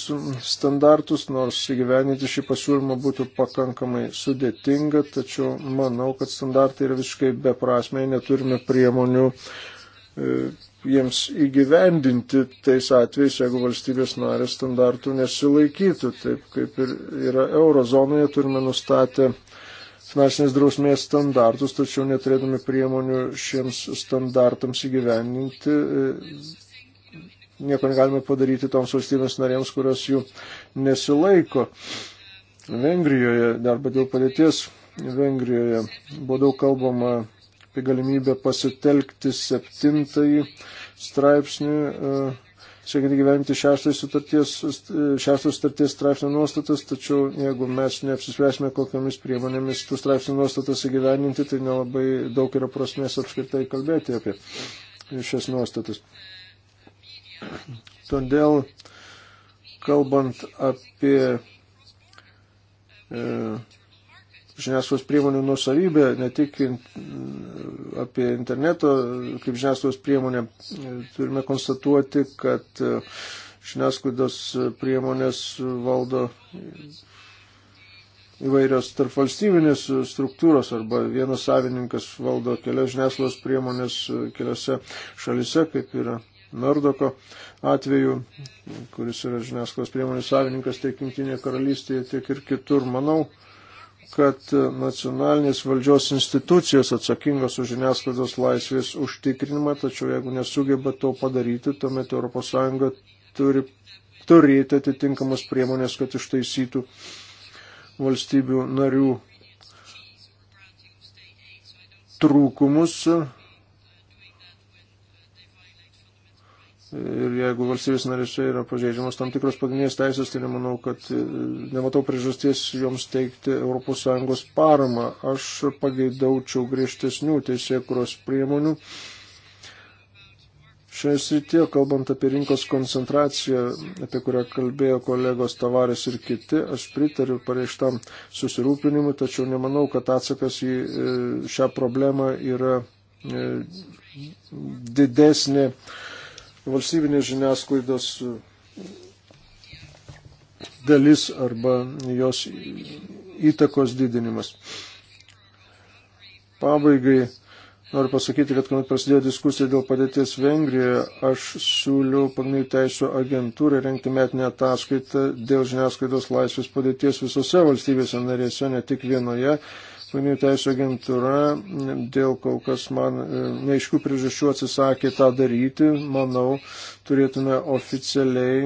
standartus, nors įgyveninti šį pasiūlymą būtų pakankamai sudėtinga, tačiau manau, kad standartai yra visiškai beprasmiai, neturime priemonių e, jiems įgyvendinti tais atvejais, jeigu valstybės narės standartų nesilaikytų, taip kaip ir yra eurozonoje, turime nustatę finansinės drausmės standartus, tačiau neturėdami priemonių šiems standartams įgyveninti, e, nieko negalime padaryti toms valstybės narėms, kurios jų nesilaiko. Vengrijoje, arba dėl padėties Vengrijoje, buvo daug kalbama apie galimybę pasitelkti septintąjį straipsnį e, siekiant gyventi šeštos sutarties, šeštos sutarties straipsnio nuostatas, tačiau jeigu mes neapsispręsime kokiamis priemonėmis tų straipsnių nuostatas įgyveninti, tai nelabai daug yra prasmės apskritai kalbėti apie šias nuostatas. Todėl, kalbant apie e, žiniasklaidos priemonių nusavybė, ne tik in, apie interneto kaip žiniasklaidos priemonę. Turime konstatuoti, kad e, žiniasklaidos priemonės valdo įvairios tarpvalstybinės struktūros arba vienas savininkas valdo kelias žiniasklaidos priemonės keliose šalise, kaip yra Nardoko atveju, kuris yra žiniasklaidos priemonės savininkas tiek Junktinėje karalystėje, tiek ir kitur. Manau, kad nacionalinės valdžios institucijos atsakingos už žiniasklaidos laisvės užtikrinimą, tačiau jeigu nesugeba to padaryti, tuomet ES turi turėti atitinkamas priemonės, kad ištaisytų valstybių narių trūkumus Ir jeigu valstybės narėse yra pažeidžiamas tam tikros pagrindinės teisės, tai nemanau, kad e, nematau priežasties joms teikti ES paramą. Aš pageidaučiau griežtesnių teisėkuros priemonių. Šioje srityje, kalbant apie rinkos koncentraciją, apie kurią kalbėjo kolegos Tavarės ir kiti, aš pritariu pareikštam susirūpinimu, tačiau nemanau, kad atsakas į e, šią problemą yra e, didesnė valstybinės žiniasklaidos e, dalis arba jos įtakos didinimas. Pabaigai noriu pasakyti, kad kuomet prasidėjo diskusija dėl padėties Vengrijoje, aš siūliau pagrindinių teisų agentūrai renkti metinę ataskaitą dėl žiniasklaidos laisvės padėties visose valstybėse narėse, ne tik vienoje. Pagrindinių teisų agentūra dėl kol kas man e, neaiškių priežasčių atsisakė tą daryti. Manau, turėtume oficialiai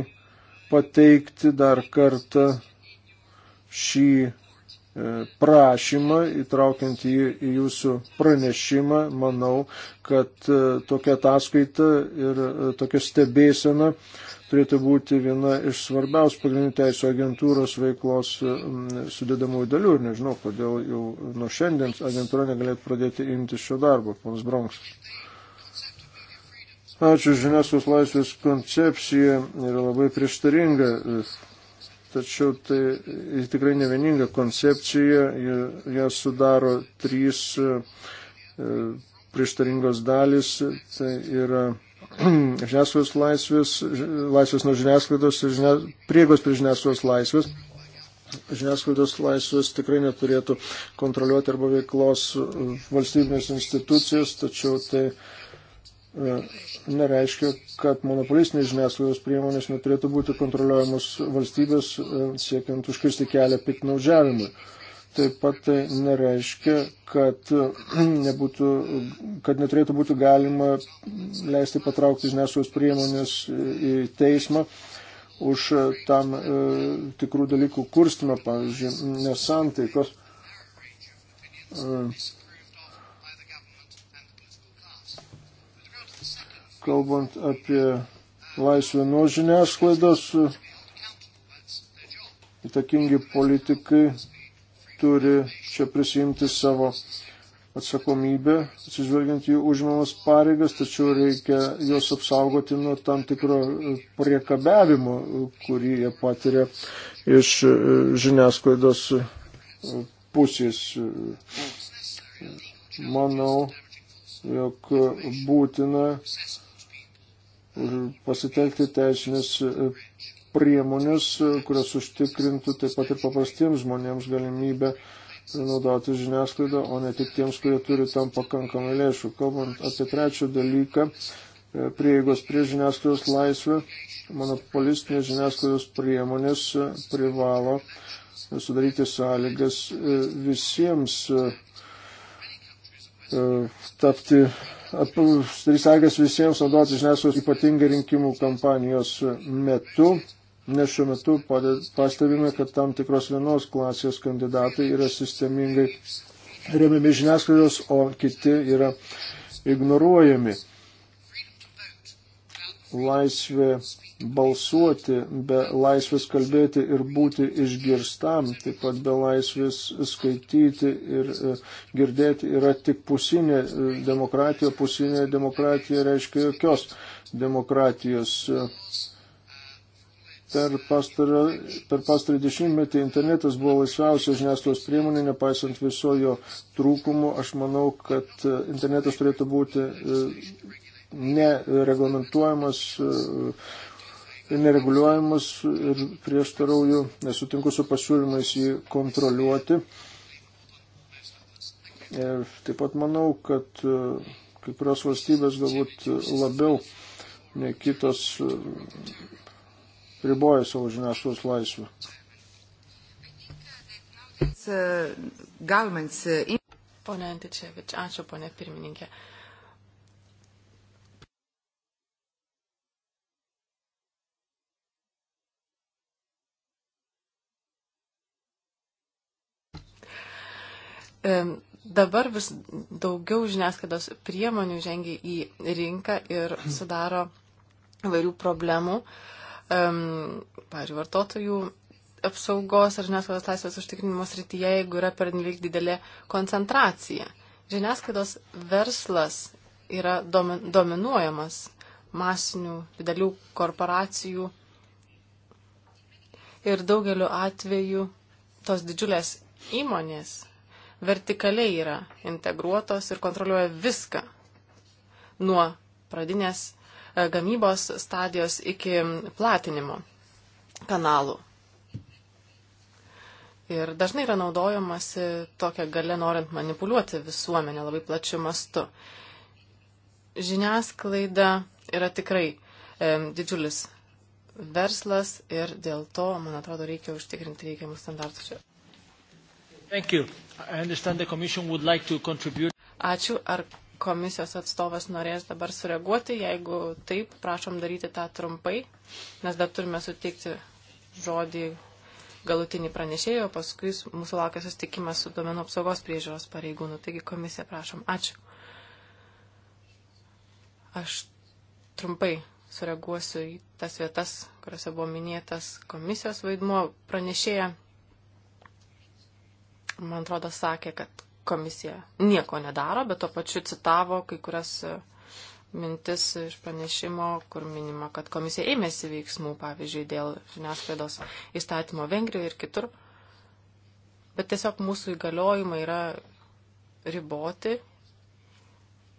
pateikti dar kartą šį e, prašymą, įtraukiant jį į jūsų pranešimą. Manau, kad e, tokia ataskaita ir tokia stebėsena turėtų būti viena iš svarbiausių pagrindinių teisų agentūros veiklos sudėdamųjų dalių ir nežinau, kodėl jau nuo šiandien agentūra negalėtų pradėti imti šio darbo, ponas Bronksas. Ačiū žiniasklaidos laisvės koncepcija yra labai prieštaringa, tačiau tai tikrai ne vieninga koncepcija, ją sudaro trys e, prieštaringos dalis, tai yra žiniasklaidos laisvės, laisvės nuo žiniasklaidos ir žinia, priegos prie žiniasklaidos laisvės. Žiniasklaidos laisvės tikrai neturėtų kontroliuoti arba veiklos valstybinės institucijos, tačiau tai e, nereiškia, kad monopolistinės žiniasklaidos priemonės neturėtų būti kontroliuojamos valstybės e, siekiant užkirsti kelią piknaudžiavimui. Taip pat tai nereiškia, kad, nebūtų, kad neturėtų būti galima leisti patraukti žiniasklaidos priemonės į teismą už tam e, tikrų dalykų kurstimą, pavyzdžiui, nesantaikos. E, kalbant apie laisvę nuo žiniasklaidos, įtakingi politikai turi čia prisijimti savo atsakomybę, atsižvelgiant jų užimamas pareigas, tačiau reikia juos apsaugoti nuo tam tikro priekabiavimo, kurį jie patiria iš e, žiniasklaidos e, pusės. Manau, jog būtina pasitelkti teisinės priemonės, e, kurios užtikrintų taip pat ir paprastiems žmonėms galimybę naudoti žiniasklaidą, o ne tik tiems, kurie turi tam pakankamai lėšų. Kalbant apie trečią dalyką, e, prieigos prie žiniasklaidos laisvę, monopolistinės žiniasklaidos priemonės e, privalo sudaryti sąlygas visiems tapti, sudarys sąlygas visiems naudoti žiniasklaidos ypatingai rinkimų kampanijos metu nes šiuo metu pastebime, kad tam tikros vienos klasės kandidatai yra sistemingai remiami žiniasklaidos, o kiti yra ignoruojami. Laisvė balsuoti, be laisvės kalbėti ir būti išgirstam, taip pat be laisvės skaityti ir e, girdėti yra tik pusinė e, demokratija, pusinė demokratija reiškia jokios demokratijos e, Per pastarį dešimtmetį internetas buvo laisviausia žiniasklaidos priemonė, nepaisant viso jo trūkumų. Aš manau, kad e, internetas turėtų būti e, nereglamentuojamas ir e, nereguliuojamas ir prieštarauju, nesutinku su pasiūlymais jį kontroliuoti. Ir taip pat manau, kad kai kurios valstybės galbūt labiau ne kitos riboja savo žiniasklaidos laisvę. Pone Antičevič, ačiū, pone pirmininkė. Dabar vis daugiau žiniasklaidos priemonių žengia į rinką ir sudaro vairių problemų. Uh, um, pavyzdžiui, vartotojų apsaugos ar žiniasklaidos laisvės užtikrinimo srityje, jeigu yra pernelyg didelė koncentracija. Žiniasklaidos verslas yra domin, dominuojamas masinių didelių korporacijų ir daugeliu atveju tos didžiulės įmonės vertikaliai yra integruotos ir kontroliuoja viską nuo pradinės gamybos stadijos iki platinimo kanalų. Ir dažnai yra naudojamasi tokia gale norint manipuliuoti visuomenę labai plačiu mastu. Žiniasklaida yra tikrai e, didžiulis verslas ir dėl to, man atrodo, reikia užtikrinti reikiamus standartus čia. Like Ačiū. Ar komisijos atstovas norės dabar sureaguoti. Jeigu taip, prašom daryti tą trumpai, nes dar turime suteikti žodį galutinį pranešėją, o paskui mūsų laukia susitikimas su duomenų apsaugos priežiūros pareigūnų. Taigi komisija, prašom. Ačiū. Aš trumpai sureaguosiu į tas vietas, kuriuose buvo minėtas komisijos vaidmuo pranešėja man atrodo, sakė, kad komisija nieko nedaro, bet to pačiu citavo kai kurias e, mintis iš pranešimo, kur minima, kad komisija ėmėsi veiksmų, pavyzdžiui, dėl žiniasklaidos įstatymo Vengrijoje ir kitur. Bet tiesiog mūsų įgaliojimai yra riboti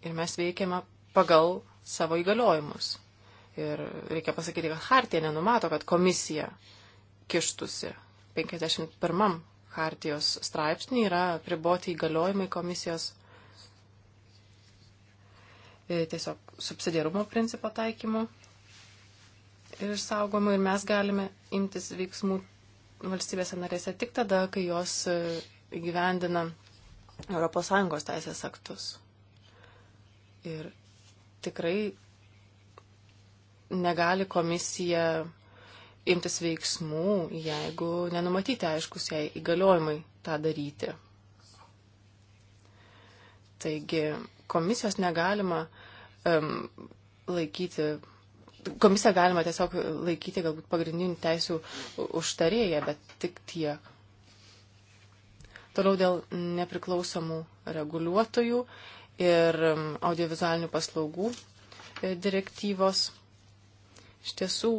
ir mes veikiame pagal savo įgaliojimus. Ir reikia pasakyti, kad Hartija nenumato, kad komisija kištusi 51 hartijos straipsnį yra priboti įgaliojimai komisijos e, tiesiog subsidiarumo principo taikymu ir išsaugomu ir mes galime imtis veiksmų valstybėse narėse tik tada, kai jos e, įgyvendina ES teisės aktus. Ir tikrai negali komisija imtis veiksmų, jeigu nenumatyti aiškus jai įgaliojimai tą daryti. Taigi komisijos negalima um, laikyti, komisiją galima tiesiog laikyti galbūt pagrindinių teisų užtarėję, bet tik tiek. Toliau dėl nepriklausomų reguliuotojų ir audiovizualinių paslaugų e, direktyvos. Iš tiesų,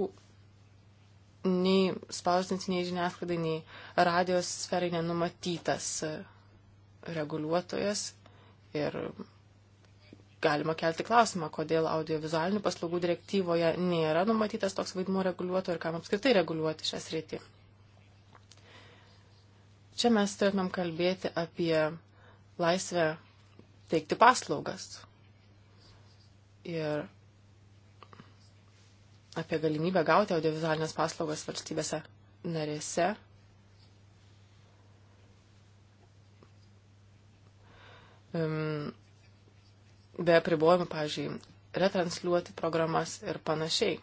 nei spausdintiniai žiniasklaidai, nei radijos sferai nenumatytas e, reguliuotojas. Ir galima kelti klausimą, kodėl audiovizualinių paslaugų direktyvoje nėra numatytas toks vaidmuo reguliuotojo ir kam apskritai reguliuoti šią sritį. Čia mes turėtumėm kalbėti apie laisvę teikti paslaugas. Ir apie galimybę gauti audiovizualinės paslaugas valstybėse narėse. Be apribojimų, pavyzdžiui, retransliuoti programas ir panašiai.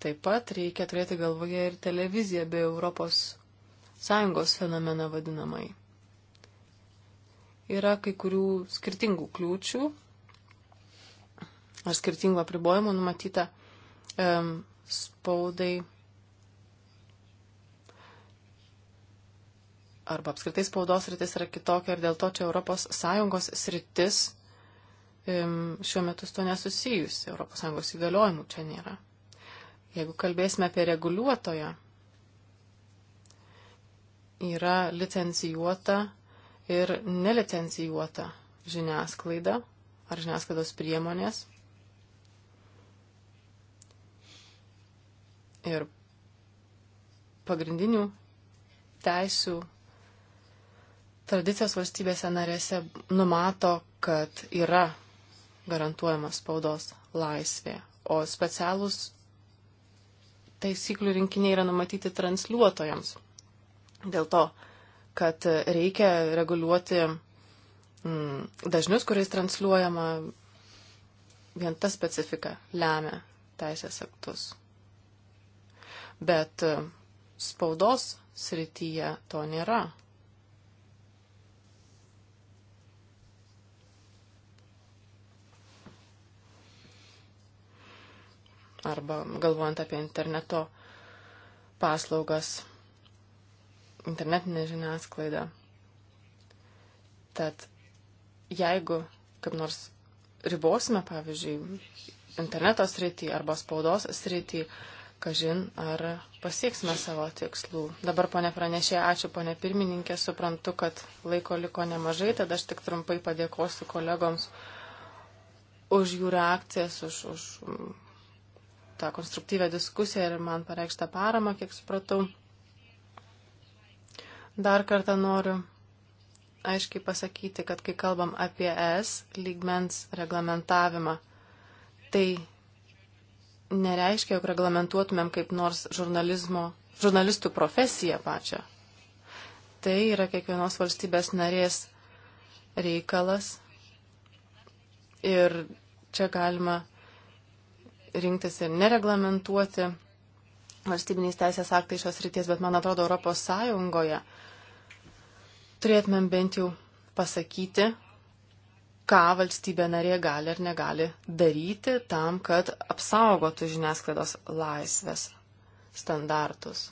Taip pat reikia turėti galvoje ir televiziją bei Europos Sąjungos fenomeną vadinamai. Yra kai kurių skirtingų kliūčių, ar skirtingų apribojimų numatyta um, spaudai arba apskritai spaudos rytis yra kitokia ir dėl to čia ES sritis um, šiuo metu su to nesusijusi, ES įgaliojimų čia nėra. Jeigu kalbėsime apie reguliuotoją, yra licencijuota ir nelicencijuota žiniasklaida ar žiniasklaidos priemonės. ir pagrindinių teisų tradicijos valstybėse narėse numato, kad yra garantuojama spaudos laisvė, o specialūs taisyklių rinkiniai yra numatyti transliuotojams. Dėl to, kad reikia reguliuoti mm, dažnius, kuriais transliuojama, vien ta specifika lemia teisės aktus bet e, spaudos srityje to nėra. Arba galvojant apie interneto paslaugas, internetinę žiniasklaidą. Tad jeigu kaip nors ribosime, pavyzdžiui, interneto srity arba spaudos srity, uh, kažin ar pasieksime savo tikslų. Dabar, ponė pranešė, ačiū, ponė pirmininkė, suprantu, kad laiko liko nemažai, tada aš tik trumpai padėkosiu kolegoms už jų reakcijas, už, už mm, tą konstruktyvę diskusiją ir man pareikštą paramą, kiek supratau. Dar kartą noriu aiškiai pasakyti, kad kai kalbam apie ES lygmens reglamentavimą, tai nereiškia, jog reglamentuotumėm kaip nors žurnalistų profesiją pačią. Tai yra kiekvienos valstybės narės reikalas ir čia galima rinktis ir nereglamentuoti valstybiniais teisės aktai šios ryties, bet man atrodo, Europos Sąjungoje turėtumėm bent jau pasakyti, ką valstybė narė gali ar negali daryti tam, kad apsaugotų žiniasklaidos laisvės standartus.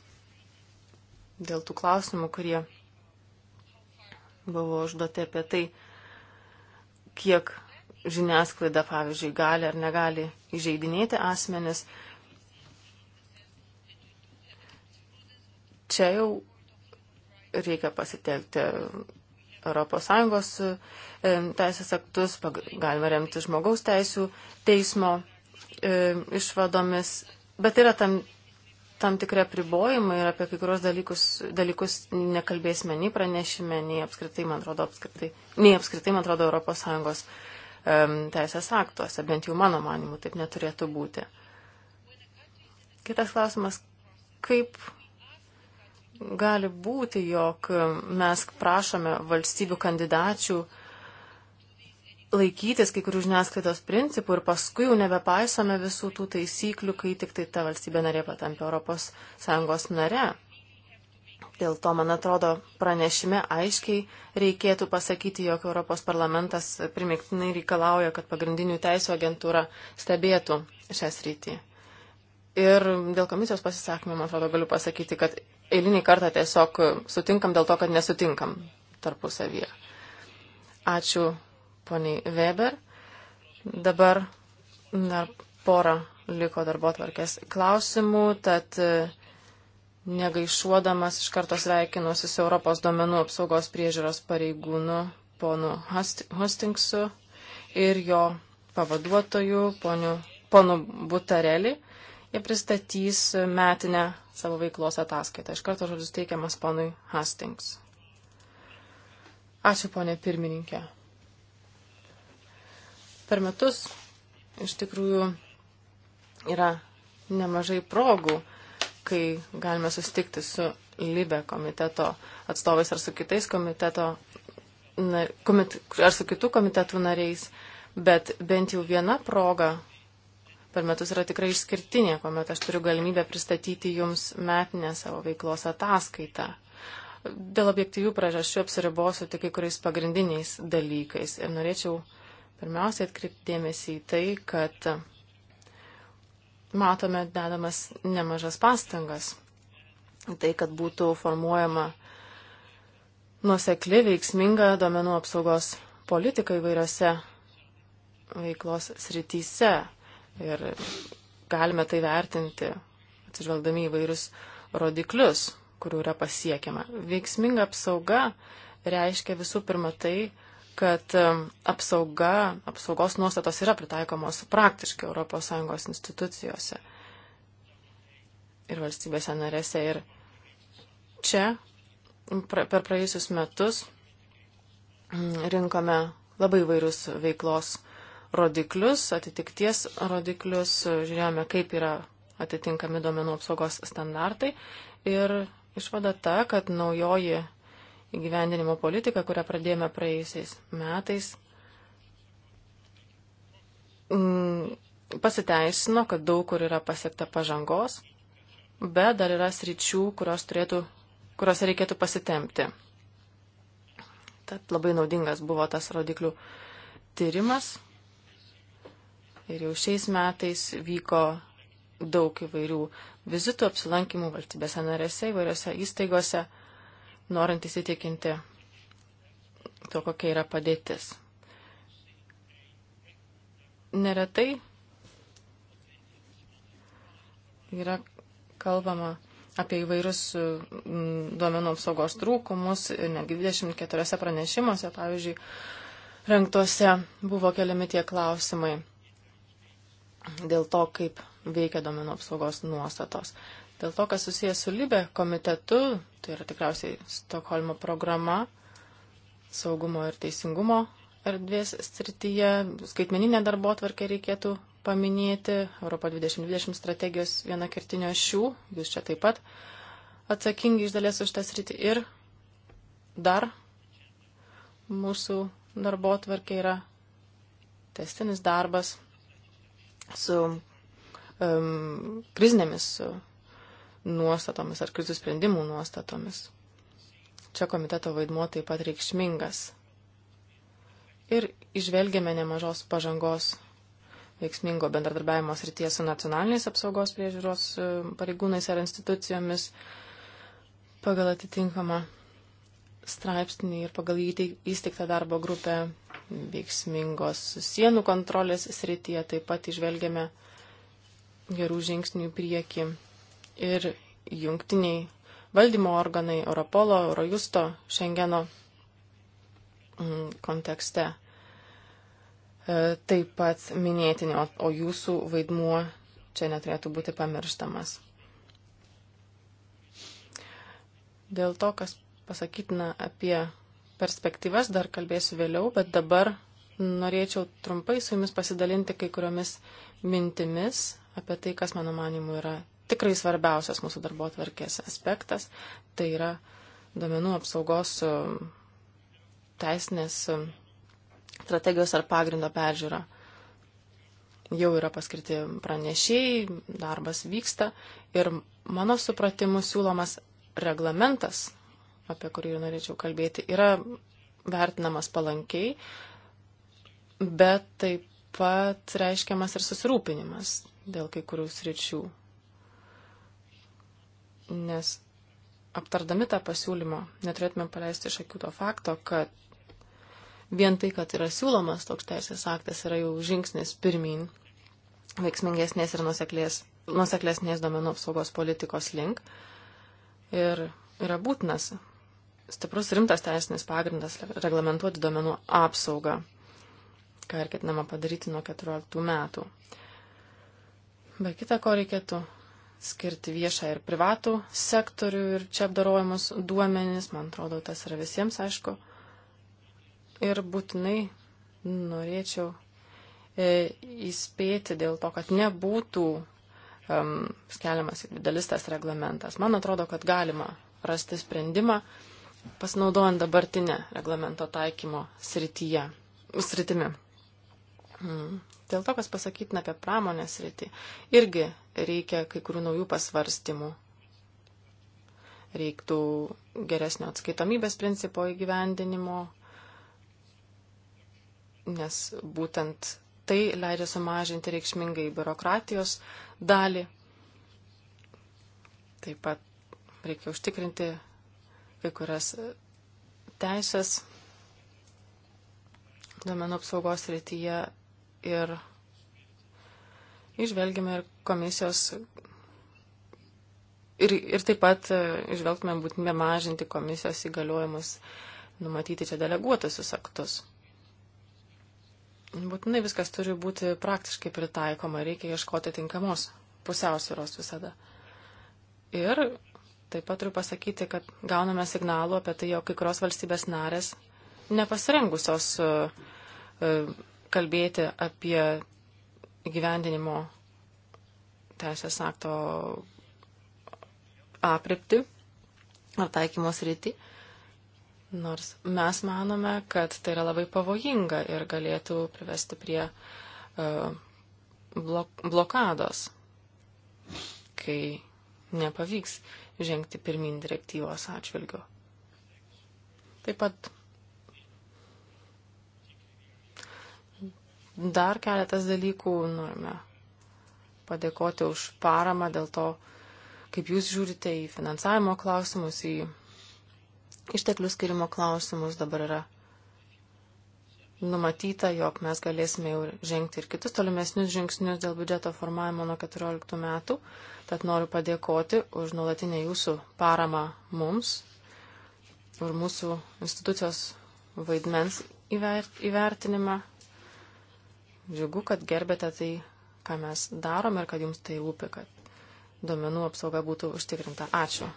Dėl tų klausimų, kurie buvo užduoti apie tai, kiek žiniasklaida, pavyzdžiui, gali ar negali įžeidinėti asmenis, čia jau reikia pasitelkti ES e, teisės aktus, galima remti žmogaus teisų teismo e, išvadomis, bet yra tam, tam tikri apribojimai ir apie kai kurios dalykus, dalykus nekalbėsime nei pranešime, nei apskritai, man atrodo, apskritai, nei apskritai, man atrodo, ES e, teisės aktuose, bent jau mano manimu, taip neturėtų būti. Kitas klausimas, kaip gali būti, jog mes prašome valstybių kandidačių laikytis kai kurių žiniasklaidos principų ir paskui jau nebepaisome visų tų taisyklių, kai tik tai ta valstybė narė patampia ES nare. Dėl to, man atrodo, pranešime aiškiai reikėtų pasakyti, jog Europos parlamentas primiktinai reikalauja, kad pagrindinių teisų agentūra stebėtų šią sritį. Ir dėl komisijos pasisakymų, man atrodo, galiu pasakyti, kad eilinį kartą tiesiog sutinkam dėl to, kad nesutinkam tarpusavyje. Ačiū poniai Weber. Dabar dar porą liko darbo tvarkės klausimų, tad e, negaišuodamas iš karto sveikinuosi su Europos duomenų apsaugos priežiūros pareigūnu ponu Hustingsu ir jo pavaduotoju ponu, ponu Butareli. Jie pristatys metinę savo veiklos ataskaitą. Iš karto žodis teikiamas ponui Hastings. Ačiū, ponė pirmininkė. Per metus iš tikrųjų yra nemažai progų, kai galime sustikti su Libe komiteto atstovais ar su kitais komiteto, komit, ar su kitų komitetų nariais, bet bent jau viena proga per metus yra tikrai išskirtinė, kuomet aš turiu galimybę pristatyti jums metinę savo veiklos ataskaitą. Dėl objektyvių priežasčių apsiribosiu tik kai kuriais pagrindiniais dalykais. Ir norėčiau pirmiausiai atkreipdėmėsi į tai, kad matome dedamas nemažas pastangas. Tai, kad būtų formuojama nusekli, veiksminga duomenų apsaugos politika įvairiose veiklos srityse. Ir galime tai vertinti, atsižvelgdami įvairius rodiklius, kurių yra pasiekiama. Veiksminga apsauga reiškia visų pirma tai, kad um, apsauga, apsaugos nuostatos yra pritaikomos praktiškai ES institucijose ir valstybėse narėse. Ir čia pra, per praėjusius metus rinkome labai vairius veiklos rodiklius, atitikties rodiklius, žiūrėjome, kaip yra atitinkami duomenų apsaugos standartai ir išvada ta, kad naujoji įgyvendinimo politika, kurią pradėjome praėjusiais metais, mm, pasiteisino, kad daug kur yra pasiekta pažangos, bet dar yra sričių, kurios turėtų, kurios reikėtų pasitempti. Tad labai naudingas buvo tas rodiklių tyrimas ir jau šiais metais vyko daug įvairių vizitų, apsilankimų valstybėse narėse, įvairiose įstaigose, norint įsitikinti to, kokia yra padėtis. Neretai yra kalbama apie įvairius mm, duomenų apsaugos trūkumus, netgi 24 pranešimuose, pavyzdžiui, rengtose buvo keliami tie klausimai dėl to, kaip veikia domenų apsaugos nuostatos. Dėl to, kas susijęs su Libė komitetu, tai yra tikriausiai Stokholmo programa saugumo ir teisingumo erdvės srityje, skaitmeninę darbo atvarkę reikėtų paminėti, Europo 2020 strategijos viena kertinio šių, jūs čia taip pat atsakingi iš dalies už tą sritį ir dar mūsų darbo atvarkė yra testinis darbas su um, krizinėmis nuostatomis ar krizių sprendimų nuostatomis. Čia komiteto vaidmuo taip pat reikšmingas. Ir išvelgėme nemažos pažangos veiksmingo bendradarbiavimo srityje su nacionaliniais apsaugos priežiūros e, pareigūnais ar institucijomis pagal atitinkamą straipsnį ir pagal įsteigtą darbo grupę veiksmingos sienų kontrolės srityje, taip pat išvelgiame gerų žingsnių į priekį. Ir jungtiniai valdymo organai Europolo, Eurojusto, Schengeno mm, kontekste e, taip pat minėtini, o jūsų vaidmuo čia neturėtų būti pamirštamas. Dėl to, kas pasakytina apie perspektyvas dar kalbėsiu vėliau, bet dabar norėčiau trumpai su jumis pasidalinti kai kuriomis mintimis apie tai, kas mano manimu yra tikrai svarbiausias mūsų darbo atvarkės aspektas. Tai yra duomenų apsaugos teisinės strategijos ar pagrindo peržiūra. Jau yra paskirti pranešėjai, darbas vyksta ir mano supratimu siūlomas reglamentas apie kurį ir norėčiau kalbėti, yra vertinamas palankiai, bet taip pat reiškiamas ir susirūpinimas dėl kai kurių sričių. Nes aptardami tą pasiūlymą neturėtume paleisti iš akių to fakto, kad vien tai, kad yra siūlomas toks teisės aktas, yra jau žingsnis pirmin veiksmingesnės ir nuseklesnės duomenų apsaugos politikos link ir yra būtinas stiprus rimtas teisinis pagrindas reglamentuoti duomenų apsaugą, ką ir ketinama padaryti nuo 14 metų. Be kita ko reikėtų skirti viešą ir privatų sektorių ir čia apdarojimus duomenys, man atrodo, tas yra visiems aišku. Ir būtinai norėčiau e, įspėti dėl to, kad nebūtų um, skeliamas didelis tas reglamentas. Man atrodo, kad galima rasti sprendimą, pasinaudojant dabartinę reglamento taikymo srityje, sritimi. Hmm. Dėl to, kas pasakytina apie pramonės sritį, irgi reikia kai kurių naujų pasvarstymų. Reiktų geresnio atskaitomybės principo įgyvendinimo, nes būtent tai leidžia sumažinti reikšmingai biurokratijos dalį. Taip pat reikia užtikrinti kai kurias teisės duomenų apsaugos rytyje ir išvelgime ir komisijos ir, ir taip pat e, išvelgtume būtinybę mažinti komisijos įgaliojimus, numatyti čia deleguotusius aktus. Būtinai viskas turi būti praktiškai pritaikoma, reikia ieškoti tinkamos pusiausvėros visada. Ir Taip pat turiu pasakyti, kad gauname signalų apie tai, jog kai kurios valstybės narės nepasirengusios e, e, kalbėti apie gyvendinimo teisės akto aprepti ar taikymos rytį. Nors mes manome, kad tai yra labai pavojinga ir galėtų privesti prie uh, blok blokados, kai nepavyks žengti pirmin direktyvos atžvilgiu. Taip pat dar keletas dalykų norime padėkoti už paramą dėl to, kaip jūs žiūrite į finansavimo klausimus, į išteklių skirimo klausimus. Dabar yra numatyta, jog mes galėsime jau žengti ir kitus tolimesnius žingsnius dėl biudžeto formavimo nuo 14 metų. Tad noriu padėkoti už nuolatinę jūsų paramą mums ir mūsų institucijos vaidmens įvertinimą. Džiugu, kad gerbėte tai, ką mes darom ir kad jums tai rūpi, kad duomenų apsauga būtų užtikrinta. Ačiū.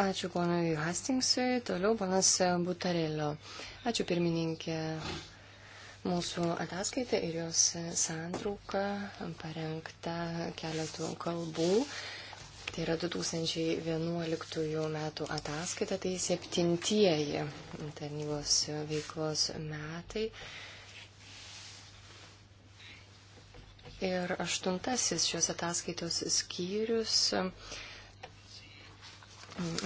Ačiū ponui Hastingsui, toliau ponas Butarelio. Ačiū pirmininkė. Mūsų ataskaita ir jos santrauka parengta keletų kalbų. Tai yra 2011 metų ataskaita, tai septintieji tarnybos veiklos metai. Ir aštuntasis šios ataskaitos skyrius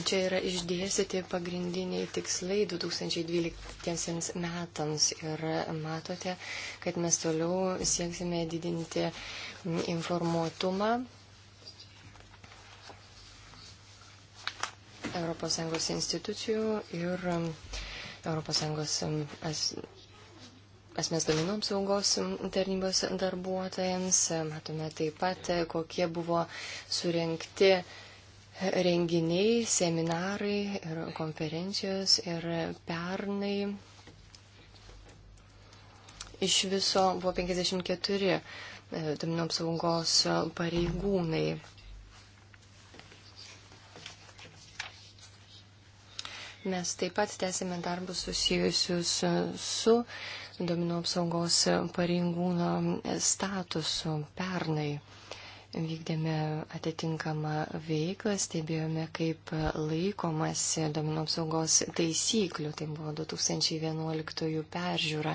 Čia yra išdėsyti pagrindiniai tikslai 2012 metams ir matote, kad mes toliau sieksime didinti informuotumą ES institucijų ir ES as, asmens duomenų apsaugos tarnybos darbuotojams. Matome taip pat, kokie buvo surenkti renginiai, seminarai ir konferencijos. Ir pernai iš viso buvo 54 domino e, apsaugos pareigūnai. Mes taip pat tęsime darbus susijusius su domino apsaugos pareigūno statusu pernai vykdėme atitinkamą veiklą, stebėjome, kaip laikomasi domino apsaugos taisyklių, tai buvo 2011 peržiūra.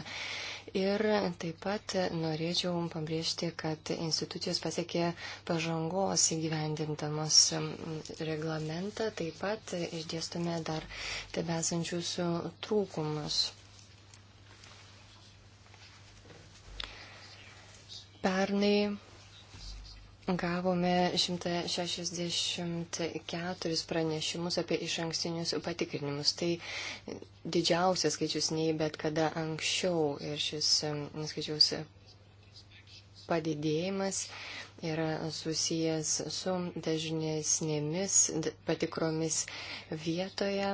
Ir taip pat norėčiau pabrėžti, kad institucijos pasiekė pažangos įgyvendintamos reglamentą, taip pat išdėstume dar tebesančius trūkumus. Pernai Gavome 164 pranešimus apie iš ankstinius patikrinimus. Tai didžiausias skaičius nei bet kada anksčiau ir šis skaičiaus padidėjimas yra susijęs su dažnesnėmis patikromis vietoje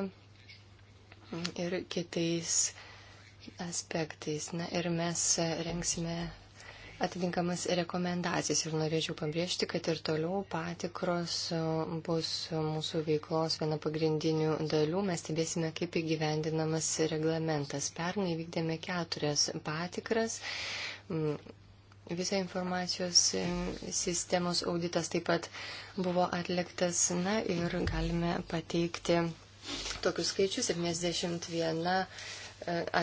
ir kitais aspektais. Na ir mes rengsime atitinkamas rekomendacijas ir norėčiau pabrėžti, kad ir toliau patikros bus mūsų veiklos viena pagrindinių dalių. Mes stebėsime, kaip įgyvendinamas reglamentas. Pernai vykdėme keturias patikras. Mm, Visa informacijos mm, sistemos auditas taip pat buvo atliktas. Na ir galime pateikti tokius skaičius 71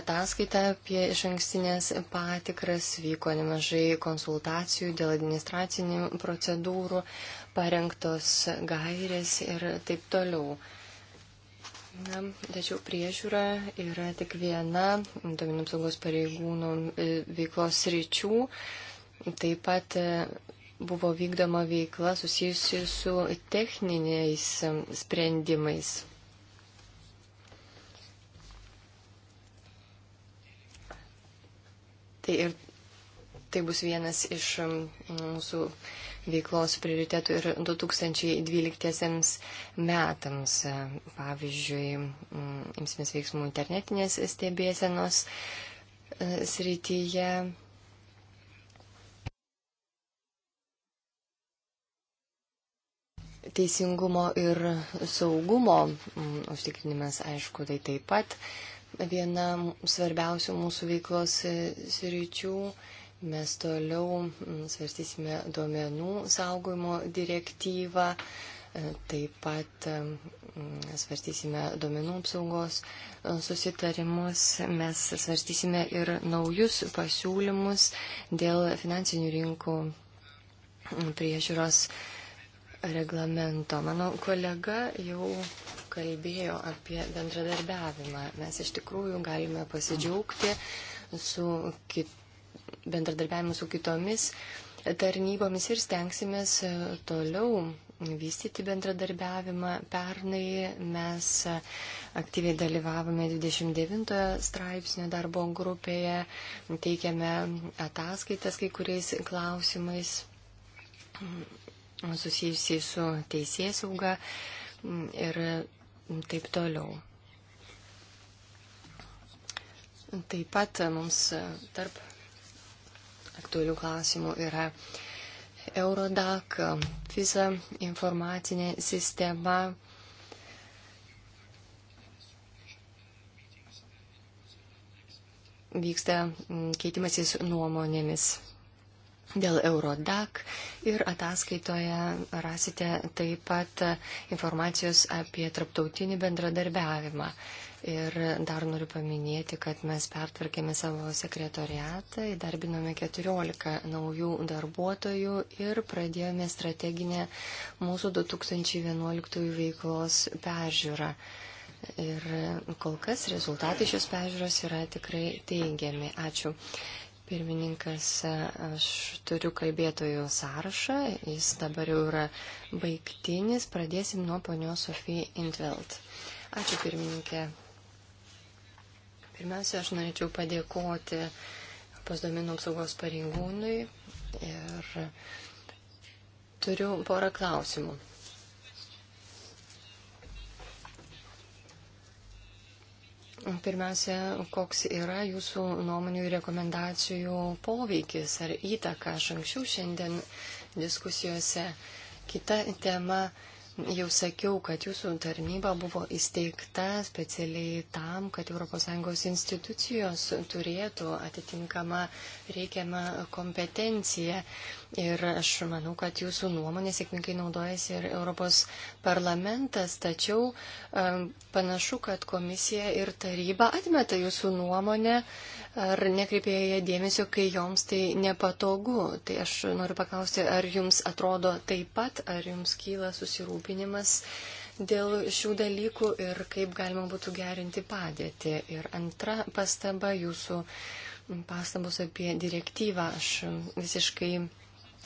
ataskaitą apie iš ankstinės patikras, vyko nemažai konsultacijų dėl administracinių procedūrų, parengtos gairės ir taip toliau. Na, tačiau priežiūra yra tik viena duomenų apsaugos pareigūnų e, veiklos ryčių. Taip pat e, buvo vykdoma veikla susijusi su techniniais e, sprendimais. Tai ir tai bus vienas iš mm, mūsų veiklos prioritetų ir 2012 metams. E, pavyzdžiui, mm, imsimės veiksmų internetinės stebėsenos e, srityje. Teisingumo ir saugumo mm, užtikrinimas, aišku, tai taip pat uh, viena svarbiausių mūsų veiklos e, sričių. Mes toliau svarstysime duomenų saugojimo direktyvą, e, taip pat e, svarstysime duomenų apsaugos susitarimus, mes svarstysime ir naujus pasiūlymus dėl finansinių rinkų priežiūros reglamento. Mano kolega jau kalbėjo apie bendradarbiavimą. Mes iš tikrųjų galime pasidžiaugti su kit... bendradarbiavimu su kitomis tarnybomis ir stengsimės e, toliau vystyti bendradarbiavimą. Pernai mes aktyviai dalyvavome 29 straipsnio darbo grupėje, teikėme ataskaitas kai kuriais klausimais mm, susijusiai su teisėsauga. Mm, ir taip toliau. Taip pat mums tarp aktualių klausimų yra Eurodac, visa informacinė sistema. Vyksta keitimasis nuomonėmis dėl Eurodac ir ataskaitoje rasite taip pat informacijos apie traptautinį bendradarbiavimą. Ir dar noriu paminėti, kad mes pertvarkėme savo sekretoriatą, įdarbinome 14 naujų darbuotojų ir pradėjome strateginę mūsų 2011 veiklos peržiūrą. Ir kol kas rezultatai šios peržiūros yra tikrai teigiami. Ačiū. Pirmininkas, aš turiu kalbėtojų sąrašą, jis dabar jau yra baigtinis, pradėsim nuo ponios Sofija Intveld. Ačiū pirmininkė. Pirmiausia, aš norėčiau padėkoti pasdomenų apsaugos pareigūnui ir turiu porą klausimų. Pirmiausia, koks yra jūsų nuomonių ir rekomendacijų poveikis ar įtaka. Aš anksčiau šiandien diskusijose kita tema jau sakiau, kad jūsų tarnyba buvo įsteigta specialiai tam, kad ES institucijos turėtų atitinkamą reikiamą kompetenciją Ir aš manau, kad jūsų nuomonė sėkmingai naudojasi ir Europos parlamentas, tačiau um, panašu, kad komisija ir taryba atmeta jūsų nuomonę ar nekreipia ją dėmesio, kai joms tai nepatogu. Tai aš noriu paklausti, ar jums atrodo taip pat, ar jums kyla susirūpinimas dėl šių dalykų ir kaip galima būtų gerinti padėtį. Ir antra pastaba jūsų pastabos apie direktyvą. Aš visiškai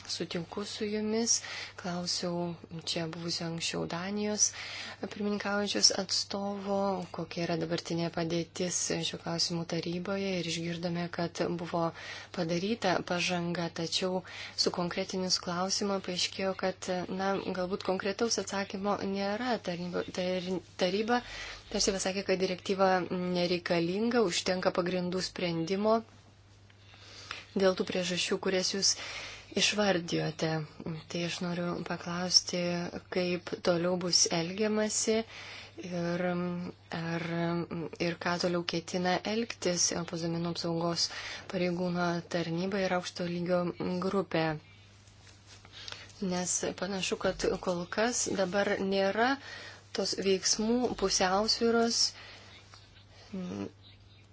sutinku su jumis. Klausiau čia buvusio anksčiau Danijos pirmininkaujančios atstovo, kokia yra dabartinė padėtis šiuo klausimu taryboje ir išgirdome, kad buvo padaryta pažanga, tačiau su konkretinius klausimą paaiškėjo, kad na, galbūt konkretaus atsakymo nėra. Taryba, tar, taryba tarsi pasakė, kad direktyva nereikalinga, užtenka pagrindų sprendimo. Dėl tų priežasčių, kurias jūs išvardijote. Tai aš noriu paklausti, kaip toliau bus elgiamasi ir, ar, ir ką toliau ketina elgtis Europos domenų apsaugos pareigūno tarnyba ir aukšto lygio grupė. Nes panašu, kad kol kas dabar nėra tos veiksmų pusiausvyros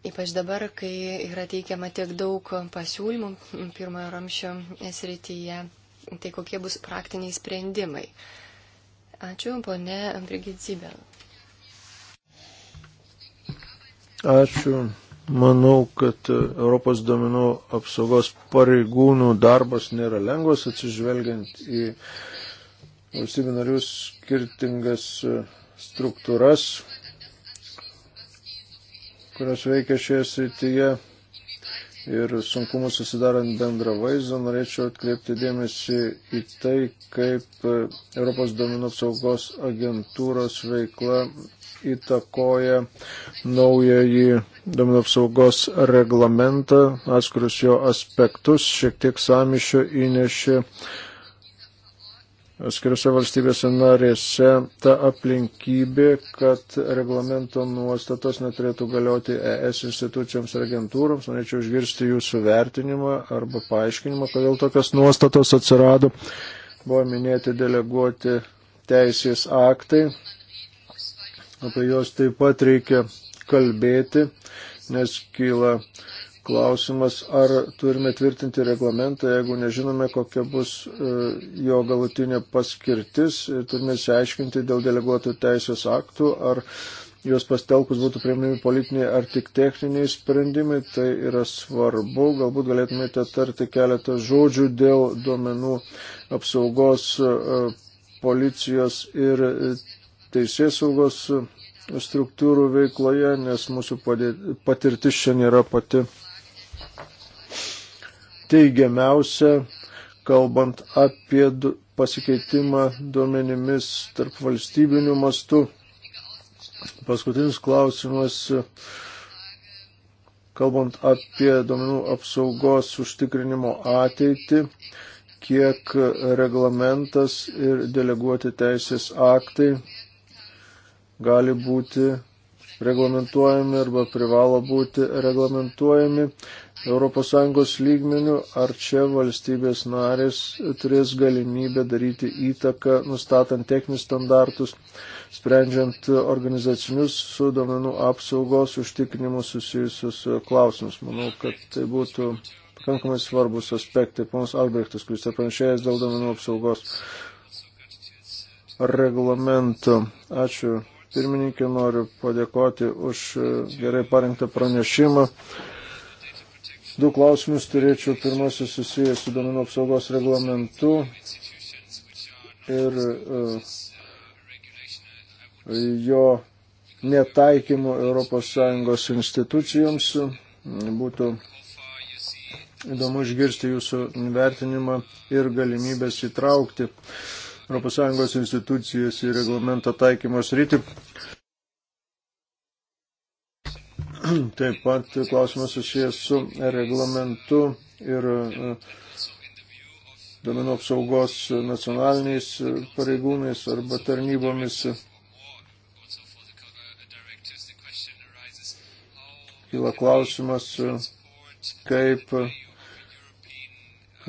Ypač dabar, kai yra teikiama tiek daug pasiūlymų pirmojo ramščio srityje, tai kokie bus praktiniai sprendimai. Ačiū, ponė Brigit Zibel. Ačiū. Manau, kad Europos domenų apsaugos pareigūnų darbas nėra lengvas atsižvelgiant į valstybių narių skirtingas struktūras, kurios veikia šioje srityje ir sunkumų susidarant bendrą vaizdą, norėčiau atkreipti dėmesį į tai, kaip Europos domino saugos agentūros veikla įtakoja naująjį domino apsaugos reglamentą, atskirus jo aspektus, šiek tiek samišio įnešė atskiriuose valstybėse narėse ta aplinkybė, kad reglamento nuostatos neturėtų galioti ES institucijoms ir agentūroms. Norėčiau išgirsti jūsų vertinimą arba paaiškinimą, kodėl tokios nuostatos atsirado. Buvo minėti deleguoti teisės aktai. Apie juos taip pat reikia kalbėti, nes kyla uh, klausimas, ar turime tvirtinti reglamentą, jeigu nežinome, kokia bus e, jo galutinė paskirtis, e, turime įsiaiškinti dėl deleguotų teisės aktų, ar juos pastelkus būtų priimami politiniai ar tik techniniai sprendimai, tai yra svarbu. Galbūt galėtumėte tarti keletą žodžių dėl duomenų apsaugos e, policijos ir teisės saugos struktūrų veikloje, nes mūsų patirtis šiandien yra pati teigiamiausia, kalbant apie pasikeitimą duomenimis tarp valstybinių mastų. Paskutinis klausimas, kalbant apie duomenų apsaugos užtikrinimo ateitį, kiek reglamentas ir deleguoti teisės aktai gali būti reglamentuojami arba privalo būti reglamentuojami, ES lygmenių, ar čia valstybės narės turės galimybę daryti įtaką, nustatant techninius standartus, sprendžiant organizacinius su domenų apsaugos užtikrinimu susijusius klausimus. Manau, kad tai būtų pakankamai svarbus aspektai. Ponas Albrechtas, kuris yra pranešėjęs dėl domenų apsaugos reglamento. Ačiū. Pirmininkė, noriu padėkoti už gerai parinktą pranešimą. Du klausimus turėčiau. Pirmasis susijęs su duomenų apsaugos reglamentu ir e, jo netaikymu ES institucijoms. Būtų įdomu išgirsti jūsų vertinimą ir galimybės įtraukti ES institucijas į reglamento taikymos rytį. Taip pat klausimas susijęs su reglamentu ir e, duomenų apsaugos nacionaliniais pareigūnais arba tarnybomis. Kyla klausimas, kaip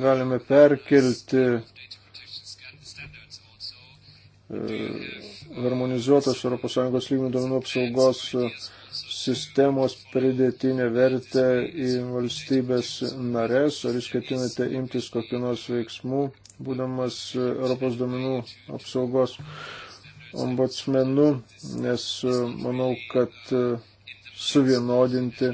galime perkelti e, harmonizuotas ES lygmenių duomenų apsaugos e, sistemos pridėtinę vertę į valstybės narės, ar jūs ketinate imtis kokiu nors veiksmu, būdamas Europos domenų apsaugos ombudsmenu, nes e, manau, kad e, suvienodinti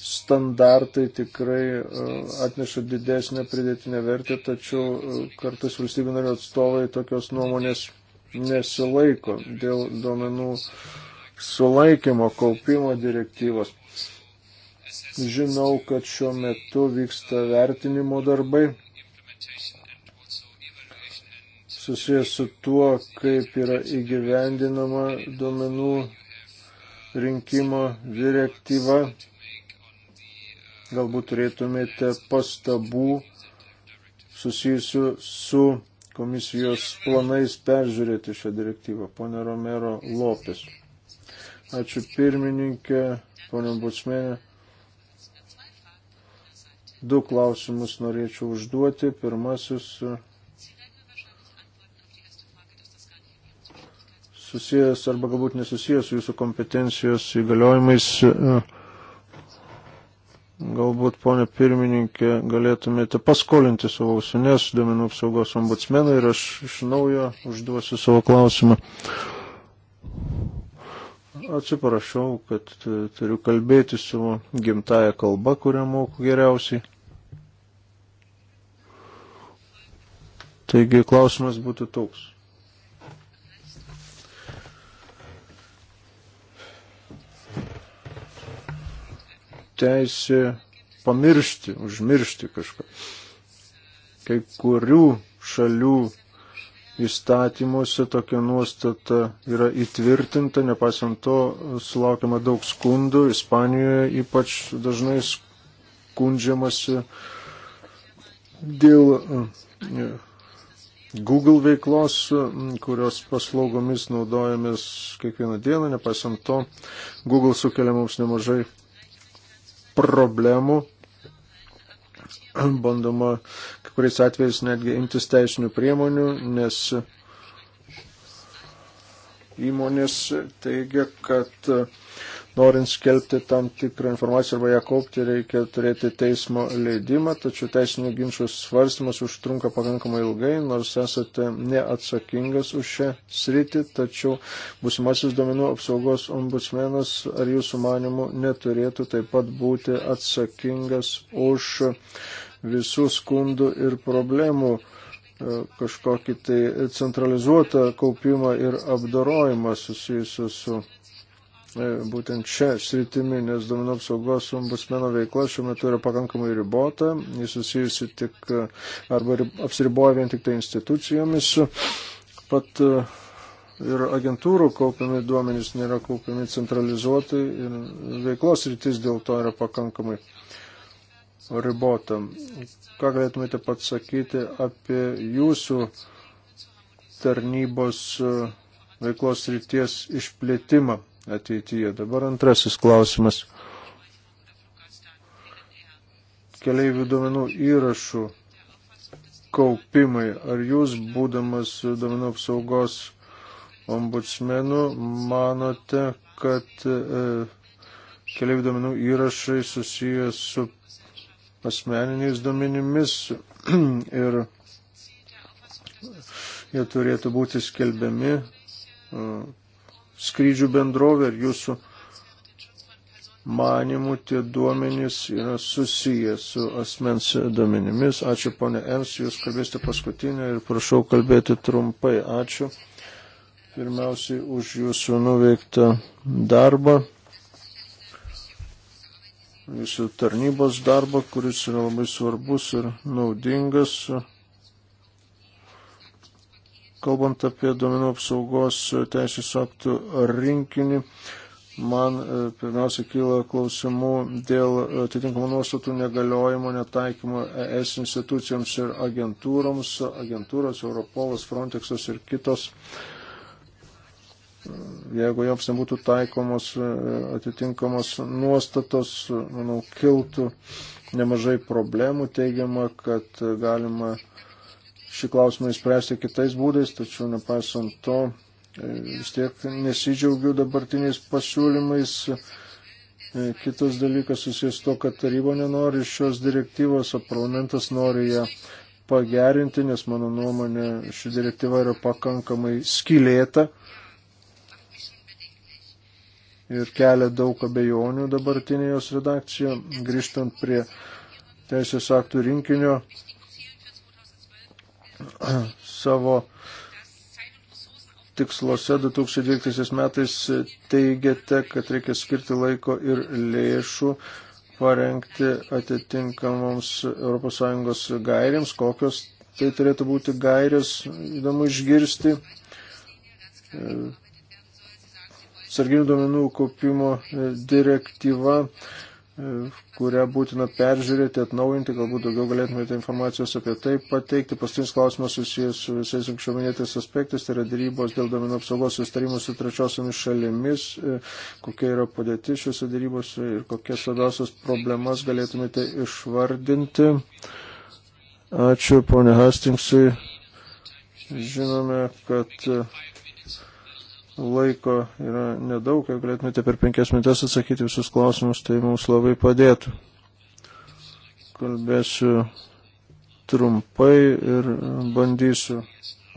standartai tikrai e, atneša didesnę pridėtinę vertę, tačių kartais valstybių narių atstovai tokios nuomonės nesilaiko dėl duomenų sulaikymo kaupimo direktyvos. Žinau, kad šiuo metu vyksta vertinimo darbai susijęs su tuo, kaip yra įgyvendinama duomenų rinkimo direktyva. Galbūt turėtumėte pastabų susijusių su komisijos planais peržiūrėti šią direktyvą. Pone Romero Lopes. Ačiū pirmininkė, ponia Butsmenė. Du klausimus norėčiau užduoti. Pirmasis susijęs arba galbūt nesusijęs su jūsų kompetencijos įgaliojimais. Galbūt, ponė pirmininkė, galėtumėte paskolinti savo ausinės duomenų apsaugos ombudsmeną ir aš iš naujo užduosiu savo klausimą. Atsiprašau, kad turiu kalbėti su gimtaja kalba, kurią moku geriausiai. Taigi klausimas būtų toks. Teisė pamiršti, užmiršti kažką. Kai kurių šalių įstatymuose tokia nuostata yra įtvirtinta, nepaisant to sulaukiama daug skundų, Ispanijoje ypač dažnai skundžiamasi dėl e, Google veiklos, kurios paslaugomis naudojamės kiekvieną dieną, nepaisant to, Google sukelia mums nemažai problemų bandoma kai kuriais atvejais netgi imtis teisinių priemonių, nes įmonės teigia, kad norint skelbti tam tikrą informaciją arba ją kaupti, reikia turėti teismo leidimą, tačiau teisinių ginčių svarstymas užtrunka pakankamai ilgai, nors esate neatsakingas už šią sritį, tačiau busimasis duomenų apsaugos ombudsmenas ar jūsų manimų neturėtų taip pat būti atsakingas už visų skundų ir problemų e, kažkokį tai centralizuotą kaupimą ir apdorojimą susijusiu su E, būtent čia sritimi, nes duomenų apsaugos ombudsmeno veikla šiuo metu yra pakankamai ribota, jis susijusi tik e, arba apsiriboja vien tik tai institucijomis, pat e, ir agentūrų kaupiami duomenys nėra kaupiami centralizuotai ir veiklos rytis dėl to yra pakankamai ribota. Ką galėtumėte pasakyti apie jūsų tarnybos veiklos ryties išplėtimą? ateityje. Dabar antrasis klausimas. Keleivių duomenų įrašų kaupimai. Ar jūs, būdamas duomenų apsaugos ombudsmenų, manote, kad e, keliaivių duomenų įrašai susijęs su asmeniniais duomenimis ir jie turėtų būti skelbiami e, skrydžių bendrovė ir jūsų manimų tie duomenys yra susiję su asmens duomenimis. Ačiū ponė Ems, jūs kalbėsite paskutinę ir prašau kalbėti trumpai. Ačiū pirmiausiai už jūsų nuveiktą darbą, jūsų tarnybos darbą, kuris yra labai svarbus ir naudingas. Kalbant apie duomenų apsaugos teisės aktų rinkinį, man e, pirmiausia kyla klausimų dėl atitinkamų nuostatų negaliojimo, netaikymo ES institucijoms ir agentūroms, agentūros, Europolas, Frontexas ir kitos. Jeigu joms nebūtų taikomos e, atitinkamos nuostatos, manau, kiltų nemažai problemų. Teigiama, kad galima uh, šį klausimą įspręsti kitais būdais, tačiau nepaisant to e, vis tiek nesidžiaugiu dabartiniais pasiūlymais. E, kitas dalykas susijęs to, kad taryba nenori šios direktyvos, o parlamentas nori ją pagerinti, nes mano nuomonė ši direktyva yra pakankamai skilėta ir kelia daug abejonių dabartinė jos redakcija. Grįžtant prie teisės aktų rinkinio, savo tiksluose 2012 metais teigiate, kad reikia skirti laiko ir lėšų parengti atitinkamoms ES gairėms, kokios tai turėtų būti gairės, įdomu išgirsti. Sarginių duomenų kopimo direktyva E, kurią būtina peržiūrėti, atnaujinti, galbūt daugiau galėtumėte informacijos apie tai pateikti. Pastinis klausimas susijęs su visais anksčiau minėtais aspektais, tai yra dėrybos dėl domenų apsaugos sustarimų su trečiosiomis šalimis, e, kokia yra padėtis šiuose dėrybose ir kokias svarbiausias problemas galėtumėte išvardinti. Ačiū, ponė Hastingsui. Žinome, kad laiko yra nedaug, jeigu galėtumėte per penkias minutės atsakyti visus klausimus, tai mums labai padėtų. Kalbėsiu trumpai ir bandysiu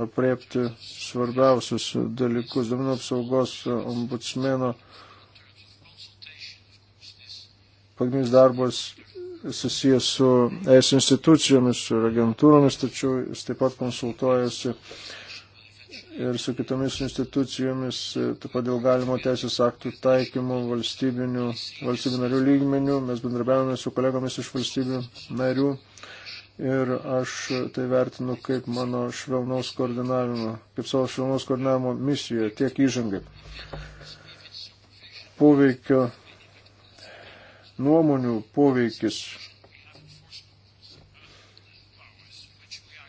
apriepti svarbiausius dalykus. Domino apsaugos ombudsmeno pagrindinis darbas susijęs su es institucijomis ir agentūromis, tačiau jis taip pat konsultuojasi uh, ir su kitomis institucijomis, e, taip pat dėl galimo teisės aktų taikymų valstybinių, valstybių narių lygmenių. Mes bendrabiavome su kolegomis iš valstybių narių ir aš tai vertinu kaip mano švelnaus koordinavimo, kaip savo švelnaus koordinavimo misiją, tiek įžangai. Poveikio nuomonių poveikis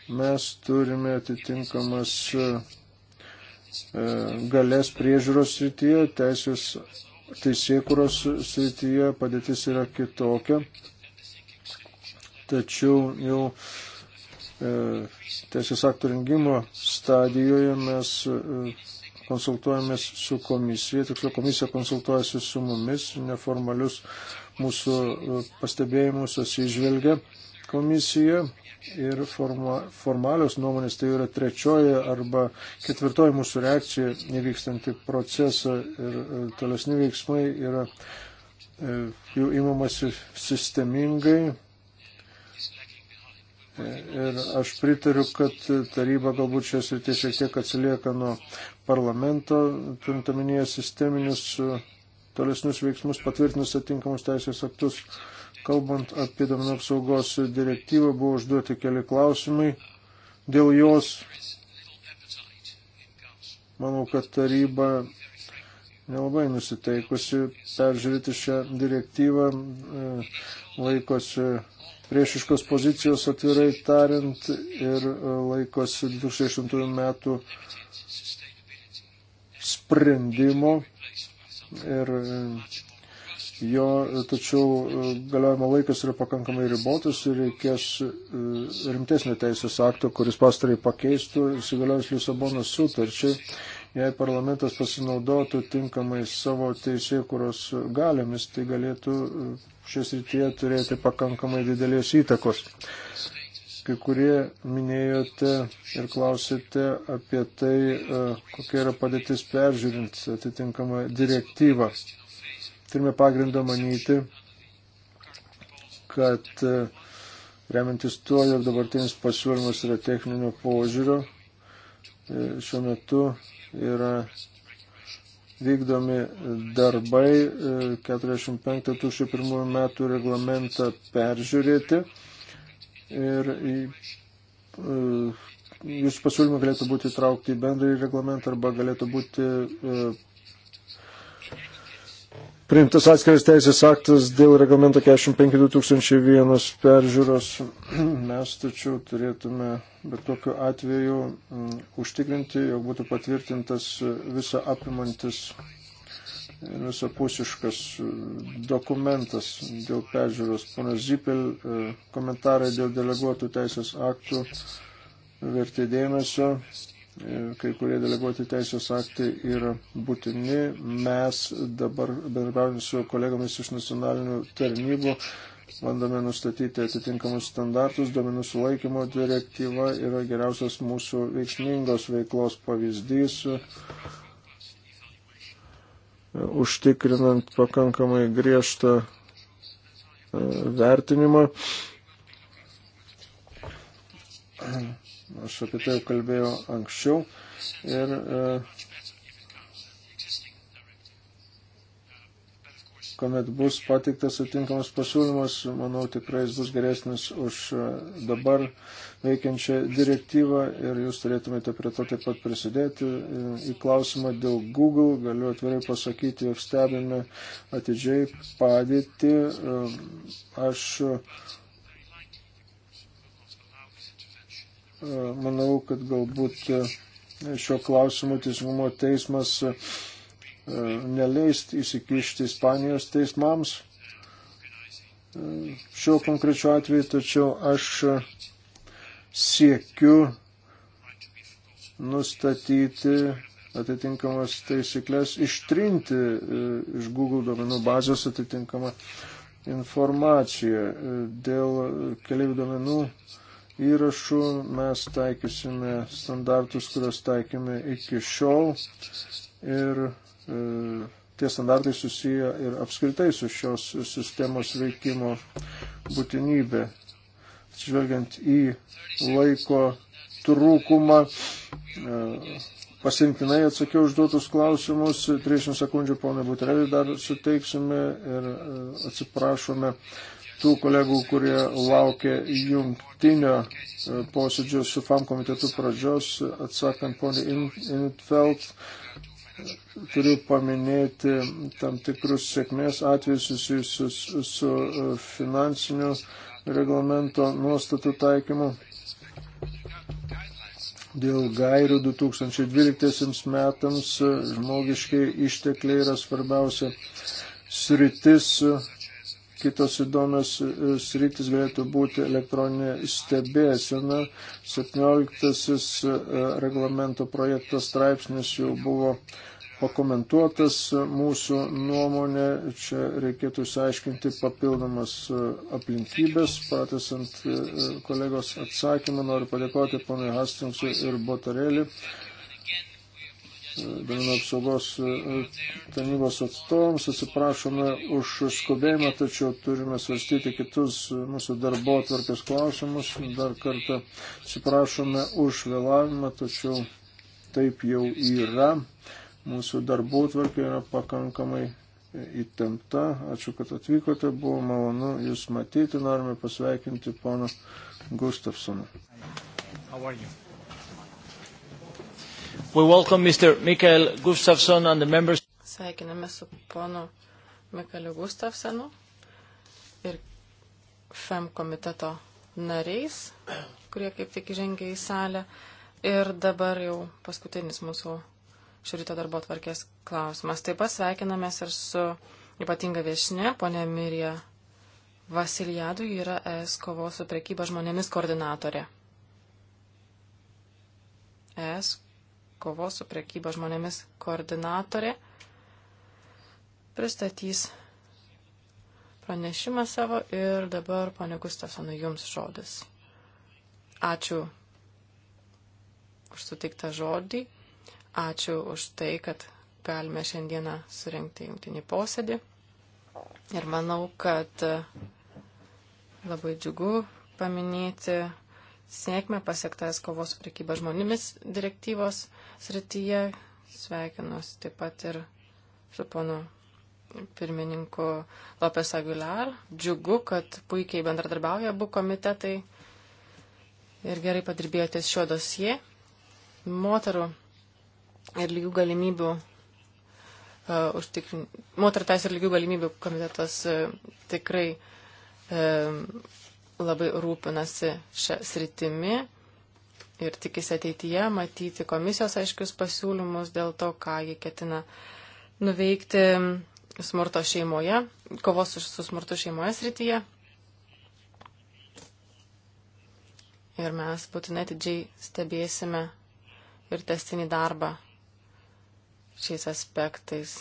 mes turime atitinkamas E, galės priežiūros srityje, teisės teisėkuros srityje padėtis yra kitokia. Tačiau jau e, teisės aktų rengimo stadijoje mes e, konsultuojamės su komisija, tiksliau komisija konsultuojasi su mumis, neformalius mūsų e, pastebėjimus atsižvelgia komisija ir forma, formalios nuomonės, tai yra trečioji arba ketvirtoji mūsų reakcija nevykstanti procesą ir e, tolesni veiksmai yra e, jų įmamasi sistemingai. E, ir aš pritariu, kad taryba galbūt šios ir tai šiek tiek atsilieka nuo parlamento, turint omenyje sisteminius tolesnius veiksmus, patvirtinus atinkamus teisės aktus. Kalbant apie domenų apsaugos direktyvą, buvo užduoti keli klausimai dėl jos. Manau, kad taryba nelabai nusiteikusi peržiūrėti šią direktyvą, e, laikosi priešiškos pozicijos atvirai tariant ir e, laikosi 2008 metų sprendimo ir e, jo tačiau e, galiojimo laikas yra pakankamai ribotas ir reikės e, rimtesnio teisės akto, kuris pastarai pakeistų įsigaliojus Lisabonos sutarčiai, jei parlamentas pasinaudotų tinkamai savo teisėjų, kurios galiomis, tai galėtų e, šias rytyje turėti pakankamai didelės įtakos. Kai kurie minėjote ir klausėte apie tai, kokia yra padėtis peržiūrint atitinkamą direktyvą turime pagrindą manyti, kad e, remiantis tuo, jog dabartinis pasiūlymas yra techninio požiūrio, e, šiuo metu yra vykdomi darbai 45-2001 e, metų reglamentą peržiūrėti ir jūsų pasiūlymą galėtų būti traukti į bendrąjį reglamentą arba galėtų būti priimtas atskiras teisės aktas dėl reglamento 45.2001 peržiūros. Mes tačiau turėtume bet kokiu atveju m, mm, užtikrinti, jog būtų patvirtintas visą apimantis ir visapusiškas mm, dokumentas dėl peržiūros. Pana Zipel, mm, komentarai dėl deleguotų teisės aktų vertė dėmesio. E, kai kurie deleguoti teisės aktai yra būtini. Mes dabar bendraujame su kolegomis iš nacionalinių tarnybų, bandome nustatyti atitinkamus standartus, duomenų sulaikymo direktyva yra geriausias mūsų veiksmingos veiklos pavyzdys e, užtikrinant pakankamai griežtą e, vertinimą. Aš apie tai kalbėjau anksčiau. Ir e, kuomet bus pateiktas atinkamas pasiūlymas, manau, tikrai jis bus geresnis už e, dabar veikiančią direktyvą ir jūs turėtumėte prie to taip pat prisidėti. E, į klausimą dėl Google galiu atvirai pasakyti, jog stebime atidžiai padėti. Aš Manau, kad galbūt e, šio klausimu teisingumo teismas e, neleist įsikišti Ispanijos teismams e, šiuo konkrečiu atveju, tačiau aš siekiu nustatyti atitinkamas taisyklės, ištrinti iš Google domenų bazės atitinkamą informaciją dėl keliaivių domenų įrašų mes taikysime standartus, kuriuos taikėme iki šiol ir e, tie standartai susiję ir apskritai su šios sistemos veikimo būtinybė. Atsižvelgiant į laiko trūkumą, e, pasirinktinai atsakiau užduotus klausimus, 30 sekundžių ponai Butrelį dar suteiksime ir e, atsiprašome tų kolegų, kurie laukia jungtinio e, posėdžio su FAM komitetu pradžios, atsakant ponį Infeld, turiu paminėti tam tikrus sėkmės atvejus susijusius su, su, e, su finansiniu reglamento nuostatų taikymu. Dėl gairių 2012 metams žmogiškiai ištekliai yra svarbiausia sritis Kitos įdomios e, sritis galėtų būti elektroninė stebėsena. 17 e, reglamento projekto straipsnis jau buvo pakomentuotas mūsų nuomonė. Čia reikėtų išsiaiškinti papildomas e, aplinkybės. Pratesant kolegos atsakymą, noriu padėkoti ponui Hastingsui ir Botarelį duomenų apsaugos e, tarnybos atstovams. Atsiprašome už skubėjimą, tačiau turime svarstyti kitus e, mūsų darbo atvarkės klausimus. Dar kartą atsiprašome už vėlavimą, tačiau taip jau yra. Mūsų darbo atvarkė yra pakankamai e, įtempta. Ačiū, kad atvykote, buvo malonu Jūs matyti, norime pasveikinti poną Gustafsoną. How are you? We welcome Mr. Mikael Gustafsson and the members. Sveikiname su ponu Mikaeliu Gustafsenu ir FEM komiteto nariais, kurie kaip tik žengia į salę. Ir dabar jau paskutinis mūsų šiurito darbo tvarkės klausimas. Taip pat sveikinamės ir su ypatinga viešne, ponė Mirija Vasilijadu, yra ES kovos su prekyba žmonėmis koordinatorė. ES kovos su prekyba žmonėmis koordinatorė pristatys pranešimą savo ir dabar, pane Gustafsonai, jums žodis. Ačiū už suteiktą žodį, ačiū už tai, kad galime šiandieną surinkti jungtinį posėdį. Ir manau, kad labai džiugu paminėti sėkmę pasiektas kovos prekyba žmonėmis direktyvos srityje. Sveikinuosi taip pat ir su ponu pirmininku Lopes Aguilar. Džiugu, kad puikiai bendradarbiauja abu komitetai ir gerai padirbėjote šio dosie. Moterų ir lygių galimybių. Uh, užtikrin... Moterų teisų ir lygių galimybių komitetas uh, tikrai uh, labai rūpinasi šią sritimi ir tikisi ateityje matyti komisijos aiškius pasiūlymus dėl to, ką jie ketina nuveikti smurto šeimoje, kovos su smurtu šeimoje srityje. Ir mes būtinai atidžiai stebėsime ir testinį darbą šiais aspektais.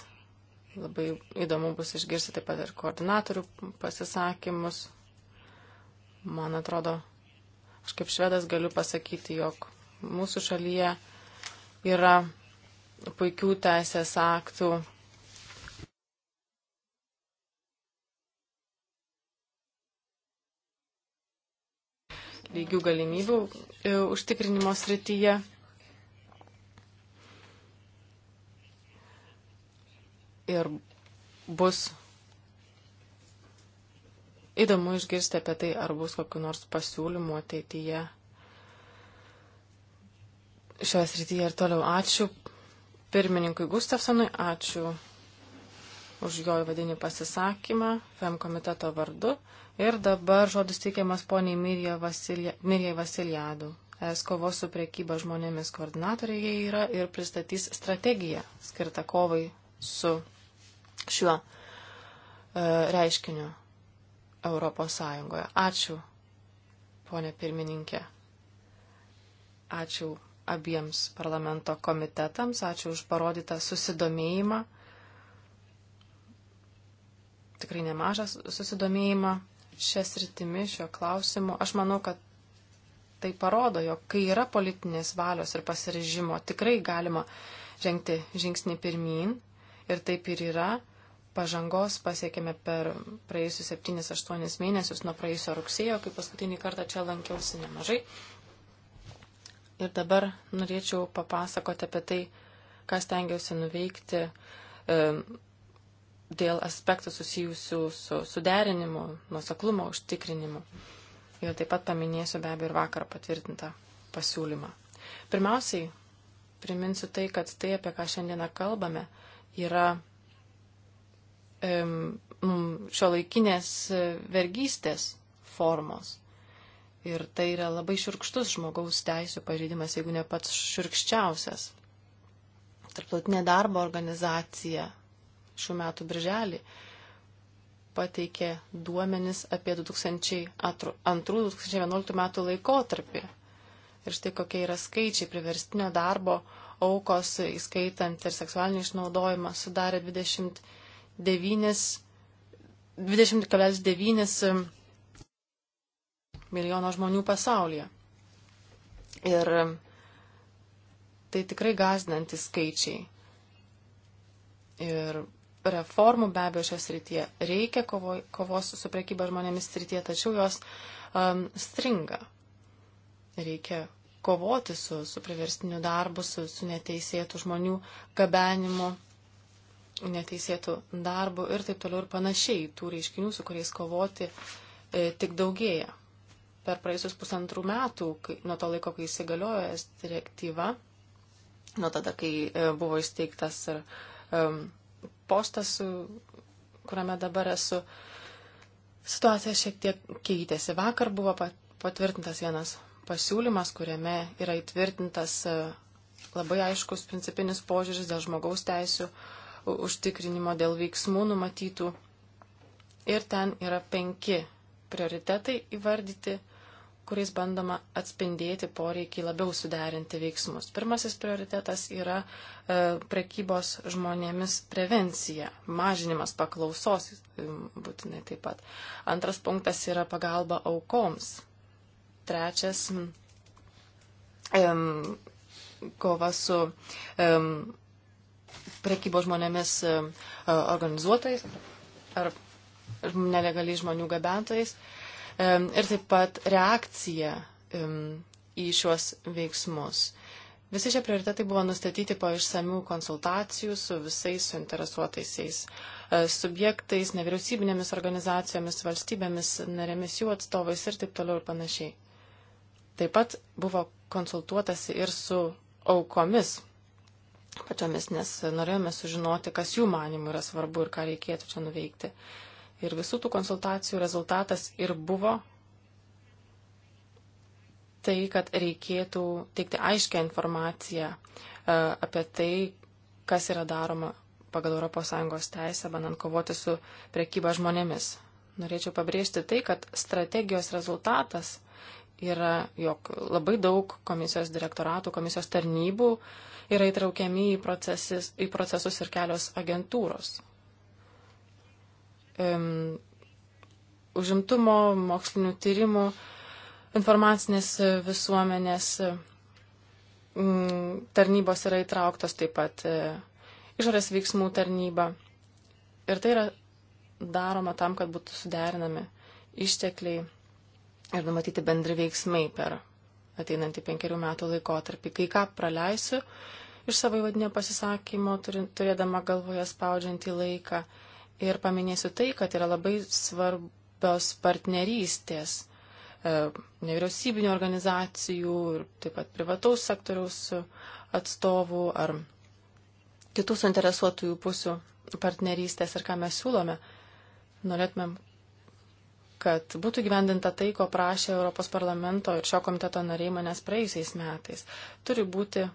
Labai įdomu bus išgirsti taip pat ir koordinatorių pasisakymus. Man atrodo, Aš kaip švedas galiu pasakyti, jog mūsų šalyje yra puikių teisės aktų. lygių galimybių e, užtikrinimo srityje. Ir bus įdomu išgirsti apie tai, ar bus kokiu nors pasiūlymu ateityje šioje srityje ir toliau. Ačiū pirmininkui Gustafsonui, ačiū už jo įvadinį pasisakymą FEM komiteto vardu. Ir dabar žodis teikiamas poniai Mirijai Vasilija, Vasilijadu. Es kovos su priekyba žmonėmis koordinatoriai yra ir pristatys strategiją skirtą kovai su šiuo e, reiškiniu. Europos Sąjungoje. Ačiū, ponė pirmininkė. Ačiū abiems parlamento komitetams, ačiū už parodytą susidomėjimą. Tikrai nemažas susidomėjimą šią sritimi, šio klausimu. Aš manau, kad tai parodo, jog kai yra politinės valios ir pasirežimo, tikrai galima žengti žingsnį pirmin. Ir taip ir yra pažangos pasiekėme per praėjusius 7-8 mėnesius nuo praėjusio rugsėjo, kai paskutinį kartą čia lankiausi nemažai. Ir dabar norėčiau papasakoti apie tai, ką stengiausi nuveikti e, dėl aspektų susijusių su suderinimu, nuoseklumo užtikrinimu. Ir taip pat paminėsiu be abejo ir vakar patvirtintą pasiūlymą. Pirmiausiai, priminsiu tai, kad tai, apie ką šiandieną kalbame, yra šio laikinės e, vergystės formos. Ir tai yra labai širkštus žmogaus teisų pažeidimas, jeigu ne pats širkščiausias. Tarptautinė darbo organizacija šių metų birželį pateikė duomenis apie 2002-2011 metų laikotarpį. Ir štai kokie yra skaičiai priverstinio darbo aukos, įskaitant ir seksualinį išnaudojimą, sudarė 20. 20,9 milijono žmonių pasaulyje. Ir tai tikrai gazdinantis skaičiai. Ir reformų be abejo šios rytyje reikia kovo, kovos su prekyba žmonėmis rytyje, tačiau jos um, stringa. Reikia kovoti su, su priverstiniu darbu, su, su neteisėtų žmonių gabenimu neteisėtų darbų ir taip toliau ir panašiai. Tų reiškinių, su kuriais kovoti, e, tik daugėja. Per praėjusius pusantrų metų, kai, nuo to laiko, kai įsigaliojo es direktyva, nuo tada, kai e, buvo įsteigtas ir e, postas, kuriame dabar esu, situacija šiek tiek keitėsi. Vakar buvo patvirtintas vienas pasiūlymas, kuriame yra įtvirtintas e, labai aiškus principinis požiūris dėl žmogaus teisų užtikrinimo, dėl veiksmų numatytų. Ir ten yra penki prioritetai įvardyti, kuriais bandoma atspindėti poreikį labiau suderinti veiksmus. Pirmasis prioritetas yra e, prekybos žmonėmis prevencija, mažinimas paklausos e, būtinai taip pat. Antras punktas yra pagalba aukoms. Trečias e, kova su e, prekybos žmonėmis e, e, organizuotais ar nelegaliai žmonių gabentais. E, ir taip pat reakcija į šiuos veiksmus. Visi šie prioritetai buvo nustatyti po išsamių konsultacijų su visais suinteresuotaisiais subjektais, nevyriausybinėmis organizacijomis, valstybėmis, narėmis jų atstovais ir taip toliau ir panašiai. Taip pat buvo konsultuotasi ir su aukomis pačiomis, nes norėjome sužinoti, kas jų manimų yra svarbu ir ką reikėtų čia nuveikti. Ir visų tų konsultacijų rezultatas ir buvo tai, kad reikėtų teikti aiškę informaciją e, apie tai, kas yra daroma pagal ES teisę, bandant kovoti su priekyba žmonėmis. Norėčiau pabrėžti tai, kad strategijos rezultatas yra, jog labai daug komisijos direktoratų, komisijos tarnybų uh, yra įtraukiami į, procesis, į procesus ir kelios agentūros. Um, užimtumo, mokslinių tyrimų, informacinės visuomenės um, tarnybos yra įtrauktos taip pat uh, išorės veiksmų tarnyba. Ir tai yra daroma tam, kad būtų suderinami ištekliai ir numatyti bendri veiksmai per ateinantį penkerių metų laikotarpį. Kai ką praleisiu iš savo įvadinio pasisakymo, turėdama galvoje spaudžiantį laiką. Ir paminėsiu tai, kad yra labai svarbios partnerystės e, nevyriausybinio organizacijų ir taip pat privataus sektoriaus atstovų ar kitų suinteresuotųjų pusių partnerystės ir ką mes siūlome. Norėtumėm, kad būtų gyvendinta tai, ko prašė Europos parlamento ir šio komiteto nariai manęs praėjusiais metais. Turi būti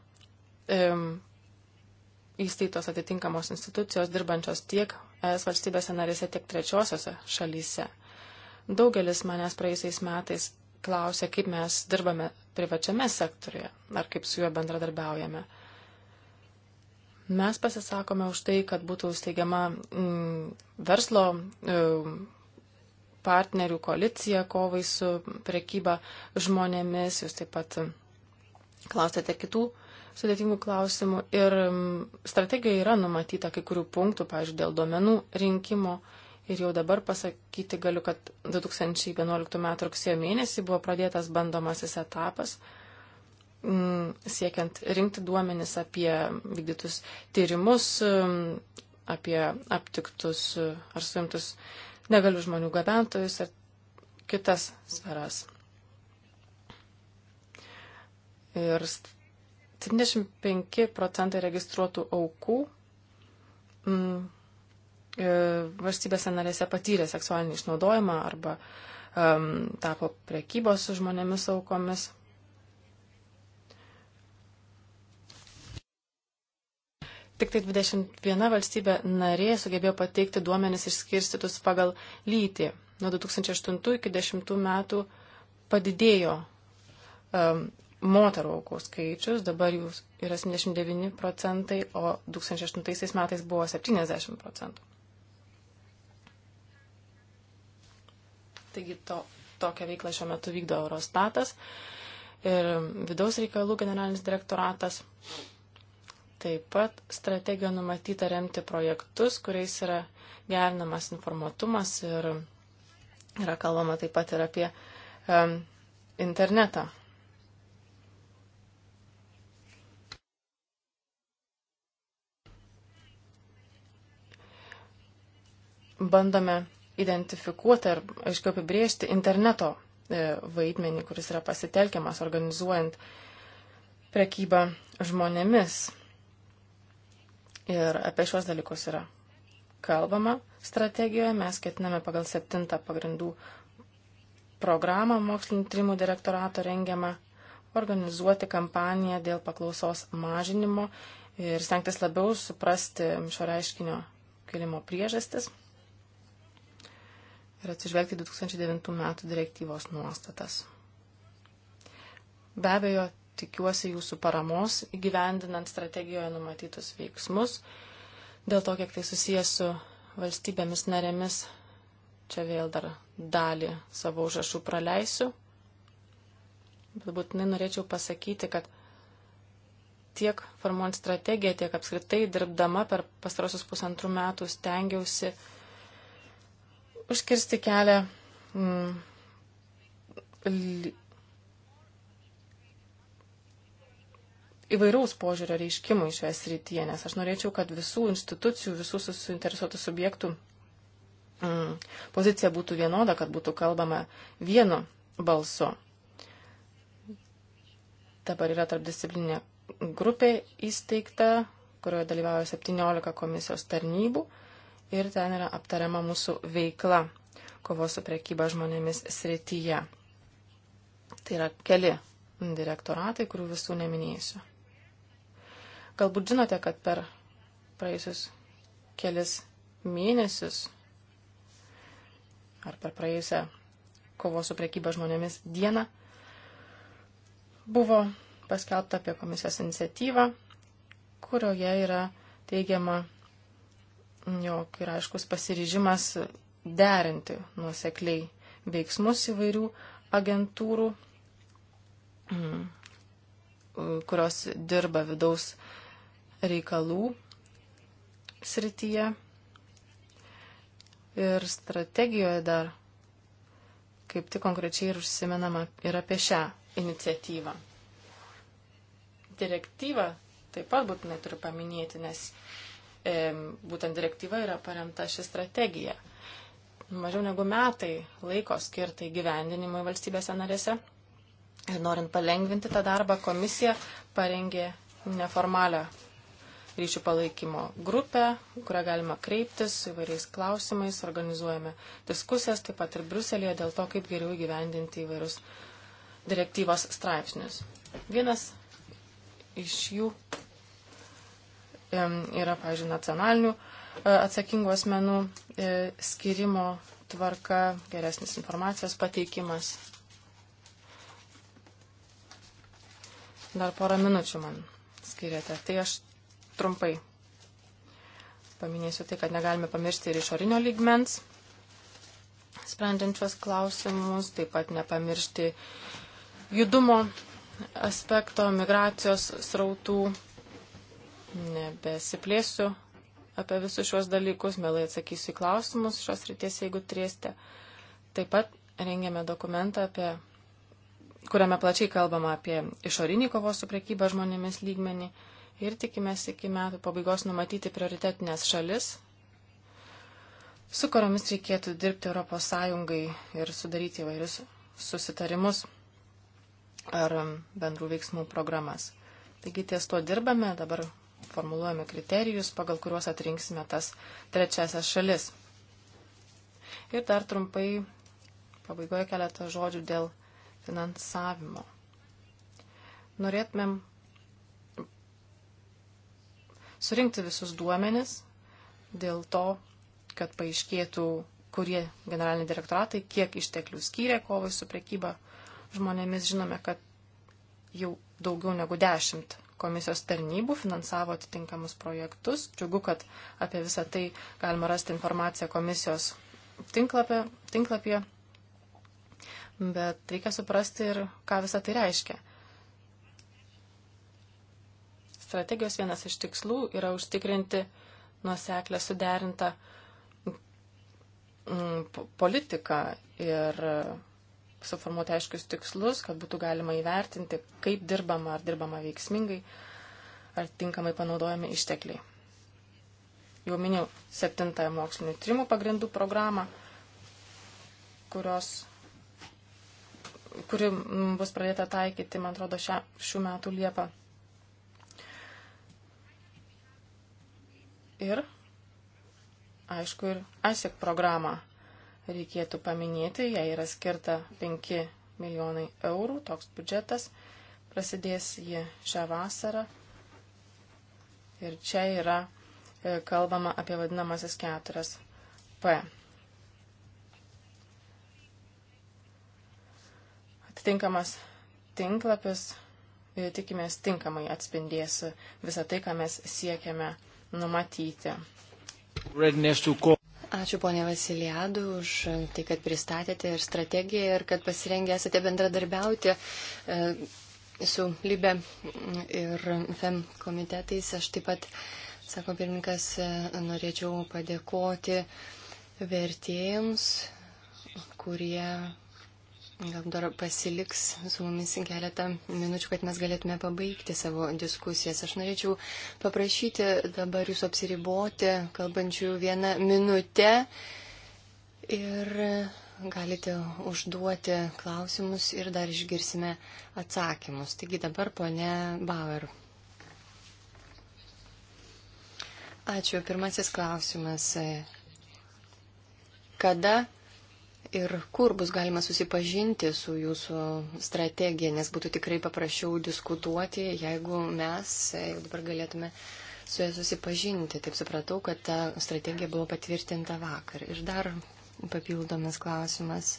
um, įsteitos atitinkamos institucijos dirbančios tiek ES valstybėse narėse, tiek trečiosiose šalyse. Daugelis manęs praėjusiais metais klausė, kaip mes dirbame privačiame sektoriuje ar kaip su juo bendradarbiaujame. Mes pasisakome už tai, kad būtų steigiama mm, verslo mm, partnerių koalicija kovai su prekyba žmonėmis, jūs taip pat um, klausėte kitų sudėtingų klausimų ir um, strategijoje yra numatyta kai kurių punktų, pavyzdžiui, dėl duomenų rinkimo ir jau dabar pasakyti galiu, kad 2011 m. rugsėjo mėnesį buvo pradėtas bandomasis etapas mm, siekiant rinkti duomenis apie vykdytus tyrimus, um, apie aptiktus uh, ar suimtus negalių žmonių gabentojus ir kitas sferas. Ir 75 procentai registruotų aukų mm, e, valstybėse narėse patyrė seksualinį išnaudojimą arba um, tapo prekybos su žmonėmis aukomis. Tik tai 21 valstybė narė sugebėjo pateikti duomenis išskirstytus pagal lytį. Nuo 2008 iki 2010 metų padidėjo um, moterų aukų skaičius, dabar jų yra 79 procentai, o 2008 metais buvo 70 procentų. Taigi to, tokią veiklą šiuo metu vykdo Eurostatas ir vidaus reikalų generalinis direktoratas. Mm Taip pat strategija numatyta remti projektus, kuriais yra gerinamas informatumas ir yra kalbama taip pat ir apie um, internetą. Bandome identifikuoti ar aiškiau apibriežti interneto e, vaidmenį, kuris yra pasitelkiamas organizuojant prekybą žmonėmis. Ir apie šios dalykus yra kalbama strategijoje. Mes ketiname pagal septintą pagrindų programą mokslinį trimų direktorato rengiamą organizuoti kampaniją dėl paklausos mažinimo ir stengtis labiau suprasti šio reiškinio kilimo priežastis ir atsižvelgti 2009 metų direktyvos nuostatas. Be abejo, tikiuosi jūsų paramos įgyvendinant strategijoje numatytus veiksmus. Dėl to, kiek tai susijęs su valstybėmis narėmis, čia vėl dar dalį savo užrašų praleisiu. Bet būtinai norėčiau pasakyti, kad tiek formuojant strategiją, tiek apskritai dirbdama per pastarosius pusantrų metų stengiausi užkirsti kelią mm, įvairaus požiūrio reiškimui šioje srityje, nes aš norėčiau, kad visų institucijų, visų suinteresuotų subjektų mm, pozicija būtų vienoda, kad būtų kalbama vienu balsu. Dabar yra tarpdisciplininė grupė įsteigta, kurioje dalyvauja 17 komisijos tarnybų ir ten yra aptariama mūsų veikla kovos su prekyba žmonėmis srityje. Tai yra keli direktoratai, kurių visų neminėsiu. Galbūt žinote, kad per praėjusius kelis mėnesius ar per praėjusią kovos su priekyba žmonėmis dieną buvo paskelbta apie komisijos iniciatyvą, kurioje yra teigiama, jog yra aiškus pasiryžimas derinti nuosekliai veiksmus įvairių agentūrų, mm, kurios dirba vidaus reikalų srityje. Ir strategijoje dar kaip tik konkrečiai ir užsimenama ir apie šią iniciatyvą. Direktyvą taip pat būtinai turiu paminėti, nes e, būtent direktyva yra paremta ši strategija. Mažiau negu metai laiko skirtai gyvendinimui valstybėse narėse. Ir norint palengvinti tą darbą, komisija parengė neformalią ryšių palaikymo grupę, kurią galima kreiptis įvairiais klausimais, organizuojame diskusijas taip pat ir Bruselėje dėl to, kaip geriau įgyvendinti įvairius direktyvos straipsnius. Vienas iš jų yra, pažiūrėjau, nacionalinių e, atsakingų asmenų e, skirimo tvarka, geresnis informacijos pateikimas. Dar porą minučių man skiriate. Tai aš trumpai paminėsiu tai, kad negalime pamiršti ir išorinio lygmens, sprendžiančios klausimus, taip pat nepamiršti judumo aspekto, migracijos srautų. Nebesiplėsiu apie visus šios dalykus, mielai atsakysiu į klausimus šios ryties, jeigu trieste. Taip pat rengėme dokumentą, apie, kuriame plačiai kalbama apie išorinį kovos su priekyba žmonėmis lygmenį ir tikimės iki metų pabaigos numatyti prioritetinės šalis, su kuriomis reikėtų dirbti ES ir sudaryti įvairius susitarimus ar um, bendrų veiksmų programas. Taigi ties tuo dirbame, dabar formuluojame kriterijus, pagal kuriuos atrinksime tas trečiasias šalis. Ir dar trumpai pabaigoje keletą žodžių dėl finansavimo. Norėtumėm surinkti visus duomenis dėl to, kad paaiškėtų, kurie generaliniai direktoratai, kiek išteklių skyrė kovai su prekyba žmonėmis. Žinome, kad jau daugiau negu dešimt komisijos tarnybų finansavo atitinkamus projektus. Džiugu, kad apie visą tai galima rasti informaciją komisijos tinklapė, tinklapyje. Bet reikia suprasti ir, ką visą tai reiškia strategijos vienas iš tikslų yra užtikrinti nuoseklę suderintą mm, politiką ir suformuoti aiškius tikslus, kad būtų galima įvertinti, kaip dirbama, ar dirbama veiksmingai, ar tinkamai panaudojami ištekliai. Jau minėjau septintąją mokslinių trimų pagrindų programą, kurios, kuri mm, bus pradėta taikyti, man atrodo, šią, šių metų Liepą. Ir, aišku, ir ASIC programą reikėtų paminėti, jai yra skirta 5 milijonai eurų, toks biudžetas, prasidės ji šią vasarą. Ir čia yra e, kalbama apie vadinamasis 4P. Atitinkamas tinklapis, e, tikimės, tinkamai atspindės visą tai, ką mes siekiame numatyti. Ačiū ponė Vasiliadų už tai, kad pristatėte ir strategiją ir kad pasirengę esate bendradarbiauti e, su Libe ir FEM komitetais. Aš taip pat, sako pirmininkas, e, norėčiau padėkoti vertėjams, kurie Gal dar pasiliks su mumis keletą minučių, kad mes galėtume pabaigti savo diskusijas. Aš norėčiau paprašyti dabar jūs apsiriboti, kalbančių vieną minutę. Ir galite užduoti klausimus ir dar išgirsime atsakymus. Taigi dabar ponė Bauer. Ačiū. Pirmasis klausimas. Kada ir kur bus galima susipažinti su jūsų strategija, nes būtų tikrai paprasčiau diskutuoti, jeigu mes jau dabar galėtume su ja susipažinti. Taip supratau, kad ta strategija buvo patvirtinta vakar. Ir dar papildomas klausimas.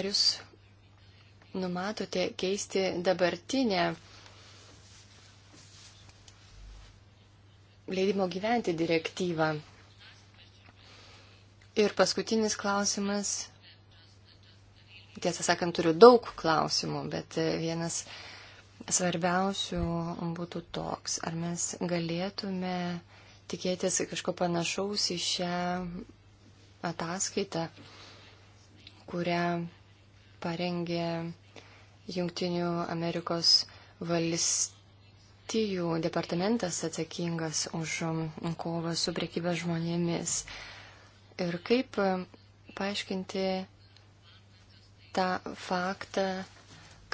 Ar jūs numatote keisti dabartinę leidimo gyventi direktyvą. Ir paskutinis klausimas. Tiesą sakant, turiu daug klausimų, bet vienas svarbiausių būtų toks. Ar mes galėtume tikėtis kažko panašaus į šią ataskaitą, kurią parengė Junktinių Amerikos valstybės? Valstijų departamentas atsakingas už um, kovą su priekybės žmonėmis. Ir kaip um, paaiškinti tą faktą,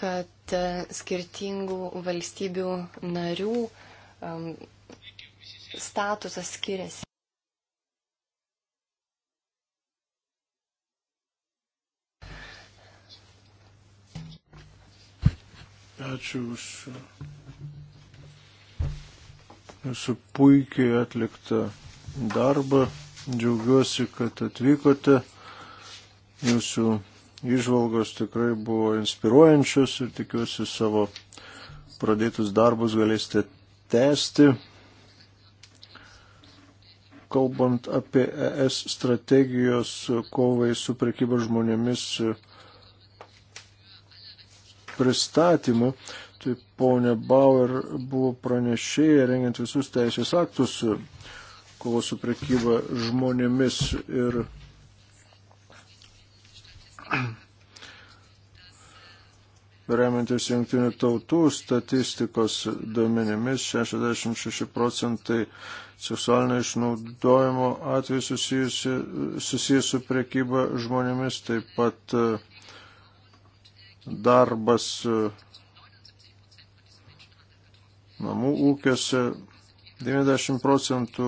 kad uh, skirtingų valstybių narių um, statusas skiriasi. Ačiū už jūsų puikiai atliktą darbą. Džiaugiuosi, kad atvykote. Jūsų išvalgos tikrai buvo inspiruojančios ir tikiuosi savo pradėtus darbus galėsite tęsti. Kalbant apie ES strategijos kovai su prekyba žmonėmis pristatymu, paklausti, ponė Bauer buvo pranešėja rengiant visus teisės aktus kovo su prekyba žmonėmis ir remiantis jungtinių tautų statistikos duomenimis 66 procentai seksualinio išnaudojimo atveju susijusi, susijusi su prekyba žmonėmis, taip pat darbas namų ūkiuose. 90 procentų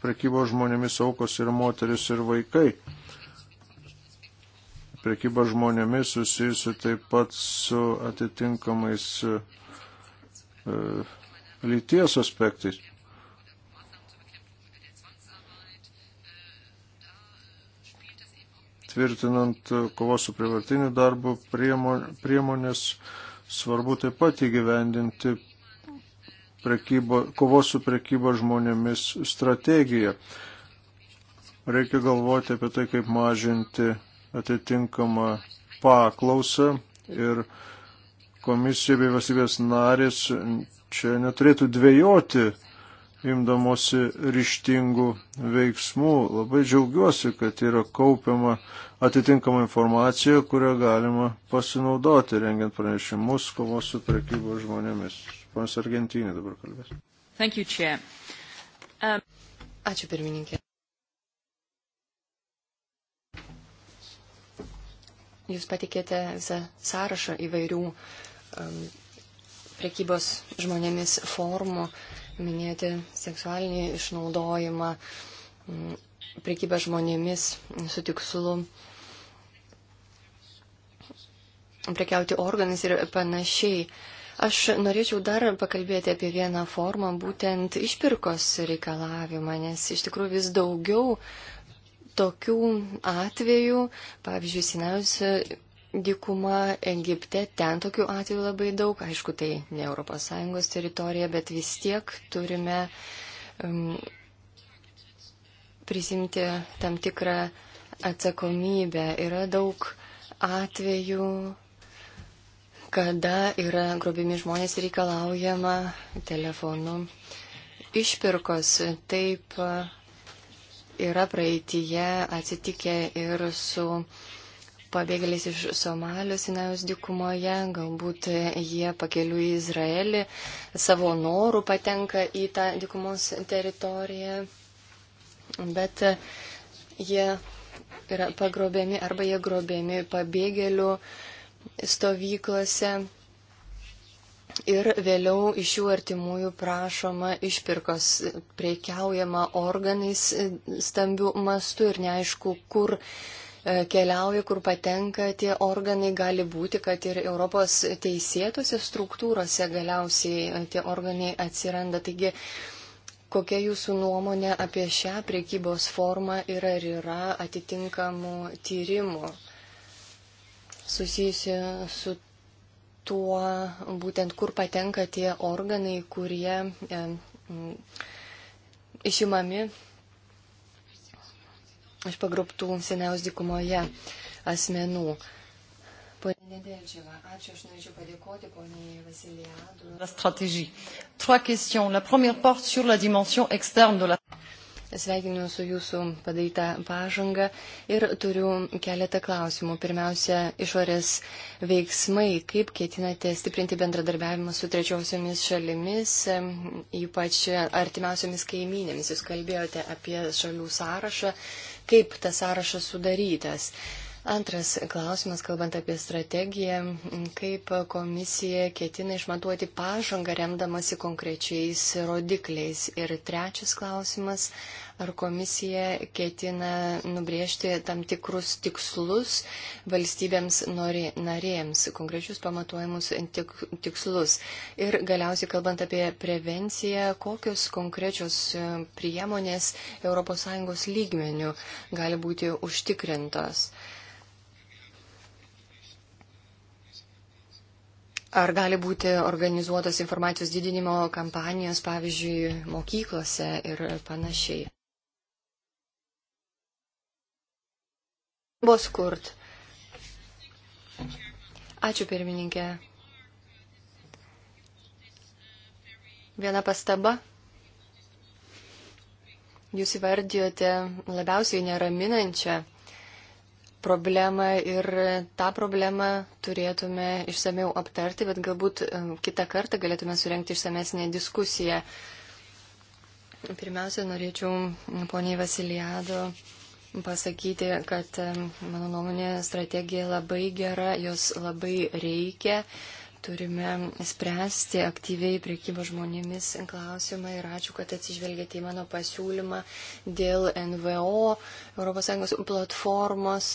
prekybos žmonėmis aukos yra moteris ir vaikai. Prekyba žmonėmis susijusi taip pat su atitinkamais e, lyties aspektais. tvirtinant kovos su prievartiniu darbu priemonės, svarbu taip pat įgyvendinti prekybo, kovos su prekyba žmonėmis strategiją. Reikia galvoti apie tai, kaip mažinti atitinkamą paklausą ir komisija bei valstybės narės čia neturėtų dvėjoti imdamosi ryštingų veiksmų. Labai džiaugiuosi, kad yra kaupiama atitinkama informacija, kurią galima pasinaudoti, rengiant pranešimus kovos su prekybo žmonėmis. Ponas Argentinė dabar kalbės. Thank you, Chair. Um... Ačiū pirmininkė. Jūs patikėte visą sąrašą įvairių um, prekybos žmonėmis formų, minėti seksualinį išnaudojimą, um, mm, prekybę žmonėmis su tikslu prekiauti organais ir panašiai. Uh, Aš norėčiau dar pakalbėti apie vieną formą, būtent išpirkos reikalavimą, nes iš tikrųjų vis daugiau tokių atvejų, pavyzdžiui, seniausia dykuma Egipte, ten tokių atvejų labai daug, aišku, tai ne ES teritorija, bet vis tiek turime um, prisimti tam tikrą atsakomybę. Yra daug atvejų, kada yra grobimi žmonės reikalaujama telefonu išpirkos. Taip e, yra praeitie atsitikę ir su pabėgėliais iš Somalijos, Sinajos dykumoje, galbūt jie pakeliu į Izraelį, savo norų patenka į tą dykumos teritoriją, bet e, jie yra pagrobėmi arba jie grobėmi pabėgėlių stovyklose ir vėliau iš jų artimųjų prašoma išpirkos, priekiaujama organais stambių mastų ir neaišku, kur e, keliauja, kur patenka tie organai, gali būti, kad ir Europos teisėtose struktūrose galiausiai e, tie organai atsiranda. Taigi, kokia jūsų nuomonė apie šią priekybos formą yra ir yra atitinkamų tyrimų? susijusi su tuo, būtent kur patenka tie organai, kurie e, m, mm, išimami iš pagruptų seniaus dykumoje asmenų. Pone Nedelčiava, ačiū, aš norėčiau padėkoti poniai Vasilijadu. La stratégie. Trois questions. La première porte sur la dimension externe de la. Sveikinu su jūsų padaryta pažanga ir turiu keletą klausimų. Pirmiausia, išorės veiksmai, kaip ketinate stiprinti bendradarbiavimą su trečiosiomis šalimis, ypač artimiausiomis kaiminėmis. Jūs kalbėjote apie šalių sąrašą, kaip tas sąrašas sudarytas. Antras klausimas, kalbant apie strategiją, kaip komisija ketina išmatuoti pažangą remdamasi konkrečiais rodikliais. Ir trečias klausimas, ar komisija ketina nubrėžti tam tikrus tikslus valstybėms narėms, konkrečius pamatuojamus tik, tikslus. Ir galiausiai kalbant apie prevenciją, kokios konkrečios priemonės ES lygmenių gali būti užtikrintos. Ar gali būti organizuotos informacijos didinimo kampanijos, pavyzdžiui, mokyklose ir panašiai? Boskurt. Ačiū pirmininkė. Viena pastaba. Jūs įvardijote labiausiai neraminančią problemą ir tą problemą turėtume išsameu aptarti, bet galbūt kitą kartą galėtume surenkti išsamesnę diskusiją. Pirmiausia, norėčiau poniai Vasilijado pasakyti, kad mano nuomonė strategija labai gera, jos labai reikia. Turime spręsti aktyviai priekybo žmonėmis klausimą ir ačiū, kad atsižvelgėte į mano pasiūlymą dėl NVO, ES platformos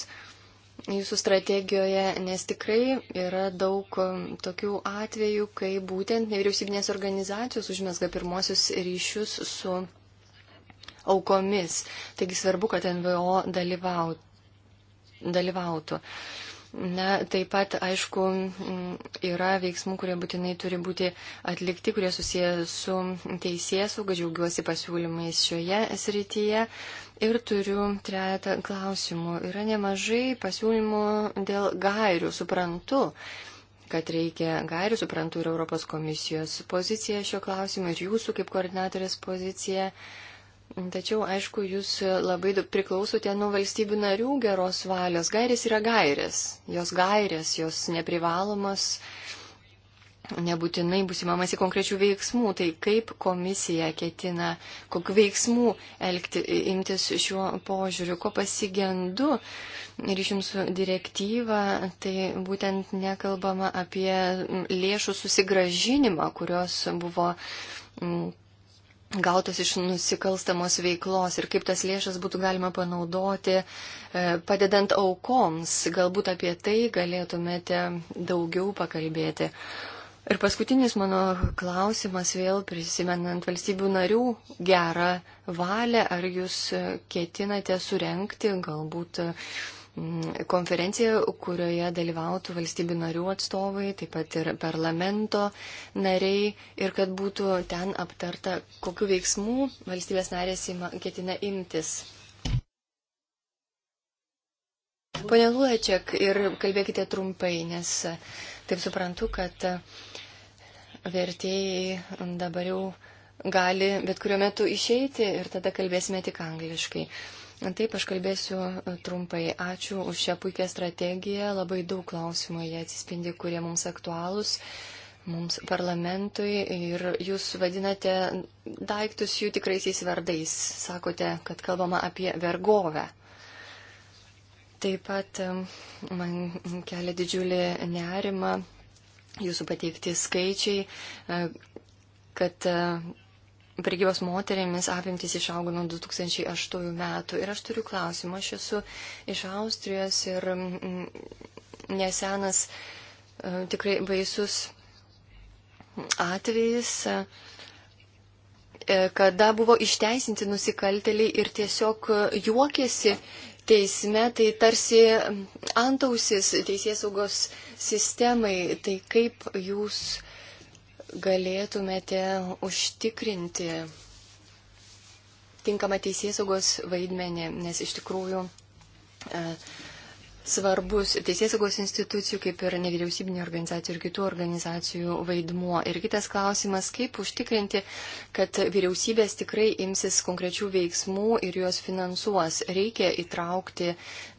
jūsų strategijoje, nes tikrai yra daug um, tokių atvejų, kai būtent nevyriausybinės organizacijos užmesga pirmosius ryšius su aukomis. Taigi svarbu, kad NVO dalyvautų. dalyvautų. Na, taip pat, aišku, mm, yra veiksmų, kurie būtinai turi būti atlikti, kurie susiję su teisėsauga, džiaugiuosi pasiūlymais šioje srityje. Ir turiu trejata klausimų. Yra nemažai pasiūlymų dėl gairių, suprantu kad reikia gairių, suprantu ir Europos komisijos poziciją šio klausimu ir jūsų kaip koordinatorės poziciją. Uh, Tačiau, aišku, jūs labai priklausote nuo valstybių narių geros valios. Gairės yra gairės. Jos gairės, jos neprivalomas, nebūtinai bus įmamas į konkrečių veiksmų. Tai kaip komisija ketina, kokiu veiksmu elgti, imtis šiuo požiūriu, ko pasigendu ryšim su direktyva, tai būtent nekalbama apie lėšų susigražinimą, kurios buvo. Mm, gautos iš nusikalstamos veiklos ir kaip tas lėšas būtų galima panaudoti, e, padedant aukoms. Galbūt apie tai galėtumėte daugiau pakalbėti. Ir paskutinis mano klausimas vėl prisimenant valstybių narių gerą valią, ar jūs ketinate surenkti galbūt konferencija, kurioje dalyvautų valstybių narių atstovai, taip pat ir parlamento nariai ir kad būtų ten aptarta, kokiu veiksmu valstybės narės ketina imtis. Pone Luočiak, ir kalbėkite trumpai, nes taip suprantu, kad vertėjai dabar jau gali bet kuriuo metu išeiti ir tada kalbėsime tik angliškai. Taip, aš kalbėsiu e, trumpai. Ačiū už šią puikią strategiją. Labai daug klausimų jie atsispindi, kurie mums aktualūs, mums parlamentui. Ir jūs vadinate daiktus jų tikraisiais vardais. Sakote, kad kalbama apie vergovę. Taip pat e, man kelia didžiulį nerimą jūsų pateikti skaičiai, e, kad Prekybos moterėmis apimtis išaugo nuo 2008 metų. Ir aš turiu klausimą. Aš esu iš Austrijos ir mm, nesenas e, tikrai baisus atvejis, e, kada buvo išteisinti nusikalteliai ir tiesiog juokėsi teisme, tai tarsi antausis teisės saugos sistemai. Tai kaip jūs galėtumėte užtikrinti tinkamą teisėsaugos vaidmenį, nes iš tikrųjų e, svarbus teisėsaugos institucijų, kaip ir nevyriausybinio organizacijų ir kitų organizacijų vaidmuo. Ir kitas klausimas, kaip užtikrinti, kad vyriausybės tikrai imsis konkrečių veiksmų ir juos finansuos. Reikia įtraukti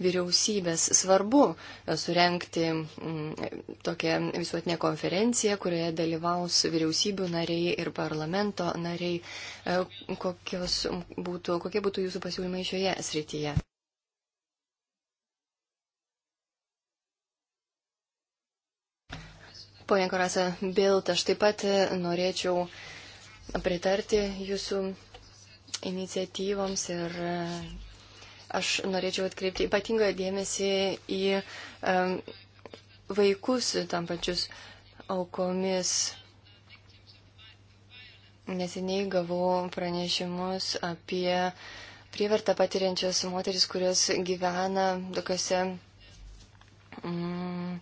vyriausybės. Svarbu e, surenkti mm, tokią visuotinę konferenciją, kurioje dalyvaus vyriausybių nariai ir parlamento nariai. E, kokios būtų, kokie būtų jūsų pasiūlymai šioje srityje? Pone Korasa Bilt, aš taip pat norėčiau pritarti jūsų iniciatyvoms ir e, aš norėčiau atkreipti ypatingą dėmesį į um, vaikus tam pačius aukomis. Neseniai gavau pranešimus apie prievartą patiriančias moteris, kurios gyvena tokiuose mm,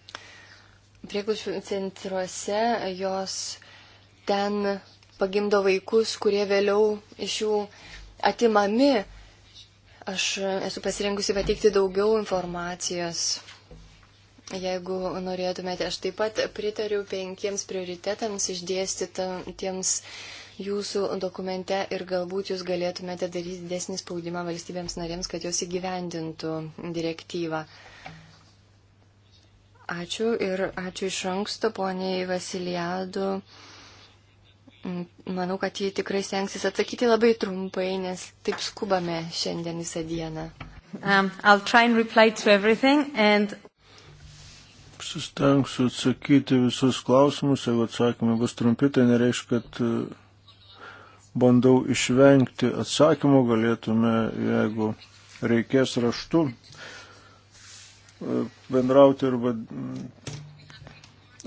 prieglušių centruose jos ten pagimdo vaikus, kurie vėliau iš jų atimami. Aš esu pasirengusi pateikti daugiau informacijos. Jeigu norėtumėte, aš taip pat pritariu penkiems prioritetams išdėstytiems jūsų dokumente ir galbūt jūs galėtumėte daryti didesnį spaudimą valstybėms narėms, kad jos įgyvendintų direktyvą. Ačiū ir ačiū iš anksto poniai Vasilijadu. Manau, kad jie tikrai stengsis atsakyti labai trumpai, nes taip skubame šiandien visą dieną. Um, and... Sustengsiu atsakyti visus klausimus, jeigu atsakymai bus trumpi, tai nereiškia, kad uh, bandau išvengti atsakymų, galėtume, jeigu reikės raštu bendrauti arba mm,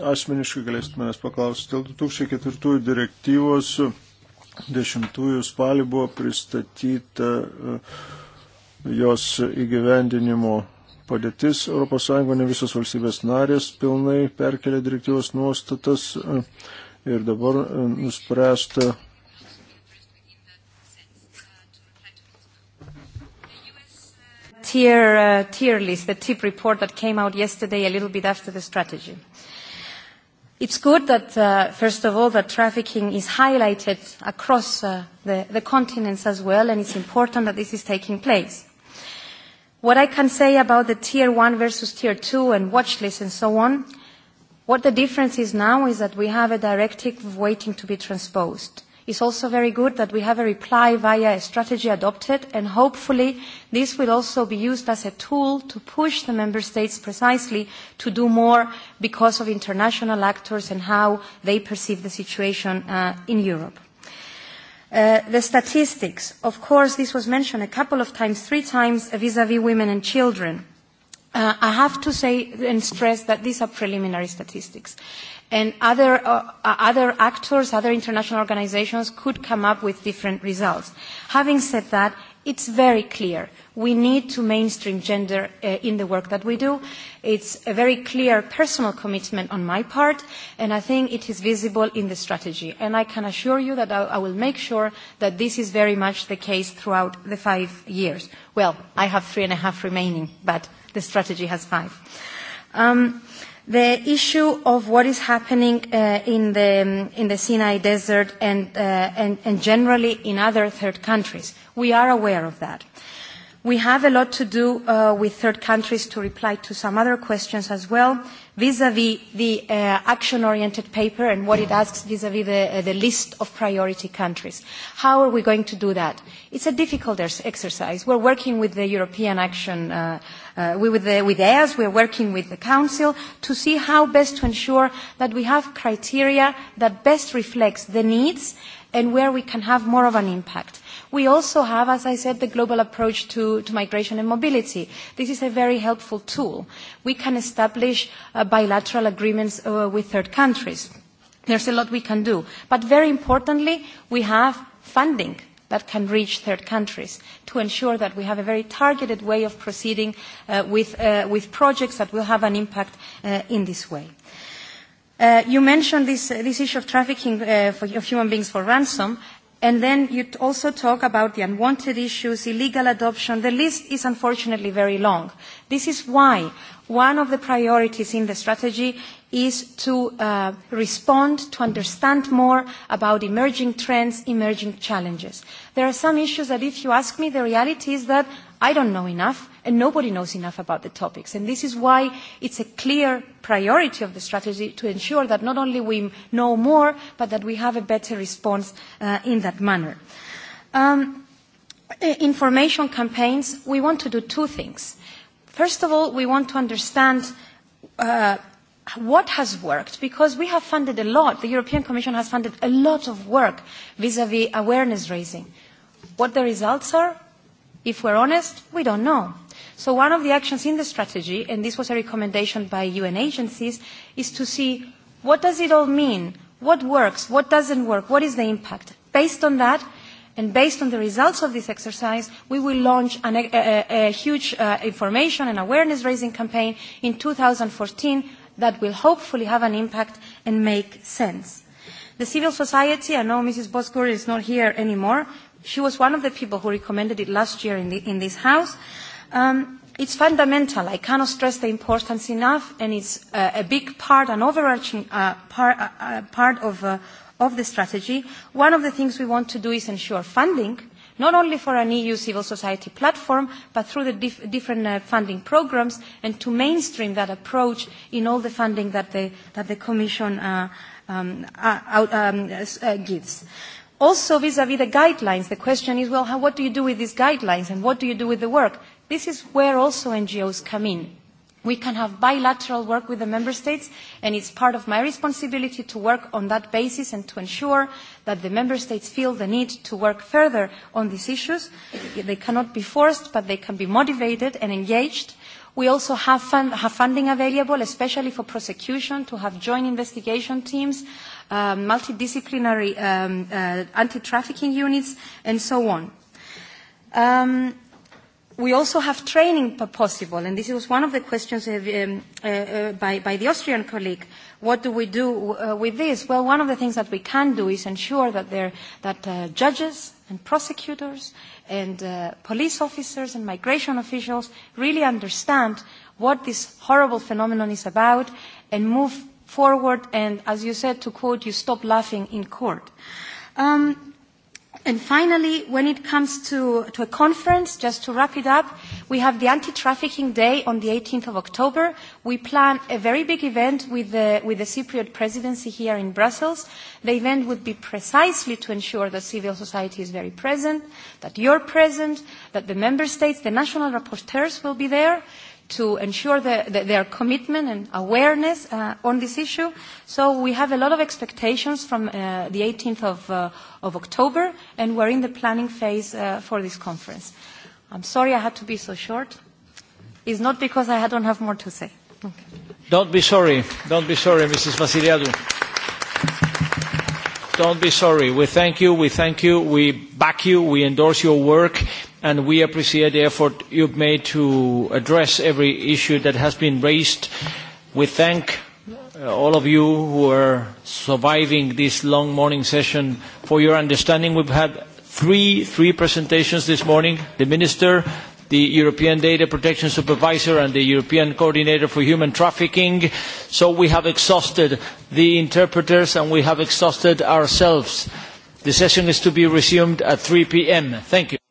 asmeniškai galėsit manęs paklausti. Dėl 2004 direktyvos 10 spalį buvo pristatyta e, jos įgyvendinimo padėtis. ES ne visos valstybės narės pilnai perkelė direktyvos nuostatas e, ir dabar e, nuspręsta tier, uh, tier list, the TIP report that came out yesterday a little bit after the strategy. It's good that, uh, first of all, that trafficking is highlighted across uh, the, the continents as well, and it's important that this is taking place. What I can say about the tier one versus tier two and watch lists and so on, what the difference is now is that we have a directive waiting to be transposed. It's also very good that we have a reply via a strategy adopted, and hopefully this will also be used as a tool to push the member states precisely to do more because of international actors and how they perceive the situation uh, in Europe. Uh, the statistics, of course, this was mentioned a couple of times, three times, vis-à-vis -vis women and children. Uh, I have to say and stress that these are preliminary statistics and other, uh, uh, other actors, other international organizations could come up with different results. Having said that, it's very clear. We need to mainstream gender uh, in the work that we do. It's a very clear personal commitment on my part, and I think it is visible in the strategy. And I can assure you that I, I will make sure that this is very much the case throughout the five years. Well, I have three and a half remaining, but the strategy has five. Um, The issue of what is happening uh, in, the, um, in the Sinai Desert and, uh, and, and generally in other third countries, we are aware of that. We have a lot to do uh, with third countries to reply to some other questions as well vis-à-vis -vis the uh, action-oriented paper and what it asks vis-à-vis -vis the, uh, the list of priority countries. How are we going to do that? It's a difficult exercise. We're working with the European Action, uh, uh, we, with, the, with EAS, we're working with the Council to see how best to ensure that we have criteria that best reflects the needs and where we can have more of an impact. We also have, as I said, the global approach to, to migration and mobility. This is a very helpful tool. We can establish uh, bilateral agreements uh, with third countries. There's a lot we can do. But very importantly, we have funding that can reach third countries to ensure that we have a very targeted way of proceeding uh, with, uh, with projects that will have an impact uh, in this way. Uh, you mentioned this, uh, this issue of trafficking uh, for, of human beings for ransom. And then you also talk about the unwanted issues, illegal adoption. The list is unfortunately very long. This is why one of the priorities in the strategy is to uh, respond, to understand more about emerging trends, emerging challenges. There are some issues that if you ask me, the reality is that I don't know enough and nobody knows enough about the topics. And this is why it's a clear priority of the strategy to ensure that not only we know more, but that we have a better response uh, in that manner. Um, information campaigns, we want to do two things. First of all, we want to understand uh, what has worked because we have funded a lot the european commission has funded a lot of work vis-a-vis -vis awareness raising what the results are if we're honest we don't know So one of the actions in the strategy, and this was a recommendation by UN agencies, is to see what does it all mean? What works? What doesn't work? What is the impact? Based on that, and based on the results of this exercise, we will launch an, a, a, a huge uh, information and awareness-raising campaign in 2014 that will hopefully have an impact and make sense. The civil society, I know Mrs. Bosgur is not here anymore. She was one of the people who recommended it last year in, the, in this House. Uh, Um, it's fundamental. I cannot stress the importance enough, and it's uh, a big part, an overarching uh, part, uh, uh, part of, uh, of the strategy. One of the things we want to do is ensure funding, not only for an EU civil society platform, but through the dif different uh, funding programs, and to mainstream that approach in all the funding that the, that the Commission uh, um, uh, um, uh, gives. Also, vis-à-vis -vis the guidelines, the question is, well, how, what do you do with these guidelines, and what do you do with the work? This is where also NGOs come in. We can have bilateral work with the member states, and it's part of my responsibility to work on that basis and to ensure that the member states feel the need to work further on these issues. They cannot be forced, but they can be motivated and engaged. We also have, fund, have funding available, especially for prosecution, to have joint investigation teams, uh, multidisciplinary um, uh, anti-trafficking units, and so on. Um, we also have training possible, and this was one of the questions um, uh, uh, by, by the Austrian colleague. What do we do uh, with this? Well, one of the things that we can do is ensure that, there, that uh, judges and prosecutors and uh, police officers and migration officials really understand what this horrible phenomenon is about and move forward and, as you said, to quote, you stop laughing in court. Um, And finally, when it comes to, to a conference, just to wrap it up, we have the Anti-Trafficking Day on the 18th of October. We plan a very big event with the, with the Cypriot presidency here in Brussels. The event would be precisely to ensure that civil society is very present, that you're present, that the member states, the national rapporteurs will be there to ensure the, the, their commitment and awareness uh, on this issue. So we have a lot of expectations from uh, the 18th of uh, of October, and we're in the planning phase uh, for this conference. I'm sorry I had to be so short. It's not because I don't have more to say. Okay. Don't be sorry. Don't be sorry, Mrs. Vasiliadou. Don't be sorry. We thank you. We thank you. We back you. We endorse your work and we appreciate the effort you've made to address every issue that has been raised. We thank Uh, all of you who are surviving this long morning session for your understanding. We've had three, three presentations this morning, the Minister, the European Data Protection Supervisor and the European Coordinator for Human Trafficking. So we have exhausted the interpreters and we have exhausted ourselves. The session is to be resumed at 3 p.m. Thank you.